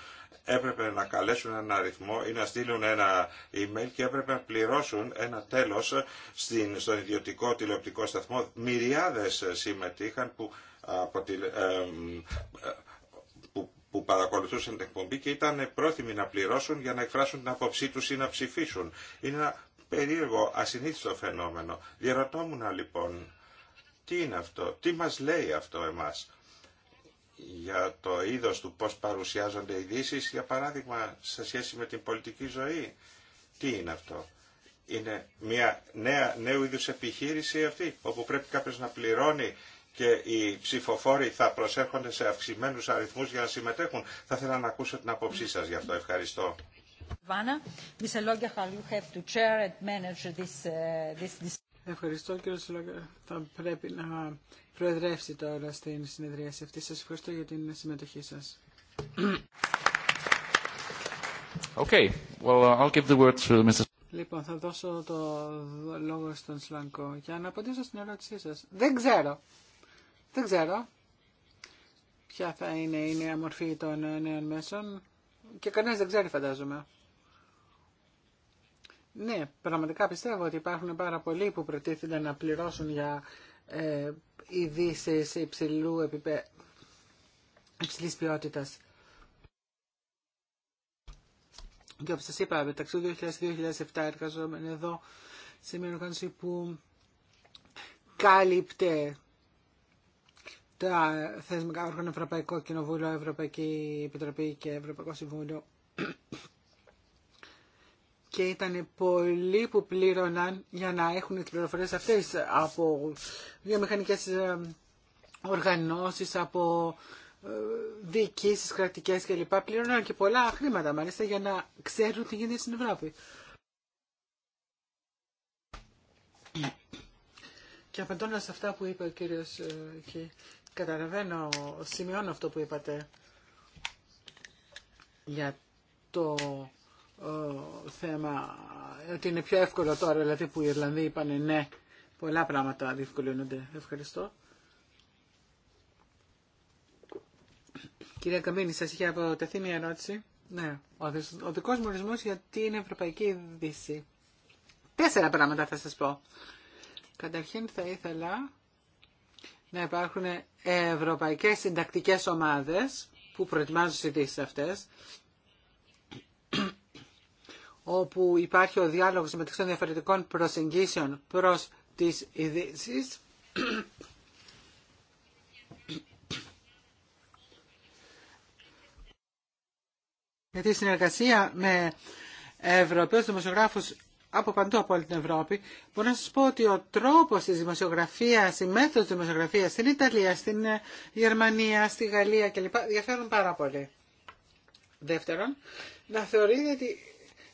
Έπρεπε να καλέσουν ένα αριθμό ή να στείλουν ένα email και έπρεπε να πληρώσουν ένα τέλος στην, στον ιδιωτικό τηλεοπτικό σταθμό. Μυριάδες συμμετείχαν που, που παρακολουθούσαν την εκπομπή και ήταν πρόθυμοι να πληρώσουν για να εκφράσουν την άποψή τους ή να ψηφίσουν. Είναι ένα περίεργο, ασυνήθιστο φαινόμενο. Διερωτώμουν λοιπόν, τι είναι αυτό, τι μας λέει αυτό εμάς για το είδος του πώς παρουσιάζονται ειδήσει, για παράδειγμα σε σχέση με την πολιτική ζωή. Τι είναι αυτό. Είναι μια νέα, νέου είδους επιχείρηση αυτή, όπου πρέπει κάποιος να πληρώνει και οι ψηφοφόροι θα προσέρχονται σε αυξημένους αριθμούς για να συμμετέχουν. Θα ήθελα να ακούσω την άποψή σας γι' αυτό. Ευχαριστώ. Ευχαριστώ κύριε Σιλόγκα. Θα πρέπει να προεδρεύσει τώρα στην συνεδρίαση αυτή. Σας ευχαριστώ για την συμμετοχή σας. Okay. Well, uh, Λοιπόν, θα δώσω το λόγο στον Σλανκό για να απαντήσω στην ερώτησή σας. Δεν ξέρω. Δεν ξέρω ποια θα είναι η νέα μορφή των νέων μέσων και κανένας δεν ξέρει φαντάζομαι. Ναι, πραγματικά πιστεύω ότι υπάρχουν πάρα πολλοί που προτίθενται να πληρώσουν για ε, ειδήσει υψηλού επιπέ... υψηλής ποιότητας. Και όπω σα είπα, μεταξύ 2000-2007 εργαζόμενοι εδώ σε μια οργάνωση που κάλυπτε τα θεσμικά όργανα Ευρωπαϊκό Κοινοβούλιο, Ευρωπαϊκή Επιτροπή και Ευρωπαϊκό Συμβούλιο και ήταν πολλοί που πλήρωναν για να έχουν τις πληροφορίες αυτές από βιομηχανικές ε, οργανώσεις, από ε, διοικήσεις κρατικές κλπ. Πλήρωναν και πολλά χρήματα μάλιστα για να ξέρουν τι γίνεται στην Ευρώπη. Και απαντώντα σε αυτά που είπε ο κύριος ε, και καταλαβαίνω, σημειώνω αυτό που είπατε για το θέμα ότι είναι πιο εύκολο τώρα, δηλαδή που οι Ιρλανδοί είπαν ναι, πολλά πράγματα διευκολύνονται. Ευχαριστώ. Κυρία Καμίνη, σας είχε αποτεθεί μια ερώτηση. Ναι, ο δικός μου ορισμός για τι είναι Ευρωπαϊκή Δύση. Τέσσερα πράγματα θα σας πω. Καταρχήν θα ήθελα να υπάρχουν ευρωπαϊκές συντακτικές ομάδες που προετοιμάζουν τις ειδήσεις αυτές όπου υπάρχει ο διάλογος μεταξύ των διαφορετικών προσεγγίσεων προς τις ειδήσει. Για τη συνεργασία με Ευρωπαίους δημοσιογράφους από παντού από όλη την Ευρώπη, μπορώ να σας πω ότι ο τρόπος της δημοσιογραφίας, η μέθοδος της δημοσιογραφίας στην Ιταλία, στην ε, Γερμανία, στη Γαλλία κλπ. διαφέρουν πάρα πολύ. Δεύτερον, να θεωρείτε ότι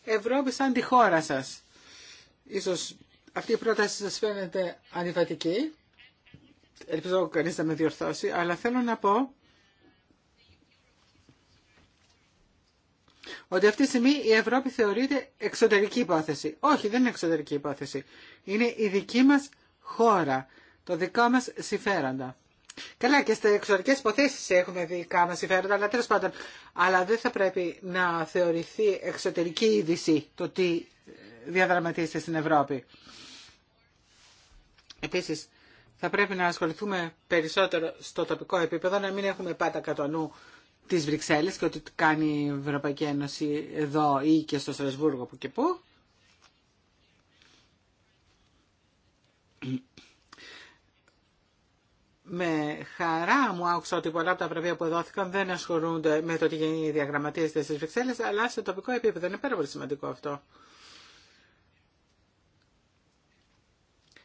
Ευρώπη σαν τη χώρα σας. Ίσως αυτή η πρόταση σας φαίνεται αντιφατική. Ελπίζω κανείς να με διορθώσει, αλλά θέλω να πω ότι αυτή τη στιγμή η Ευρώπη θεωρείται εξωτερική υπόθεση. Όχι, δεν είναι εξωτερική υπόθεση. Είναι η δική μας χώρα, το δικό μας συμφέροντα. Καλά και στι εξωτερικέ υποθέσεις έχουμε δικά μας συμφέροντα, αλλά πάντων. Αλλά δεν θα πρέπει να θεωρηθεί εξωτερική είδηση το τι ε, διαδραματίζεται στην Ευρώπη. Επίσης, θα πρέπει να ασχοληθούμε περισσότερο στο τοπικό επίπεδο, να μην έχουμε πάντα κατά νου τι Βρυξέλλες και ότι κάνει η Ευρωπαϊκή Ένωση εδώ ή και στο Στρασβούργο που και που με χαρά μου άκουσα ότι πολλά από τα βραβεία που δόθηκαν δεν ασχολούνται με το τι γίνει διαγραμματίζεται στις Βρυξέλλες, αλλά σε τοπικό επίπεδο. Είναι πάρα πολύ σημαντικό αυτό.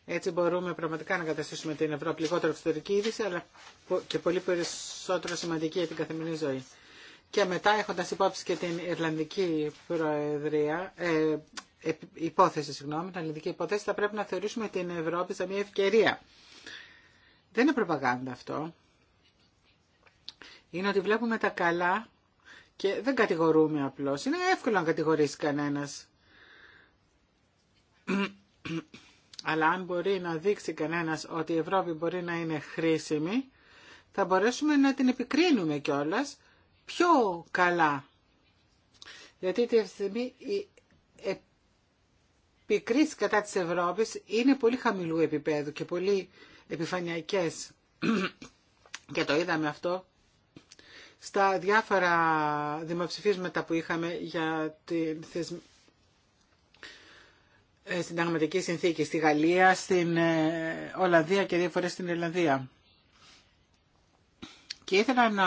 Έτσι μπορούμε πραγματικά να καταστήσουμε την Ευρώπη λιγότερο εξωτερική είδηση, αλλά και πολύ περισσότερο σημαντική για την καθημερινή ζωή. Και μετά έχοντας υπόψη και την Ιρλανδική Προεδρία, ε, υπόθεση, συγγνώμη, την Ιρλανδική υπόθεση, θα πρέπει να θεωρήσουμε την Ευρώπη σαν μια ευκαιρία. Δεν είναι προπαγάνδα αυτό. Είναι ότι βλέπουμε τα καλά και δεν κατηγορούμε απλώς. Είναι εύκολο να κατηγορήσει κανένας. Αλλά αν μπορεί να δείξει κανένας ότι η Ευρώπη μπορεί να είναι χρήσιμη, θα μπορέσουμε να την επικρίνουμε κιόλας πιο καλά. Γιατί τη στιγμή η επικρίση κατά της Ευρώπης είναι πολύ χαμηλού επίπεδου και πολύ επιφανειακές και το είδαμε αυτό στα διάφορα δημοψηφίσματα που είχαμε για ε, την θεσμ... συνταγματική συνθήκη στη Γαλλία, στην ε, Ολλανδία και δύο φορές στην Ελλανδία. Και ήθελα να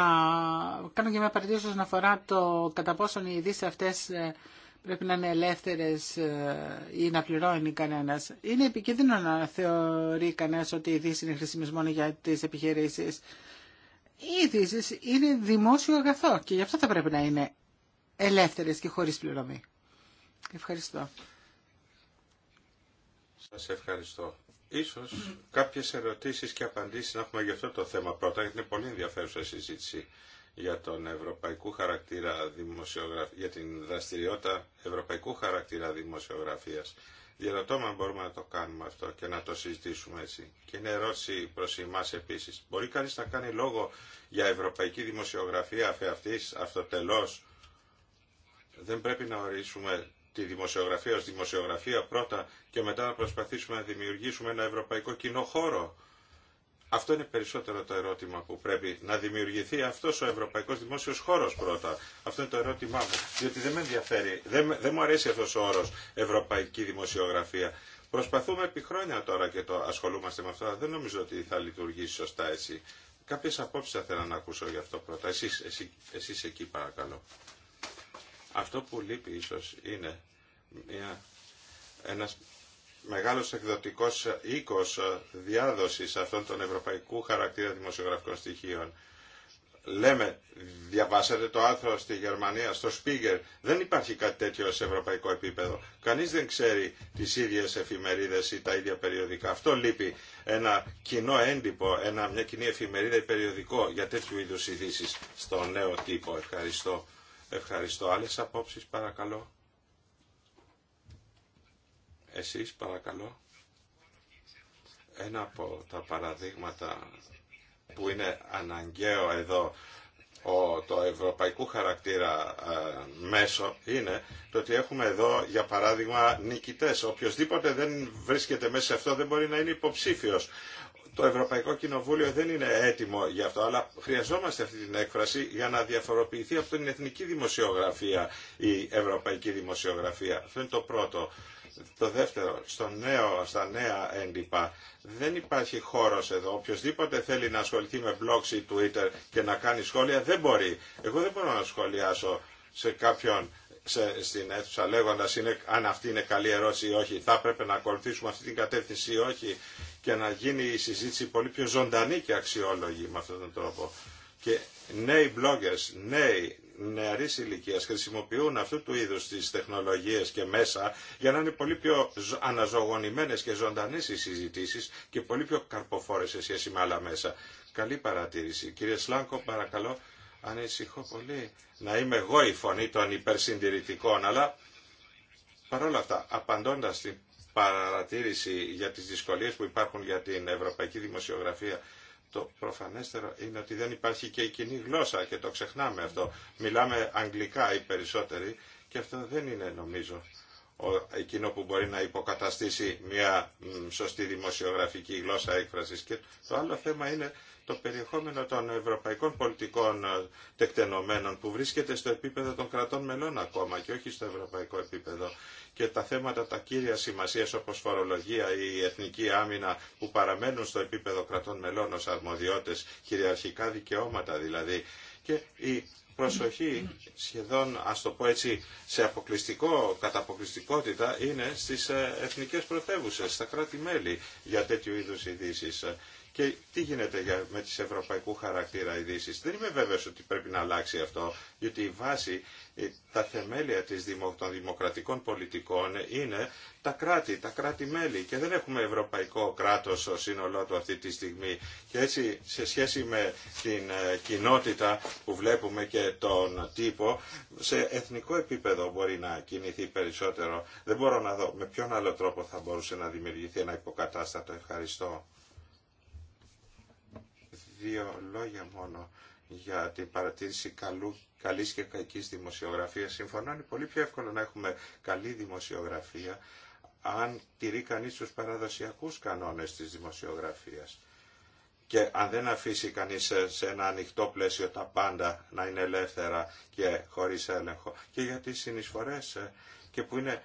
κάνω και μια παρατήρηση όσον αφορά το κατά πόσον οι ειδήσει αυτές ε, πρέπει να είναι ελεύθερες ε, ή να πληρώνει κανένας. Είναι επικίνδυνο να θεωρεί κανένας ότι η ειδήσει είναι χρησιμής μόνο για τις επιχειρήσεις. Οι ειδήσει είναι δημόσιο αγαθό και γι' αυτό θα πρέπει να είναι ελεύθερες και χωρίς πληρωμή. Ευχαριστώ. Σας ευχαριστώ. Ίσως κάποιες ερωτήσεις και απαντήσεις να έχουμε για αυτό το θέμα πρώτα, γιατί είναι πολύ ενδιαφέρουσα συζήτηση για τον Ευρωπαϊκό χαρακτήρα δημοσιογραφ... για την δραστηριότητα ευρωπαϊκού χαρακτήρα δημοσιογραφία. Διαρωτώ αν μπορούμε να το κάνουμε αυτό και να το συζητήσουμε έτσι. Και είναι ερώτηση προ εμά επίση. Μπορεί κανείς να κάνει λόγο για ευρωπαϊκή δημοσιογραφία αυτή αυτοτελώς. Δεν πρέπει να ορίσουμε τη δημοσιογραφία ως δημοσιογραφία πρώτα και μετά να προσπαθήσουμε να δημιουργήσουμε ένα ευρωπαϊκό κοινό χώρο αυτό είναι περισσότερο το ερώτημα που πρέπει να δημιουργηθεί αυτό ο Ευρωπαϊκό Δημόσιο Χώρο πρώτα. Αυτό είναι το ερώτημά μου. Διότι δεν με ενδιαφέρει, δεν, δεν μου αρέσει αυτό ο όρο Ευρωπαϊκή Δημοσιογραφία. Προσπαθούμε επί χρόνια τώρα και το ασχολούμαστε με αυτό. Δεν νομίζω ότι θα λειτουργήσει σωστά έτσι. Κάποιε απόψει θα θέλω να ακούσω γι' αυτό πρώτα. Εσεί εσείς, εκεί παρακαλώ. Αυτό που λείπει ίσω είναι μια, ένας μεγάλος εκδοτικός οίκος διάδοσης αυτών των ευρωπαϊκού χαρακτήρα δημοσιογραφικών στοιχείων. Λέμε, διαβάσατε το άρθρο στη Γερμανία, στο Σπίγκερ. Δεν υπάρχει κάτι τέτοιο σε ευρωπαϊκό επίπεδο. Κανείς δεν ξέρει τις ίδιες εφημερίδες ή τα ίδια περιοδικά. Αυτό λείπει ένα κοινό έντυπο, ένα, μια κοινή εφημερίδα ή περιοδικό για τέτοιου είδους ειδήσει στο νέο τύπο. Ευχαριστώ. Ευχαριστώ. Άλλες απόψεις παρακαλώ. Εσείς παρακαλώ. Ένα από τα παραδείγματα που είναι αναγκαίο εδώ το ευρωπαϊκού χαρακτήρα ε, μέσο είναι το ότι έχουμε εδώ για παράδειγμα νικητές. Οποιοςδήποτε δεν βρίσκεται μέσα σε αυτό δεν μπορεί να είναι υποψήφιος. Το Ευρωπαϊκό Κοινοβούλιο δεν είναι έτοιμο για αυτό, αλλά χρειαζόμαστε αυτή την έκφραση για να διαφοροποιηθεί από την εθνική δημοσιογραφία η ευρωπαϊκή δημοσιογραφία. Αυτό είναι το πρώτο. Το δεύτερο, στο νέο, στα νέα έντυπα, δεν υπάρχει χώρος εδώ. Οποιοςδήποτε θέλει να ασχοληθεί με blogs ή Twitter και να κάνει σχόλια δεν μπορεί. Εγώ δεν μπορώ να σχολιάσω σε κάποιον σε, στην αίθουσα λέγοντα αν αυτή είναι καλή ερώτηση ή όχι. Θα έπρεπε να ακολουθήσουμε αυτή την κατεύθυνση ή όχι και να γίνει η συζήτηση πολύ πιο ζωντανή και αξιόλογη με αυτόν τον τρόπο. Και νέοι bloggers, νέοι, νεαρής ηλικίας χρησιμοποιούν αυτού του είδους τις τεχνολογίες και μέσα για να είναι πολύ πιο αναζωογονημένες και ζωντανές οι συζητήσεις και πολύ πιο καρποφόρες σε σχέση με άλλα μέσα. Καλή παρατήρηση. Κύριε Σλάνκο, παρακαλώ, ανησυχώ πολύ να είμαι εγώ η φωνή των υπερσυντηρητικών, αλλά παρόλα αυτά, απαντώντας την παρατήρηση για τις δυσκολίες που υπάρχουν για την ευρωπαϊκή δημοσιογραφία το προφανέστερο είναι ότι δεν υπάρχει και η κοινή γλώσσα και το ξεχνάμε αυτό. Μιλάμε αγγλικά οι περισσότεροι και αυτό δεν είναι νομίζω εκείνο που μπορεί να υποκαταστήσει μια σωστή δημοσιογραφική γλώσσα έκφρασης. Και το άλλο θέμα είναι το περιεχόμενο των ευρωπαϊκών πολιτικών ε, τεκτενομένων που βρίσκεται στο επίπεδο των κρατών μελών ακόμα και όχι στο ευρωπαϊκό επίπεδο και τα θέματα τα κύρια σημασία όπω φορολογία ή εθνική άμυνα που παραμένουν στο επίπεδο κρατών μελών ω αρμοδιώτε, κυριαρχικά δικαιώματα δηλαδή. Και η προσοχή σχεδόν, ας το πω έτσι, σε αποκλειστικό, κατά αποκλειστικότητα είναι στις ε, εθνικές πρωτεύουσες, στα κράτη-μέλη για τέτοιου είδους ειδήσει και τι γίνεται με τις ευρωπαϊκού χαρακτήρα ειδήσει. Δεν είμαι βέβαιος ότι πρέπει να αλλάξει αυτό, γιατί η βάση, ε, τα θεμέλια των δημοκρατικών πολιτικών είναι τα κράτη, τα κράτη-μέλη και δεν έχουμε ευρωπαϊκό κράτος ως σύνολό του αυτή τη στιγμή. Και έτσι σε σχέση με την ε, κοινότητα που βλέπουμε και τον τύπο, σε εθνικό επίπεδο μπορεί να κινηθεί περισσότερο. Δεν μπορώ να δω με ποιον άλλο τρόπο θα μπορούσε να δημιουργηθεί ένα υποκατάστατο. Ευχαριστώ δύο λόγια μόνο για την παρατήρηση καλού, καλής και κακής δημοσιογραφίας. Συμφωνώ, είναι πολύ πιο εύκολο να έχουμε καλή δημοσιογραφία αν τηρεί κανείς τους παραδοσιακούς κανόνες της δημοσιογραφίας. Και αν δεν αφήσει κανείς σε ένα ανοιχτό πλαίσιο τα πάντα να είναι ελεύθερα και χωρίς έλεγχο. Και για τις συνεισφορές ε, και που είναι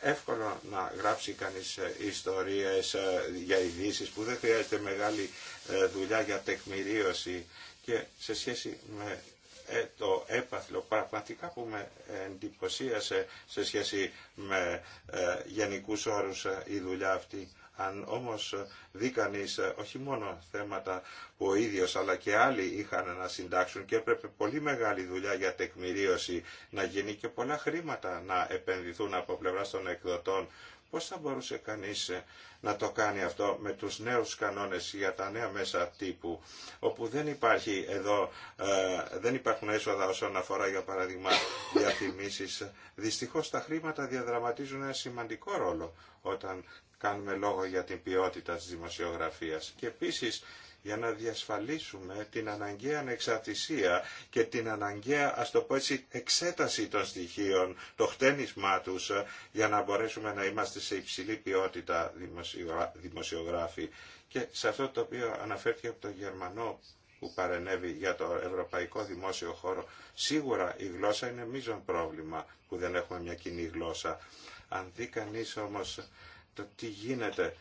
εύκολο να γράψει κανείς ε, ιστορίες ε, για ειδήσει που δεν χρειάζεται μεγάλη ε, δουλειά για τεκμηρίωση και σε σχέση με ε, το έπαθλο πραγματικά που με εντυπωσίασε σε σχέση με ε, γενικούς όρους η δουλειά αυτή. Αν όμως δει κανεί όχι μόνο θέματα που ο ίδιος αλλά και άλλοι είχαν να συντάξουν και έπρεπε πολύ μεγάλη δουλειά για τεκμηρίωση να γίνει και πολλά χρήματα να επενδυθούν από πλευρά των εκδοτών Πώς θα μπορούσε κανείς ε, να το κάνει αυτό με τους νέους κανόνες για τα νέα μέσα τύπου, όπου δεν, υπάρχει εδώ, ε, δεν υπάρχουν έσοδα όσον αφορά για παράδειγμα διαφημίσεις. Δυστυχώς τα χρήματα διαδραματίζουν ένα σημαντικό ρόλο όταν κάνουμε λόγο για την ποιότητα της δημοσιογραφίας. Και επίσης για να διασφαλίσουμε την αναγκαία ανεξαρτησία και την αναγκαία, ας το πω έτσι, εξέταση των στοιχείων, το χτένισμά τους, ε, για να μπορέσουμε να είμαστε σε υψηλή ποιότητα δημοσιογράφοι. Και σε αυτό το οποίο αναφέρθηκε από τον Γερμανό που παρενέβη για το ευρωπαϊκό δημόσιο χώρο, σίγουρα η γλώσσα είναι μείζον πρόβλημα που δεν έχουμε μια κοινή γλώσσα. Αν δει κανείς όμως το τι γίνεται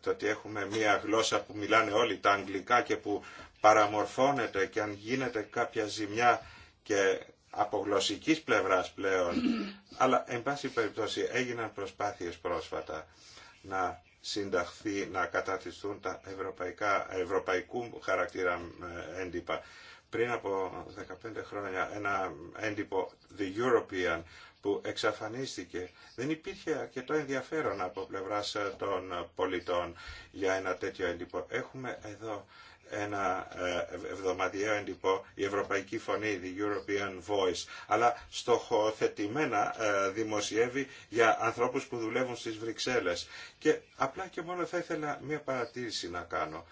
το ότι έχουμε μία γλώσσα που μιλάνε όλοι τα αγγλικά και που παραμορφώνεται και αν γίνεται κάποια ζημιά και από γλωσσικής πλευράς πλέον. Αλλά, εν πάση περιπτώσει, έγιναν προσπάθειες πρόσφατα να συνταχθεί, να καταρτιστούν τα ευρωπαϊκά, ευρωπαϊκού χαρακτήρα ε, έντυπα. Πριν από 15 χρόνια ένα έντυπο The European που εξαφανίστηκε. Δεν υπήρχε αρκετό ενδιαφέρον από πλευράς ε, των πολιτών για ένα τέτοιο έντυπο. Έχουμε εδώ ένα ε, εβδομαδιαίο έντυπο, η Ευρωπαϊκή Φωνή, the European Voice, αλλά στοχοθετημένα ε, δημοσιεύει για ανθρώπους που δουλεύουν στις Βρυξέλλες. Και απλά και μόνο θα ήθελα μία παρατήρηση να κάνω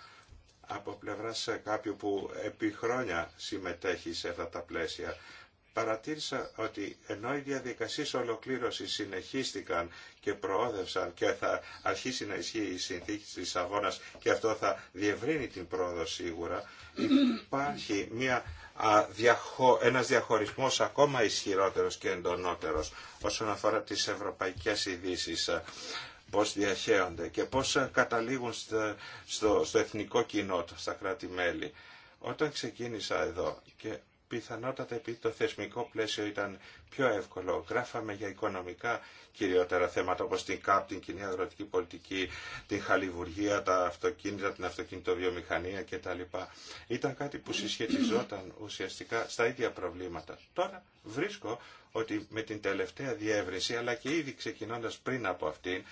από πλευράς κάποιου που επί χρόνια συμμετέχει σε αυτά τα πλαίσια παρατήρησα ότι ενώ οι διαδικασίες ολοκλήρωσης συνεχίστηκαν και προόδευσαν και θα αρχίσει να ισχύει η συνθήκη της Λισαβόνας και αυτό θα διευρύνει την πρόοδο σίγουρα, υπάρχει μια ένας διαχωρισμός ακόμα ισχυρότερος και εντονότερος όσον αφορά τις ευρωπαϊκές ειδήσει ε, πώς διαχέονται και πώς ε, καταλήγουν στο, στο, στο εθνικό κοινό, στα κράτη-μέλη. Όταν ξεκίνησα εδώ και πιθανότατα επειδή το θεσμικό πλαίσιο ήταν πιο εύκολο. Γράφαμε για οικονομικά κυριότερα θέματα όπως την ΚΑΠ, την κοινή αγροτική πολιτική, την χαλιβουργία, τα αυτοκίνητα, την αυτοκινητοβιομηχανία κτλ. Ήταν κάτι που συσχετιζόταν ουσιαστικά στα ίδια προβλήματα. Τώρα βρίσκω ότι με την τελευταία διεύρυνση αλλά και ήδη ξεκινώντας πριν από αυτήν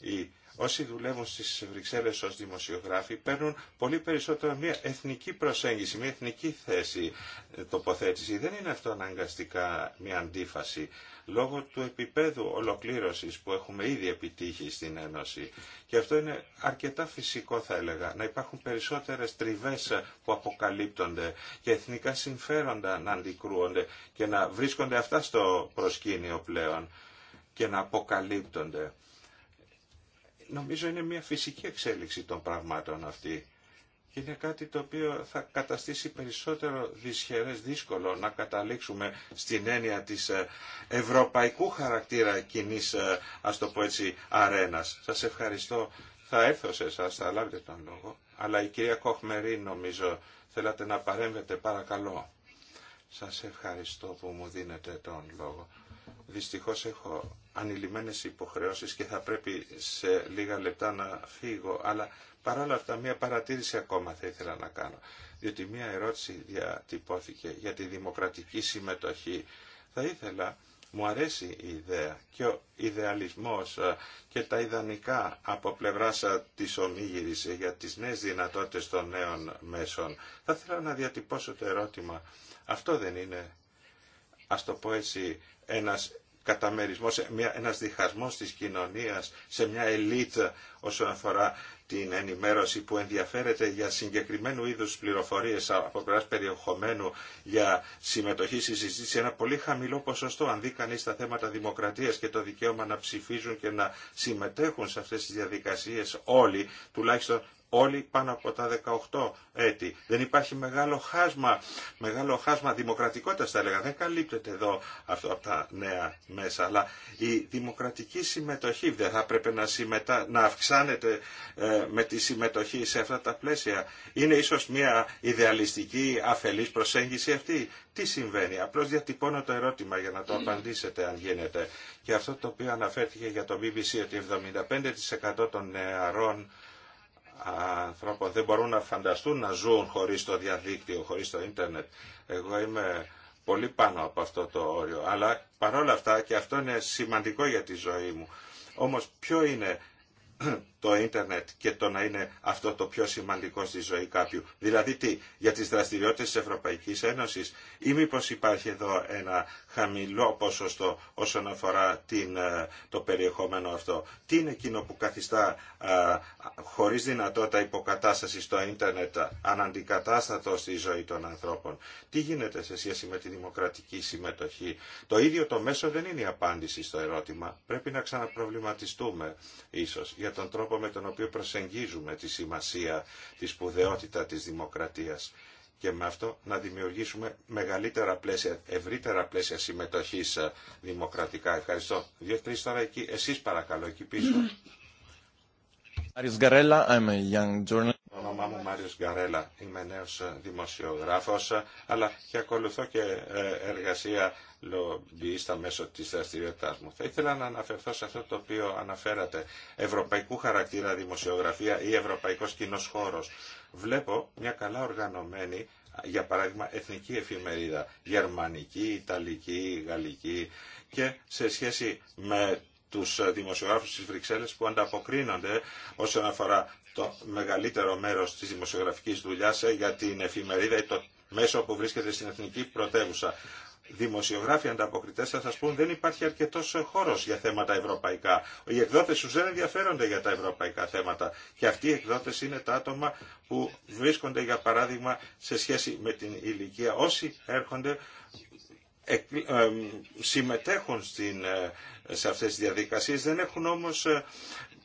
η όσοι δουλεύουν στις Βρυξέλλες ως δημοσιογράφοι παίρνουν πολύ περισσότερο μια εθνική προσέγγιση, μια εθνική θέση ε, τοποθέτηση. Δεν είναι αυτό αναγκαστικά μια αντίφαση λόγω του επίπεδου ολοκλήρωσης που έχουμε ήδη επιτύχει στην Ένωση. Και αυτό είναι αρκετά φυσικό θα έλεγα, να υπάρχουν περισσότερες τριβές που αποκαλύπτονται και εθνικά συμφέροντα να αντικρούονται και να βρίσκονται αυτά στο προσκήνιο πλέον και να αποκαλύπτονται νομίζω είναι μια φυσική εξέλιξη των πραγμάτων αυτή. Και είναι κάτι το οποίο θα καταστήσει περισσότερο δυσχερές δύσκολο να καταλήξουμε στην έννοια της ε, ευρωπαϊκού χαρακτήρα κοινή ε, ας το πω έτσι, αρένας. Σας ευχαριστώ. Θα έρθω σε εσάς, θα λάβετε τον λόγο. Αλλά η κυρία Κοχμερή νομίζω θέλατε να παρέμβετε παρακαλώ. Σας ευχαριστώ που μου δίνετε τον λόγο. Δυστυχώς έχω ανηλυμένες υποχρεώσεις και θα πρέπει σε λίγα λεπτά να φύγω, αλλά παρόλα αυτά μια παρατήρηση ακόμα θα ήθελα να κάνω, διότι μια ερώτηση διατυπώθηκε για τη δημοκρατική συμμετοχή. Θα ήθελα, μου αρέσει η ιδέα και ο ιδεαλισμός ε, και τα ιδανικά από πλευράς ε, της ομίγυρης για τις νέες δυνατότητες των νέων μέσων. Θα ήθελα να διατυπώσω το ερώτημα. Αυτό δεν είναι, ας το πω έτσι, ένας καταμερισμός, μια, ένας διχασμός της κοινωνίας σε μια ελίτ όσον αφορά την ενημέρωση που ενδιαφέρεται για συγκεκριμένου είδους πληροφορίες από πλευράς περιεχομένου για συμμετοχή στη συζήτηση, ένα πολύ χαμηλό ποσοστό αν δει κανεί τα θέματα δημοκρατίας και το δικαίωμα να ψηφίζουν και να συμμετέχουν σε αυτές τις διαδικασίες όλοι, τουλάχιστον όλοι πάνω από τα 18 έτη. Δεν υπάρχει μεγάλο χάσμα, μεγάλο χάσμα δημοκρατικότητας θα έλεγα. Δεν καλύπτεται εδώ αυτό από τα νέα μέσα. Αλλά η δημοκρατική συμμετοχή δεν θα πρέπει να, συμμετα... να αυξάνεται ε, με τη συμμετοχή σε αυτά τα πλαίσια. Είναι ίσως μια ιδεαλιστική αφελής προσέγγιση αυτή. Τι συμβαίνει. Απλώς διατυπώνω το ερώτημα για να το απαντήσετε αν γίνεται. Και αυτό το οποίο αναφέρθηκε για το BBC ότι 75% των νεαρών ανθρώπων δεν μπορούν να φανταστούν να ζουν χωρίς το διαδίκτυο, χωρίς το ίντερνετ. Εγώ είμαι πολύ πάνω από αυτό το όριο, αλλά παρόλα αυτά και αυτό είναι σημαντικό για τη ζωή μου. Όμως ποιο είναι το ίντερνετ και το να είναι αυτό το πιο σημαντικό στη ζωή κάποιου. Δηλαδή τι, για τις δραστηριότητες της Ευρωπαϊκής Ένωσης ή μήπω υπάρχει εδώ ένα χαμηλό ποσοστό όσον αφορά την, ε, το περιεχόμενο αυτό. Τι είναι εκείνο που καθιστά α, ε, χωρίς δυνατότητα υποκατάσταση στο ίντερνετ αναντικατάστατο στη ζωή των ανθρώπων. Τι γίνεται σε σχέση με τη δημοκρατική συμμετοχή. Το ίδιο το μέσο δεν είναι η απάντηση στο ερώτημα. Πρέπει να ξαναπροβληματιστούμε ίσως για τον τρόπο τρόπο με τον οποίο προσεγγίζουμε τη σημασία, τη σπουδαιότητα της δημοκρατίας και με αυτό να δημιουργήσουμε μεγαλύτερα πλαίσια, ευρύτερα πλαίσια συμμετοχής ε, δημοκρατικά. Ευχαριστώ. τώρα εκεί, εσείς παρακαλώ, εκεί πίσω όνομά μου Μάριος Γκαρέλα. Είμαι νέος δημοσιογράφος, αλλά και ακολουθώ και ε, εργασία λομπιίστα μέσω της δραστηριότητά μου. Θα ήθελα να αναφερθώ σε αυτό το οποίο αναφέρατε. Ευρωπαϊκού χαρακτήρα δημοσιογραφία ή ευρωπαϊκός κοινό χώρος. Βλέπω μια καλά οργανωμένη για παράδειγμα εθνική εφημερίδα, γερμανική, ιταλική, γαλλική και σε σχέση με του δημοσιογράφου τη Βρυξέλλε που ανταποκρίνονται όσον αφορά το μεγαλύτερο μέρο τη δημοσιογραφική δουλειά ε, για την εφημερίδα ή το μέσο που βρίσκεται στην εθνική πρωτεύουσα. Δημοσιογράφοι ανταποκριτέ, θα σα πούν δεν υπάρχει αρκετό χώρο για θέματα ευρωπαϊκά. Οι εκδότε του δεν ενδιαφέρονται για τα ευρωπαϊκά θέματα. Και αυτοί οι εκδότε είναι τα άτομα που βρίσκονται για παράδειγμα σε σχέση με την ηλικία. Όσοι έρχονται ε, συμμετέχουν στην ε, σε αυτές τις διαδικασίες, δεν έχουν όμως ε,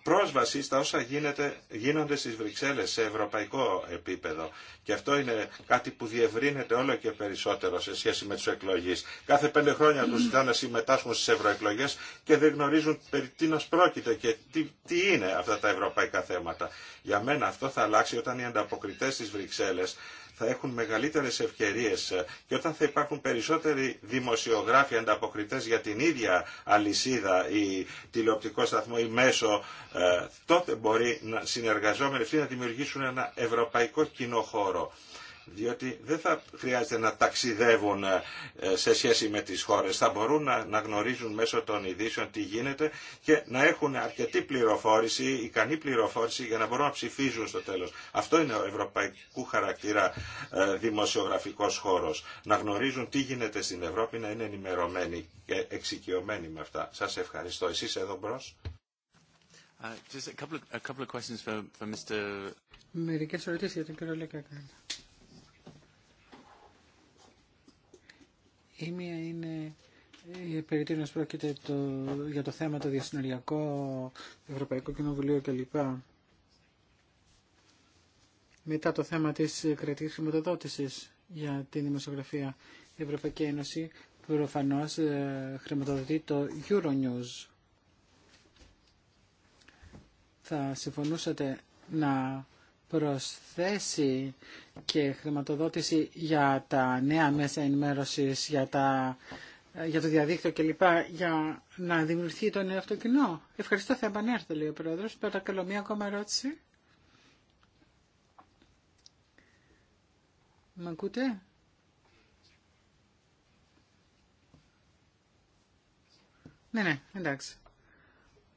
πρόσβαση στα όσα γίνεται, γίνονται στις Βρυξέλλες σε ευρωπαϊκό επίπεδο. Και αυτό είναι κάτι που διευρύνεται όλο και περισσότερο σε σχέση με τους εκλογείς. Κάθε πέντε χρόνια τους ζητάνε να συμμετάσχουν στις ευρωεκλογές και δεν γνωρίζουν περί τίνος πρόκειται και τι, τι είναι αυτά τα ευρωπαϊκά θέματα. Για μένα αυτό θα αλλάξει όταν οι ανταποκριτές στις Βρυξέλλες θα έχουν μεγαλύτερες ευκαιρίες ε, και όταν θα υπάρχουν περισσότεροι δημοσιογράφοι ανταποκριτές για την ίδια αλυσίδα ή τηλεοπτικό σταθμό ή μέσο, ε, τότε μπορεί να συνεργαζόμενοι αυτοί να δημιουργήσουν ένα ευρωπαϊκό κοινό χώρο διότι δεν θα χρειάζεται να ταξιδεύουν ε, σε σχέση με τις χώρες. Θα μπορούν να, γνωρίζουν μέσω των ειδήσεων τι γίνεται και να έχουν αρκετή πληροφόρηση, ικανή πληροφόρηση για να μπορούν να ψηφίζουν στο τέλος. Αυτό είναι ο ευρωπαϊκού χαρακτήρα ε, δημοσιογραφικός χώρος. Να γνωρίζουν τι γίνεται στην Ευρώπη, να είναι ενημερωμένοι και εξοικειωμένοι με αυτά. Σας ευχαριστώ. Εσείς εδώ μπρος. Uh, just a couple a couple of questions for, for Mr. Μερικές ερωτήσεις για τον κύριο Η μία είναι η τίνος πρόκειται το, για το θέμα το διασυνοριακό, Ευρωπαϊκό Κοινοβουλίο κλπ. Μετά το θέμα της κρατικής χρηματοδότησης για την δημοσιογραφία η Ευρωπαϊκή Ένωση προφανώ ε, χρηματοδοτεί το Euronews. Θα συμφωνούσατε να προσθέσει και χρηματοδότηση για τα νέα μέσα ενημέρωσης, για, τα, για το διαδίκτυο κλπ. για να δημιουργηθεί το νέο αυτοκοινό Ευχαριστώ, θα επανέλθω, λέει ο Πρόεδρος. Παρακαλώ, μία ακόμα ερώτηση. Μ' ακούτε? Ναι, ναι, εντάξει.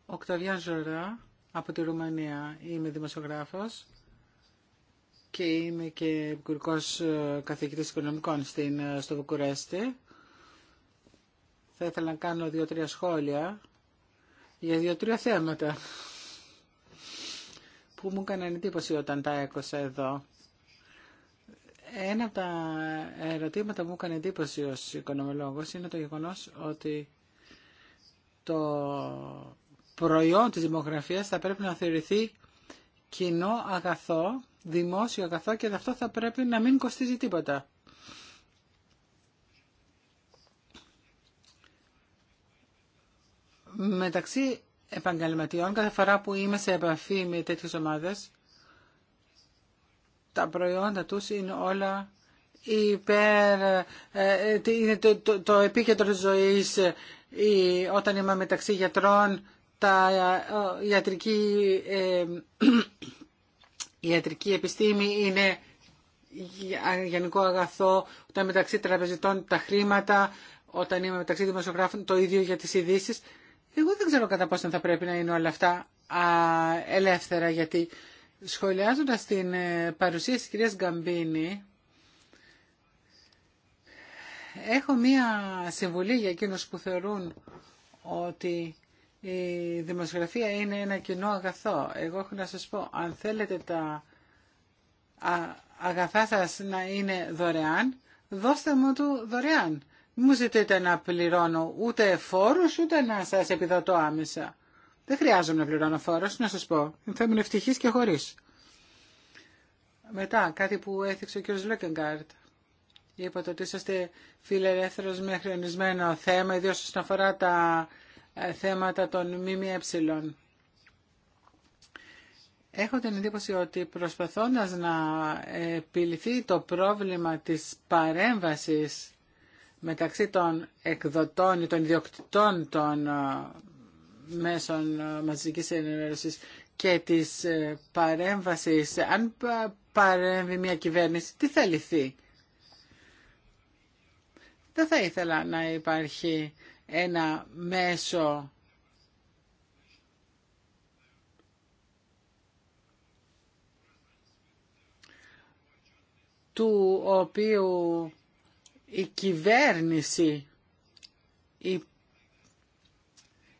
Οκταβιά Ζωρά από τη Ρουμανία. Είμαι δημοσιογράφος και είμαι και επικουρικός ε, καθηγητής οικονομικών στην, ε, στο Βουκουρέστι. Θα ήθελα να κάνω δύο-τρία σχόλια για δύο-τρία θέματα που μου έκαναν εντύπωση όταν τα έκοσα εδώ. Ένα από τα ερωτήματα που μου έκανε εντύπωση ως οικονομολόγος είναι το γεγονός ότι το προϊόν της δημογραφίας θα πρέπει να θεωρηθεί κοινό αγαθό δημόσιο αγαθό και αυτό θα πρέπει να μην κοστίζει τίποτα. Μεταξύ επαγγελματιών, κάθε φορά που είμαι σε επαφή με τέτοιες ομάδες, τα προϊόντα τους είναι όλα υπέρ, ε, ε, είναι το, το, επίκεντρο της ζωής ή, όταν είμαι μεταξύ γιατρών, τα ε, ιατρική η ιατρική επιστήμη είναι γενικό αγαθό, όταν μεταξύ τραπεζιτών τα χρήματα, όταν είμαι μεταξύ δημοσιογράφων, το ίδιο για τις ειδήσει. Εγώ δεν ξέρω κατά πόσο θα πρέπει να είναι όλα αυτά α, ελεύθερα, γιατί σχολιάζοντας την ε, παρουσία της κυρίας Γκαμπίνη, έχω μία συμβουλή για εκείνους που θεωρούν ότι η δημοσιογραφία είναι ένα κοινό αγαθό. Εγώ έχω να σας πω, αν θέλετε τα αγαθά σας να είναι δωρεάν, δώστε μου του δωρεάν. Μην μου ζητείτε να πληρώνω ούτε φόρους, ούτε να σας επιδοτώ άμεσα. Δεν χρειάζομαι να πληρώνω φόρος, να σας πω. Θα ήμουν ευτυχής και χωρίς. Μετά, κάτι που έθιξε ο κ. Λέκεγκάρτ. Είπατε ότι είσαστε φιλελεύθερος με θέμα, ιδίως όσον αφορά τα ε, θέματα των ΜΜΕ. Έχω την εντύπωση ότι προσπαθώντας να επιληθεί το πρόβλημα της παρέμβασης μεταξύ των εκδοτών ή των ιδιοκτητών των ε, μέσων ε, μαζικής ενημέρωσης και της παρέμβασης, αν παρέμβει μια κυβέρνηση, τι θα λυθεί. Δεν θα ήθελα να υπάρχει ένα μέσο του οποίου η κυβέρνηση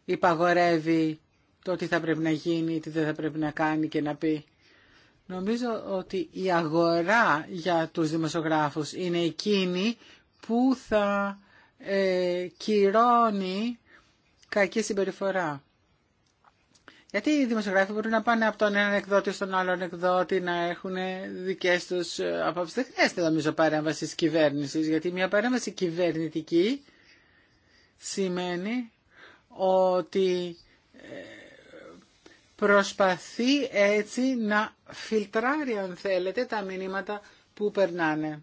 υπαγορεύει το τι θα πρέπει να γίνει, τι δεν θα πρέπει να κάνει και να πει. Νομίζω ότι η αγορά για τους δημοσιογράφους είναι εκείνη που θα ε, κυρώνει κακή συμπεριφορά. Γιατί οι δημοσιογράφοι μπορούν να πάνε από τον έναν εκδότη στον άλλον εκδότη να έχουν δικέ του ε, απόψει. Δεν χρειάζεται νομίζω παρέμβαση κυβέρνηση, γιατί μια παρέμβαση κυβερνητική σημαίνει ότι ε, προσπαθεί έτσι να φιλτράρει, αν θέλετε, τα μηνύματα που περνάνε.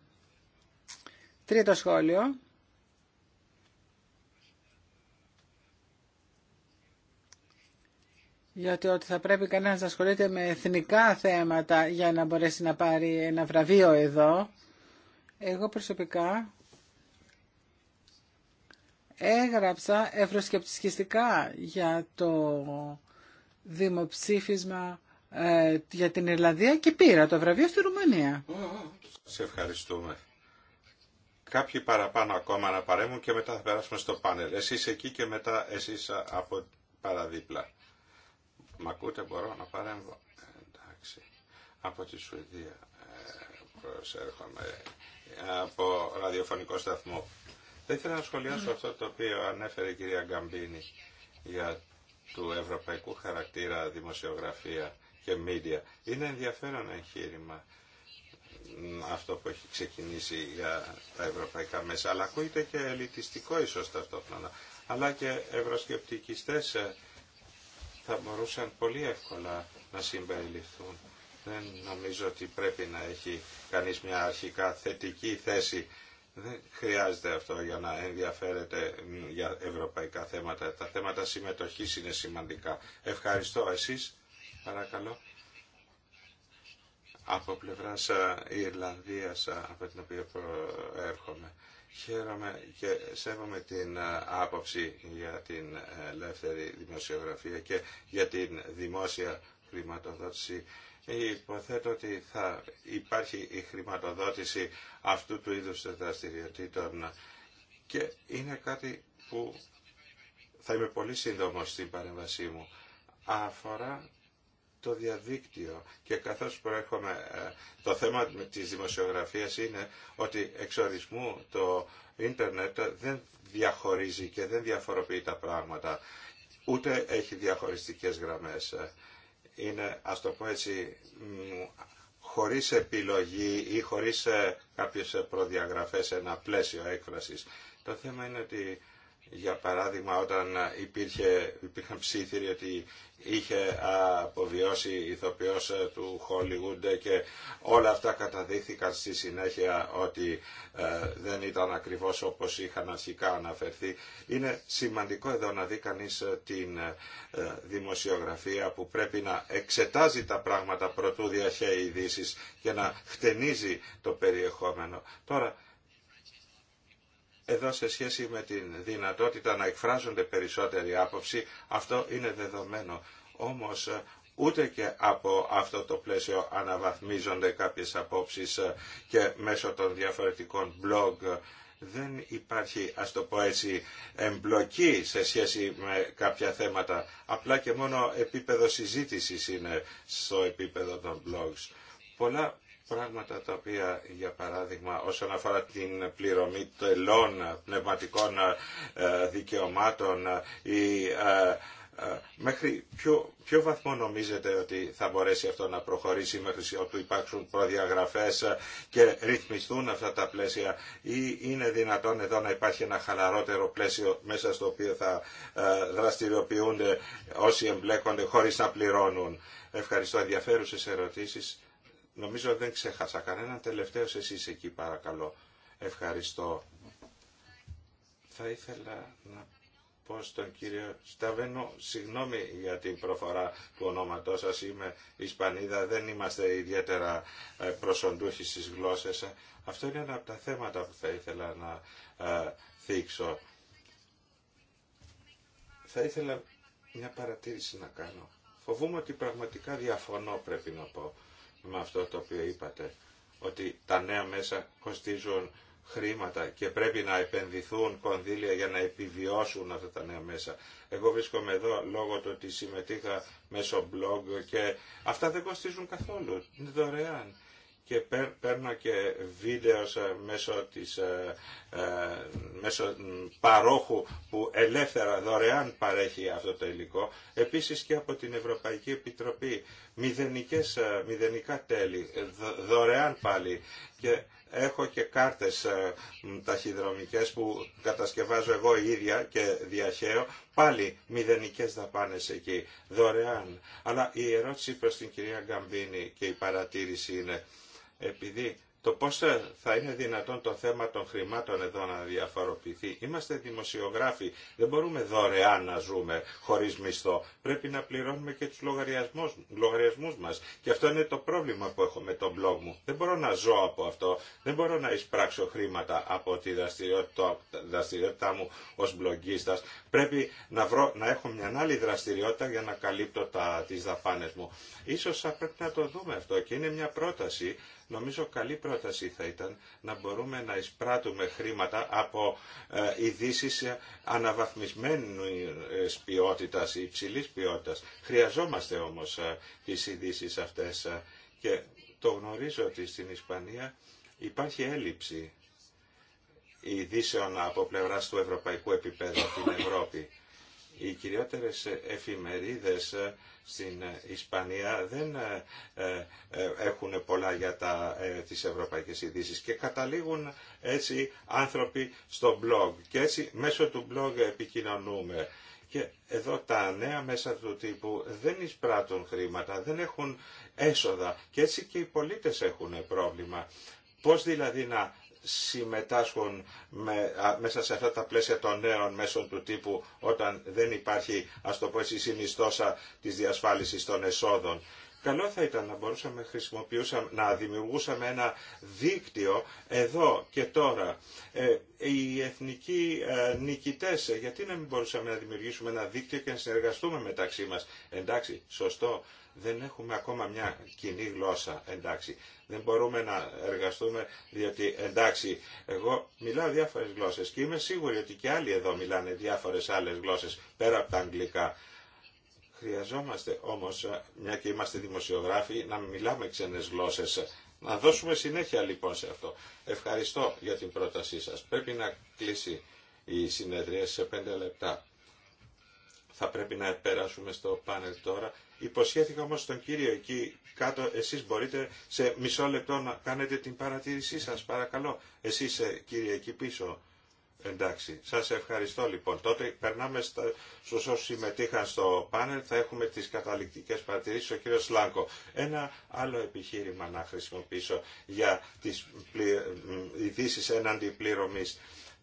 Τρίτο σχόλιο. γιατί ότι θα πρέπει κανένας να ασχολείται με εθνικά θέματα για να μπορέσει να πάρει ένα βραβείο εδώ. Εγώ προσωπικά έγραψα ευρωσκεπτισχιστικά για το δημοψήφισμα ε, για την Ιρλανδία και πήρα το βραβείο στη Ρουμανία. Σε ευχαριστούμε. Κάποιοι παραπάνω ακόμα να παρέμουν και μετά θα περάσουμε στο πάνελ. Εσείς εκεί και μετά εσείς από παραδίπλα. Μ' ακούτε, μπορώ να παρέμβω. Εντάξει. Από τη Σουηδία ε, προσέρχομαι. Από ραδιοφωνικό σταθμό. Δεν ήθελα να σχολιάσω αυτό το οποίο ανέφερε η κυρία Γκαμπίνη για του ευρωπαϊκού χαρακτήρα δημοσιογραφία και μίντια. Είναι ενδιαφέρον εγχείρημα αυτό που έχει ξεκινήσει για τα ευρωπαϊκά μέσα, αλλά ακούγεται και ελιτιστικό ίσως ταυτόχρονα, αλλά και ευρωσκεπτικιστές ε, θα μπορούσαν πολύ εύκολα να συμπεριληφθούν. Δεν νομίζω ότι πρέπει να έχει κανείς μια αρχικά θετική θέση. Δεν χρειάζεται αυτό για να ενδιαφέρεται για ευρωπαϊκά θέματα. Τα θέματα συμμετοχής είναι σημαντικά. Ευχαριστώ εσείς. Παρακαλώ. Από πλευράς ε, Ιρλανδίας ε, από την οποία έρχομαι. Χαίρομαι και σέβομαι την ε, άποψη για την ε, ελεύθερη δημοσιογραφία και για την δημόσια χρηματοδότηση. Υποθέτω ότι θα υπάρχει η χρηματοδότηση αυτού του είδους δραστηριοτήτων και είναι κάτι που θα είμαι πολύ σύντομο στην παρέμβασή μου. Αφορά το διαδίκτυο και καθώς προέρχομαι ε, το θέμα της δημοσιογραφίας είναι ότι εξ ορισμού το ίντερνετ δεν διαχωρίζει και δεν διαφοροποιεί τα πράγματα ούτε έχει διαχωριστικές γραμμές είναι ας το πω έτσι χωρίς επιλογή ή χωρίς ε, κάποιες προδιαγραφές ένα πλαίσιο έκφρασης το θέμα είναι ότι για παράδειγμα όταν υπήρχε, υπήρχαν ψήθυροι ότι είχε αποβιώσει ηθοποιός ε, του Hollywood και όλα αυτά καταδείχθηκαν στη συνέχεια ότι ε, δεν ήταν ακριβώς όπως είχαν αρχικά αναφερθεί. Είναι σημαντικό εδώ να δει κανείς ε, την δημοσιογραφία που πρέπει να εξετάζει τα πράγματα πρωτού διαχέει ειδήσει και να χτενίζει το περιεχόμενο. Τώρα εδώ σε σχέση με την δυνατότητα να εκφράζονται περισσότερη άποψη, αυτό είναι δεδομένο. Όμως ούτε και από αυτό το πλαίσιο αναβαθμίζονται κάποιες απόψεις ε, και μέσω των διαφορετικών blog ε, δεν υπάρχει, ας το πω έτσι, εμπλοκή σε σχέση με κάποια θέματα. Απλά και μόνο επίπεδο συζήτησης είναι στο επίπεδο των blogs. Πολλά πράγματα τα οποία για παράδειγμα όσον αφορά την πληρωμή τελών πνευματικών ε, δικαιωμάτων ε, ή ε, Μέχρι ποιο, ποιο βαθμό νομίζετε ότι θα μπορέσει αυτό να προχωρήσει μέχρι ότου υπάρξουν προδιαγραφές και ρυθμιστούν αυτά τα πλαίσια ή είναι δυνατόν εδώ να υπάρχει ένα χαλαρότερο πλαίσιο μέσα στο οποίο θα δραστηριοποιούνται όσοι εμπλέκονται χωρίς να πληρώνουν. Ευχαριστώ ενδιαφέρουσες ερωτήσεις Νομίζω δεν ξέχασα κανέναν τελευταίο εσείς εκεί παρακαλώ. Ευχαριστώ. Θα ήθελα να πω στον κύριο Σταβένο, συγγνώμη για την προφορά του ονόματός σας, είμαι Ισπανίδα, δεν είμαστε ιδιαίτερα ε, προσοντούχοι στις γλώσσες. Αυτό είναι ένα από τα θέματα που θα ήθελα να ε, θίξω. Θα ήθελα μια παρατήρηση να κάνω. Φοβούμαι ότι πραγματικά διαφωνώ πρέπει να πω με αυτό το οποίο είπατε, ότι τα νέα μέσα κοστίζουν χρήματα και πρέπει να επενδυθούν κονδύλια για να επιβιώσουν αυτά τα νέα μέσα. Εγώ βρίσκομαι εδώ λόγω του ότι συμμετείχα μέσω blog και αυτά δεν κοστίζουν καθόλου, είναι δωρεάν και παίρνω και βίντεο μέσω, της, ε, ε, μέσω παρόχου που ελεύθερα δωρεάν παρέχει αυτό το υλικό. Επίσης και από την Ευρωπαϊκή Επιτροπή μηδενικές, ε, μηδενικά τέλη, δωρεάν πάλι και έχω και κάρτες ταχυδρομικές που κατασκευάζω εγώ ίδια και διαχέω, πάλι μηδενικές δαπάνες εκεί, δωρεάν. Αλλά η ερώτηση προς την κυρία Γκαμπίνη και η παρατήρηση είναι επειδή το πώς θα είναι δυνατόν το θέμα των χρημάτων εδώ να διαφοροποιηθεί. Είμαστε δημοσιογράφοι, δεν μπορούμε δωρεάν να ζούμε χωρίς μισθό. Πρέπει να πληρώνουμε και τους λογαριασμούς, λογαριασμούς μας. Και αυτό είναι το πρόβλημα που έχω με τον blog μου. Δεν μπορώ να ζω από αυτό, δεν μπορώ να εισπράξω χρήματα από τη δραστηριότητα, μου ως μπλογγίστας. Πρέπει να, να έχω μια άλλη δραστηριότητα για να καλύπτω τα, τις δαπάνες μου. Ίσως θα πρέπει να το δούμε αυτό και είναι μια πρόταση Νομίζω καλή πρόταση θα ήταν να μπορούμε να εισπράττουμε χρήματα από ε, ειδήσει αναβαθμισμένης ποιότητας, υψηλής ποιότητας. Χρειαζόμαστε όμως ε, τις ειδήσει αυτές ε, και το γνωρίζω ότι στην Ισπανία υπάρχει έλλειψη ειδήσεων από πλευράς του ευρωπαϊκού επίπεδου από την Ευρώπη οι κυριότερες εφημερίδες στην Ισπανία δεν ε, ε, έχουν πολλά για τα, ε, τις ευρωπαϊκές ειδήσει και καταλήγουν έτσι άνθρωποι στο blog και έτσι μέσω του blog επικοινωνούμε. Και εδώ τα νέα μέσα του τύπου δεν εισπράττουν χρήματα, δεν έχουν έσοδα και έτσι και οι πολίτες έχουν πρόβλημα. Πώς δηλαδή να συμμετάσχουν μέσα σε αυτά τα πλαίσια των νέων μέσων του τύπου όταν δεν υπάρχει ας το πω έτσι συνιστόσα της διασφάλισης των εσόδων. Καλό θα ήταν να μπορούσαμε χρησιμοποιούσαμε, να δημιουργούσαμε ένα δίκτυο εδώ και τώρα. Ε, οι εθνικοί ε, ε γιατί να μην μπορούσαμε να δημιουργήσουμε ένα δίκτυο και να συνεργαστούμε μεταξύ μας. Εντάξει, σωστό, δεν έχουμε ακόμα μια κοινή γλώσσα, εντάξει δεν μπορούμε να εργαστούμε διότι εντάξει εγώ μιλάω διάφορες γλώσσες και είμαι σίγουρη ότι και άλλοι εδώ μιλάνε διάφορες άλλες γλώσσες πέρα από τα αγγλικά. Χρειαζόμαστε όμως, μια και είμαστε δημοσιογράφοι, να μιλάμε ξένες γλώσσες. Να δώσουμε συνέχεια λοιπόν σε αυτό. Ευχαριστώ για την πρότασή σας. Πρέπει να κλείσει η συνεδρία σε πέντε λεπτά. Θα πρέπει να περάσουμε στο πάνελ τώρα Υποσχέθηκα όμως τον κύριο εκεί κάτω, εσείς μπορείτε σε μισό λεπτό να κάνετε την παρατήρησή σας, παρακαλώ. Εσείς ε, κύριε εκεί πίσω. Εντάξει, σας ευχαριστώ λοιπόν. Τότε περνάμε στα, στους όσους συμμετείχαν στο πάνελ, θα έχουμε τις καταληκτικές παρατηρήσεις, ο κύριος Λάγκο. Ένα άλλο επιχείρημα να χρησιμοποιήσω για τις ειδήσει έναντι πληρωμής.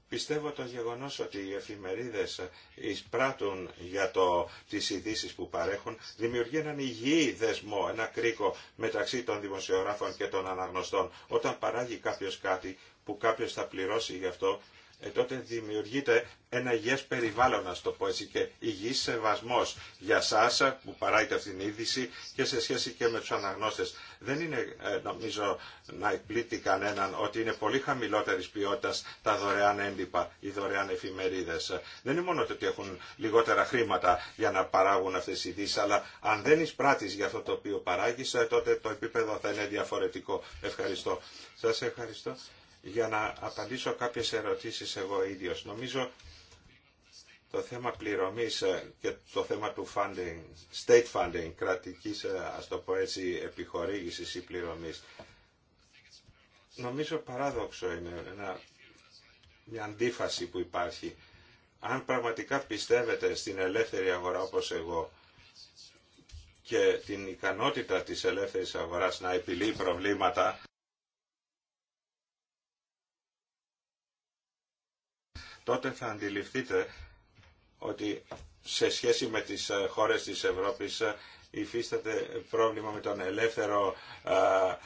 Πιστεύω το γεγονός ότι οι εφημερίδες εισπράττουν για το, τις ειδήσει που παρέχουν δημιουργεί έναν υγιή δεσμό, ένα κρίκο μεταξύ των δημοσιογράφων και των αναγνωστών. Όταν παράγει κάποιος κάτι που κάποιος θα πληρώσει γι' αυτό ε, τότε δημιουργείται ένα υγιές περιβάλλον, να το πω έτσι, και υγιής σεβασμός για σας που παράγεται αυτήν την είδηση και σε σχέση και με τους αναγνώστες. Δεν είναι, ε, νομίζω, να εκπλήττει κανέναν ότι είναι πολύ χαμηλότερης ποιότητας τα δωρεάν έντυπα, ή δωρεάν εφημερίδες. Δεν είναι μόνο ότι έχουν λιγότερα χρήματα για να παράγουν αυτές οι ειδήσεις, αλλά αν δεν εισπράττεις για αυτό το οποίο παράγεις, ε, τότε το επίπεδο θα είναι διαφορετικό. Ευχαριστώ. Σας ευχαριστώ για να απαντήσω κάποιες ερωτήσεις εγώ ίδιος. Νομίζω το θέμα πληρωμής ε, και το θέμα του funding, state funding, κρατικής, ε, ας το πω έτσι, επιχορήγησης ή πληρωμής. Νομίζω παράδοξο είναι μια αντίφαση που υπάρχει. Αν πραγματικά πιστεύετε στην ελεύθερη αγορά όπως εγώ και την ικανότητα της ελεύθερης αγοράς να επιλύει προβλήματα, τότε θα αντιληφθείτε ότι σε σχέση με τις ε, χώρες της Ευρώπης ε, υφίσταται πρόβλημα με τον ελεύθερο ε,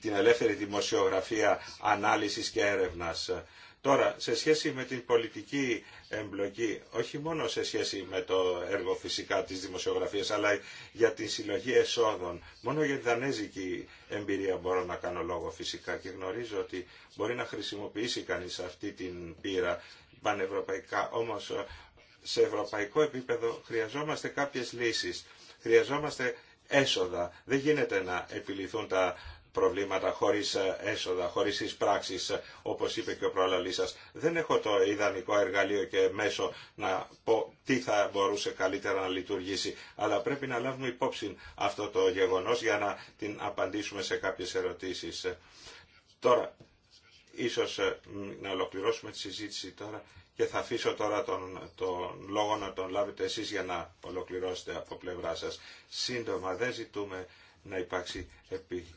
την ελεύθερη δημοσιογραφία ανάλυσης και έρευνας Τώρα, σε σχέση με την πολιτική εμπλοκή, όχι μόνο σε σχέση με το έργο φυσικά της δημοσιογραφίας, αλλά για τη συλλογή εσόδων, μόνο για τη δανέζικη εμπειρία μπορώ να κάνω λόγο φυσικά και γνωρίζω ότι μπορεί να χρησιμοποιήσει κανείς αυτή την πείρα πανευρωπαϊκά, όμως σε ευρωπαϊκό επίπεδο χρειαζόμαστε κάποιες λύσεις, χρειαζόμαστε έσοδα. Δεν γίνεται να επιληθούν τα προβλήματα χωρίς ε, έσοδα, χωρίς εισπράξεις, ε, όπως είπε και ο προλαλής σας. Δεν έχω το ιδανικό εργαλείο και μέσο να πω τι θα μπορούσε καλύτερα να λειτουργήσει, αλλά πρέπει να λάβουμε υπόψη αυτό το γεγονός για να την απαντήσουμε σε κάποιες ερωτήσεις. Τώρα, ίσως ε, να ολοκληρώσουμε τη συζήτηση τώρα και θα αφήσω τώρα τον, τον λόγο να τον λάβετε εσείς για να ολοκληρώσετε από πλευρά σας. Σύντομα, δεν ζητούμε να υπάρξει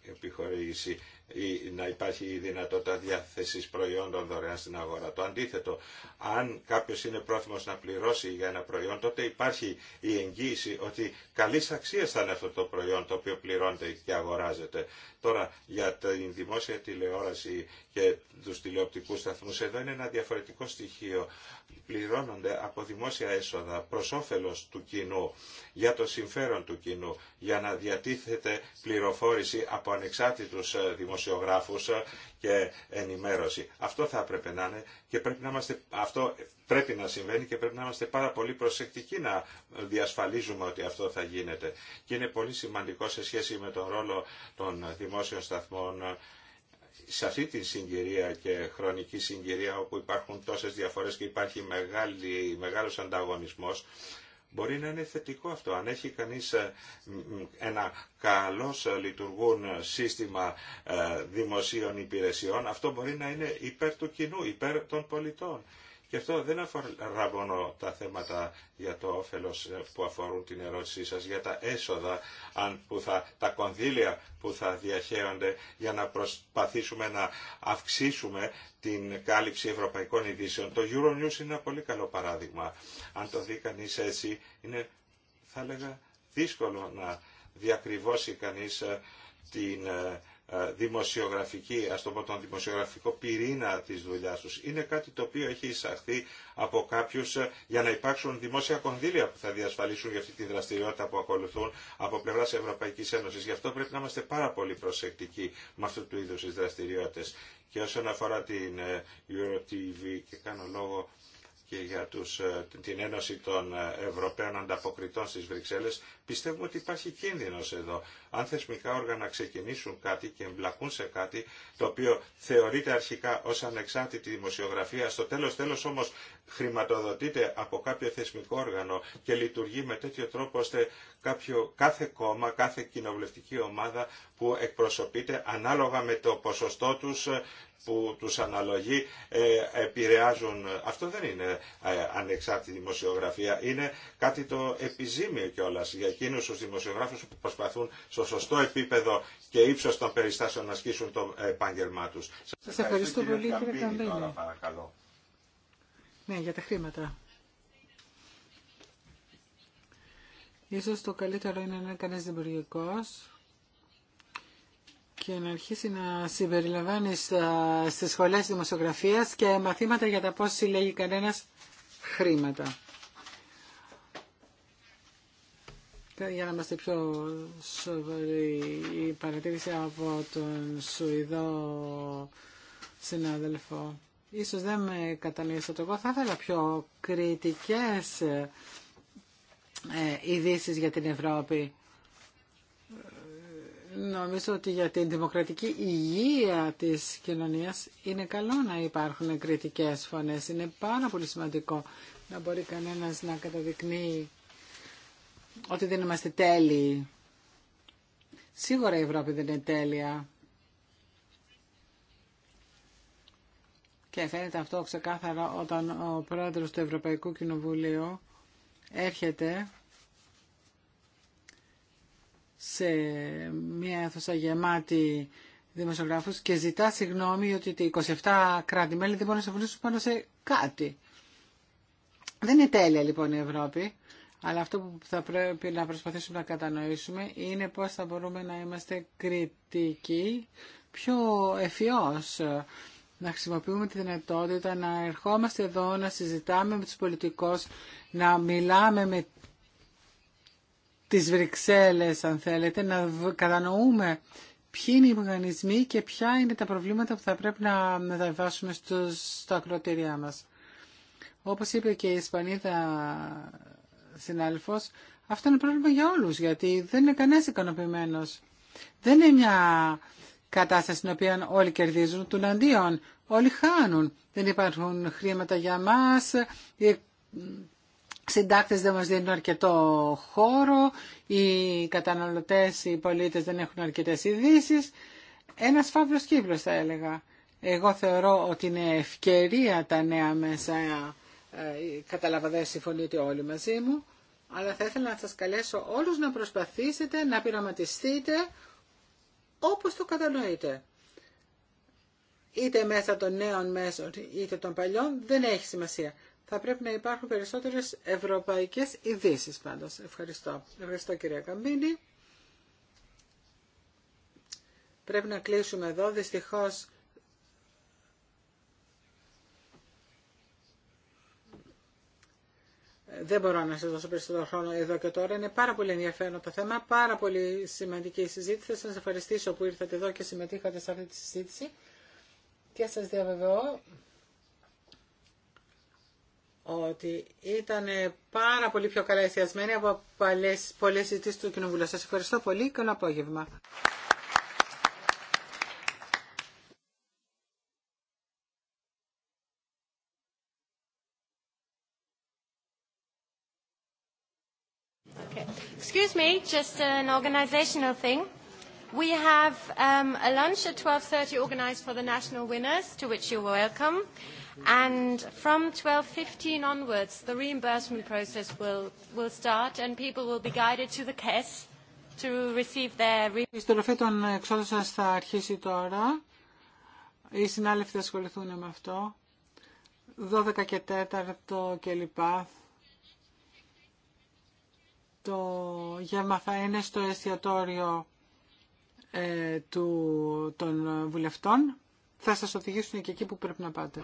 επιχορήγηση ή να υπάρχει η δυνατότητα διάθεσης προϊόντων δωρεάν στην αγορά. Το αντίθετο, αν κάποιος είναι πρόθυμος να πληρώσει για ένα προϊόν, τότε υπάρχει η εγγύηση ότι καλής αξίας θα είναι αυτό το αντιθετο αν καποιος ειναι προθυμος να πληρωσει για ενα προιον τοτε υπαρχει η εγγυηση οτι καλή αξία θα ειναι αυτο το οποίο πληρώνεται και αγοράζεται. Τώρα, για την δημόσια τηλεόραση και του τηλεοπτικούς σταθμούς, εδώ είναι ένα διαφορετικό στοιχείο. Πληρώνονται από δημόσια έσοδα προς όφελος του κοινού, για το συμφέρον του κοινού, για να διατίθεται πληροφόρηση από ανεξάρτητους ε, δημόσιους δημοσιογράφους και ενημέρωση. Αυτό θα έπρεπε να είναι και πρέπει να είμαστε, αυτό πρέπει να συμβαίνει και πρέπει να είμαστε πάρα πολύ προσεκτικοί να διασφαλίζουμε ότι αυτό θα γίνεται. Και είναι πολύ σημαντικό σε σχέση με τον ρόλο των δημόσιων σταθμών σε αυτή τη συγκυρία και χρονική συγκυρία όπου υπάρχουν τόσες διαφορές και υπάρχει μεγάλη, μεγάλος ανταγωνισμός Μπορεί να είναι θετικό αυτό. Αν έχει κανείς ε, ένα καλώς ε, λειτουργούν ε, σύστημα δημοσίων υπηρεσιών, αυτό μπορεί να είναι υπέρ του κοινού, υπέρ των πολιτών. Και αυτό δεν αφορά μόνο τα θέματα για το όφελος ε, που αφορούν την ερώτησή σας, για τα έσοδα, αν που θα, τα κονδύλια που θα διαχέονται για να προσπαθήσουμε να αυξήσουμε την κάλυψη ευρωπαϊκών ειδήσεων. Το Euronews είναι ένα πολύ καλό παράδειγμα. Αν το δει κανεί έτσι, είναι θα έλεγα δύσκολο να διακριβώσει κανείς ε, την ε, ε, δημοσιογραφική, ας το πω τον δημοσιογραφικό πυρήνα της δουλειάς τους. Είναι κάτι το οποίο έχει εισαχθεί από κάποιους ε, για να υπάρξουν δημόσια κονδύλια που θα διασφαλίσουν για αυτή τη δραστηριότητα που ακολουθούν από πλευράς Ευρωπαϊκής Ένωσης. Γι' αυτό πρέπει να είμαστε πάρα πολύ προσεκτικοί με αυτού του είδους τις δραστηριότητες. Και όσον αφορά την ε, EuroTV και κάνω λόγο και για τους, ε, την Ένωση των ε, Ευρωπαίων Ανταποκριτών στις Βρυξέλλες, πιστεύουμε ότι υπάρχει κίνδυνος εδώ. Αν θεσμικά όργανα ξεκινήσουν κάτι και εμπλακούν σε κάτι, το οποίο θεωρείται αρχικά ως ανεξάρτητη δημοσιογραφία, στο τέλος τέλος όμως χρηματοδοτείται από κάποιο θεσμικό όργανο και λειτουργεί με τέτοιο τρόπο ώστε κάθε κόμμα, κάθε κοινοβουλευτική ομάδα που εκπροσωπείται ανάλογα με το ποσοστό τους ε, που τους αναλογεί ε, επηρεάζουν. Αυτό δεν είναι ε, ανεξάρτητη δημοσιογραφία. Είναι κάτι το επιζήμιο κιόλα για εκείνους τους δημοσιογράφους που προσπαθούν στο σωστό επίπεδο και ύψος των περιστάσεων να ασκήσουν το επάγγελμά τους. Σας ευχαριστώ, ευχαριστώ πολύ κύριε Καμπίνη. Ναι, για τα χρήματα. Ίσως το καλύτερο είναι να είναι κανείς δημιουργικός και να αρχίσει να συμπεριλαμβάνει στις σχολές δημοσιογραφίας και μαθήματα για τα πώς συλλέγει κανένας χρήματα. Για να είμαστε πιο σοβαροί, η παρατήρηση από τον Σουηδό συνάδελφο. Ίσως δεν με κατανοήσατε εγώ, θα ήθελα πιο κριτικές ε, ειδήσει για την Ευρώπη. Νομίζω ότι για την δημοκρατική υγεία της κοινωνίας είναι καλό να υπάρχουν κριτικές φωνές. Είναι πάρα πολύ σημαντικό να μπορεί κανένας να καταδεικνύει ότι δεν είμαστε τέλειοι. Σίγουρα η Ευρώπη δεν είναι τέλεια. Και φαίνεται αυτό ξεκάθαρα όταν ο πρόεδρος του Ευρωπαϊκού Κοινοβουλίου έρχεται σε μια αίθουσα γεμάτη δημοσιογράφους και ζητά συγγνώμη ότι τα 27 κράτη-μέλη δεν μπορούν να συμφωνήσουν πάνω σε κάτι. Δεν είναι τέλεια λοιπόν η Ευρώπη, αλλά αυτό που θα πρέπει να προσπαθήσουμε να κατανοήσουμε είναι πώς θα μπορούμε να είμαστε κριτικοί πιο ευφυώς να χρησιμοποιούμε τη δυνατότητα να ερχόμαστε εδώ, να συζητάμε με τους πολιτικούς, να μιλάμε με τις Βρυξέλλες, αν θέλετε, να κατανοούμε ποιοι είναι οι μηχανισμοί και ποια είναι τα προβλήματα που θα πρέπει να μεταβάσουμε στα ακροτήριά μας. Όπως είπε και η Ισπανίδα συνάλφος, αυτό είναι πρόβλημα για όλους, γιατί δεν είναι κανένας ικανοποιημένος. Δεν είναι μια κατάσταση στην οποία όλοι κερδίζουν, τουναντίον όλοι χάνουν. Δεν υπάρχουν χρήματα για μας, οι συντάκτες δεν μας δίνουν αρκετό χώρο, οι καταναλωτές, οι πολίτες δεν έχουν αρκετές ειδήσει. Ένας φαύλος κύπλος θα έλεγα. Εγώ θεωρώ ότι είναι ευκαιρία τα νέα μέσα, ε, καταλαβαίνετε συμφωνείτε όλοι μαζί μου, αλλά θα ήθελα να σας καλέσω όλους να προσπαθήσετε να πειραματιστείτε όπως το κατανοείτε είτε μέσα των νέων μέσων είτε των παλιών, δεν έχει σημασία. Θα πρέπει να υπάρχουν περισσότερες ευρωπαϊκές ειδήσει πάντως. Ευχαριστώ. Ευχαριστώ κυρία Καμπίνη. Πρέπει να κλείσουμε εδώ. Δυστυχώς δεν μπορώ να σας δώσω περισσότερο χρόνο εδώ και τώρα. Είναι πάρα πολύ ενδιαφέρον το θέμα, πάρα πολύ σημαντική συζήτηση. Θα σας ευχαριστήσω που ήρθατε εδώ και συμμετείχατε σε αυτή τη συζήτηση και σας διαβεβαιώ ότι ήταν πάρα πολύ πιο καλά εστιασμένοι από πολλές, πολλές συζητήσεις του Κοινοβουλίου. Σας ευχαριστώ πολύ. Καλό απόγευμα. Excuse me, just an organizational thing. We have um, a lunch at 12.30 organized for the national winners, to which you're welcome. And from 12.15 onwards, the reimbursement process will, will start and people will be guided to the CAS to receive their... Η στροφή των εξόδων θα αρχίσει τώρα. Οι συνάλληλοι θα ασχοληθούν με αυτό. 12 και 4 και λοιπά. Το γεύμα θα είναι στο εστιατόριο ε, του, των βουλευτών θα σας οδηγήσουν και εκεί που πρέπει να πάτε.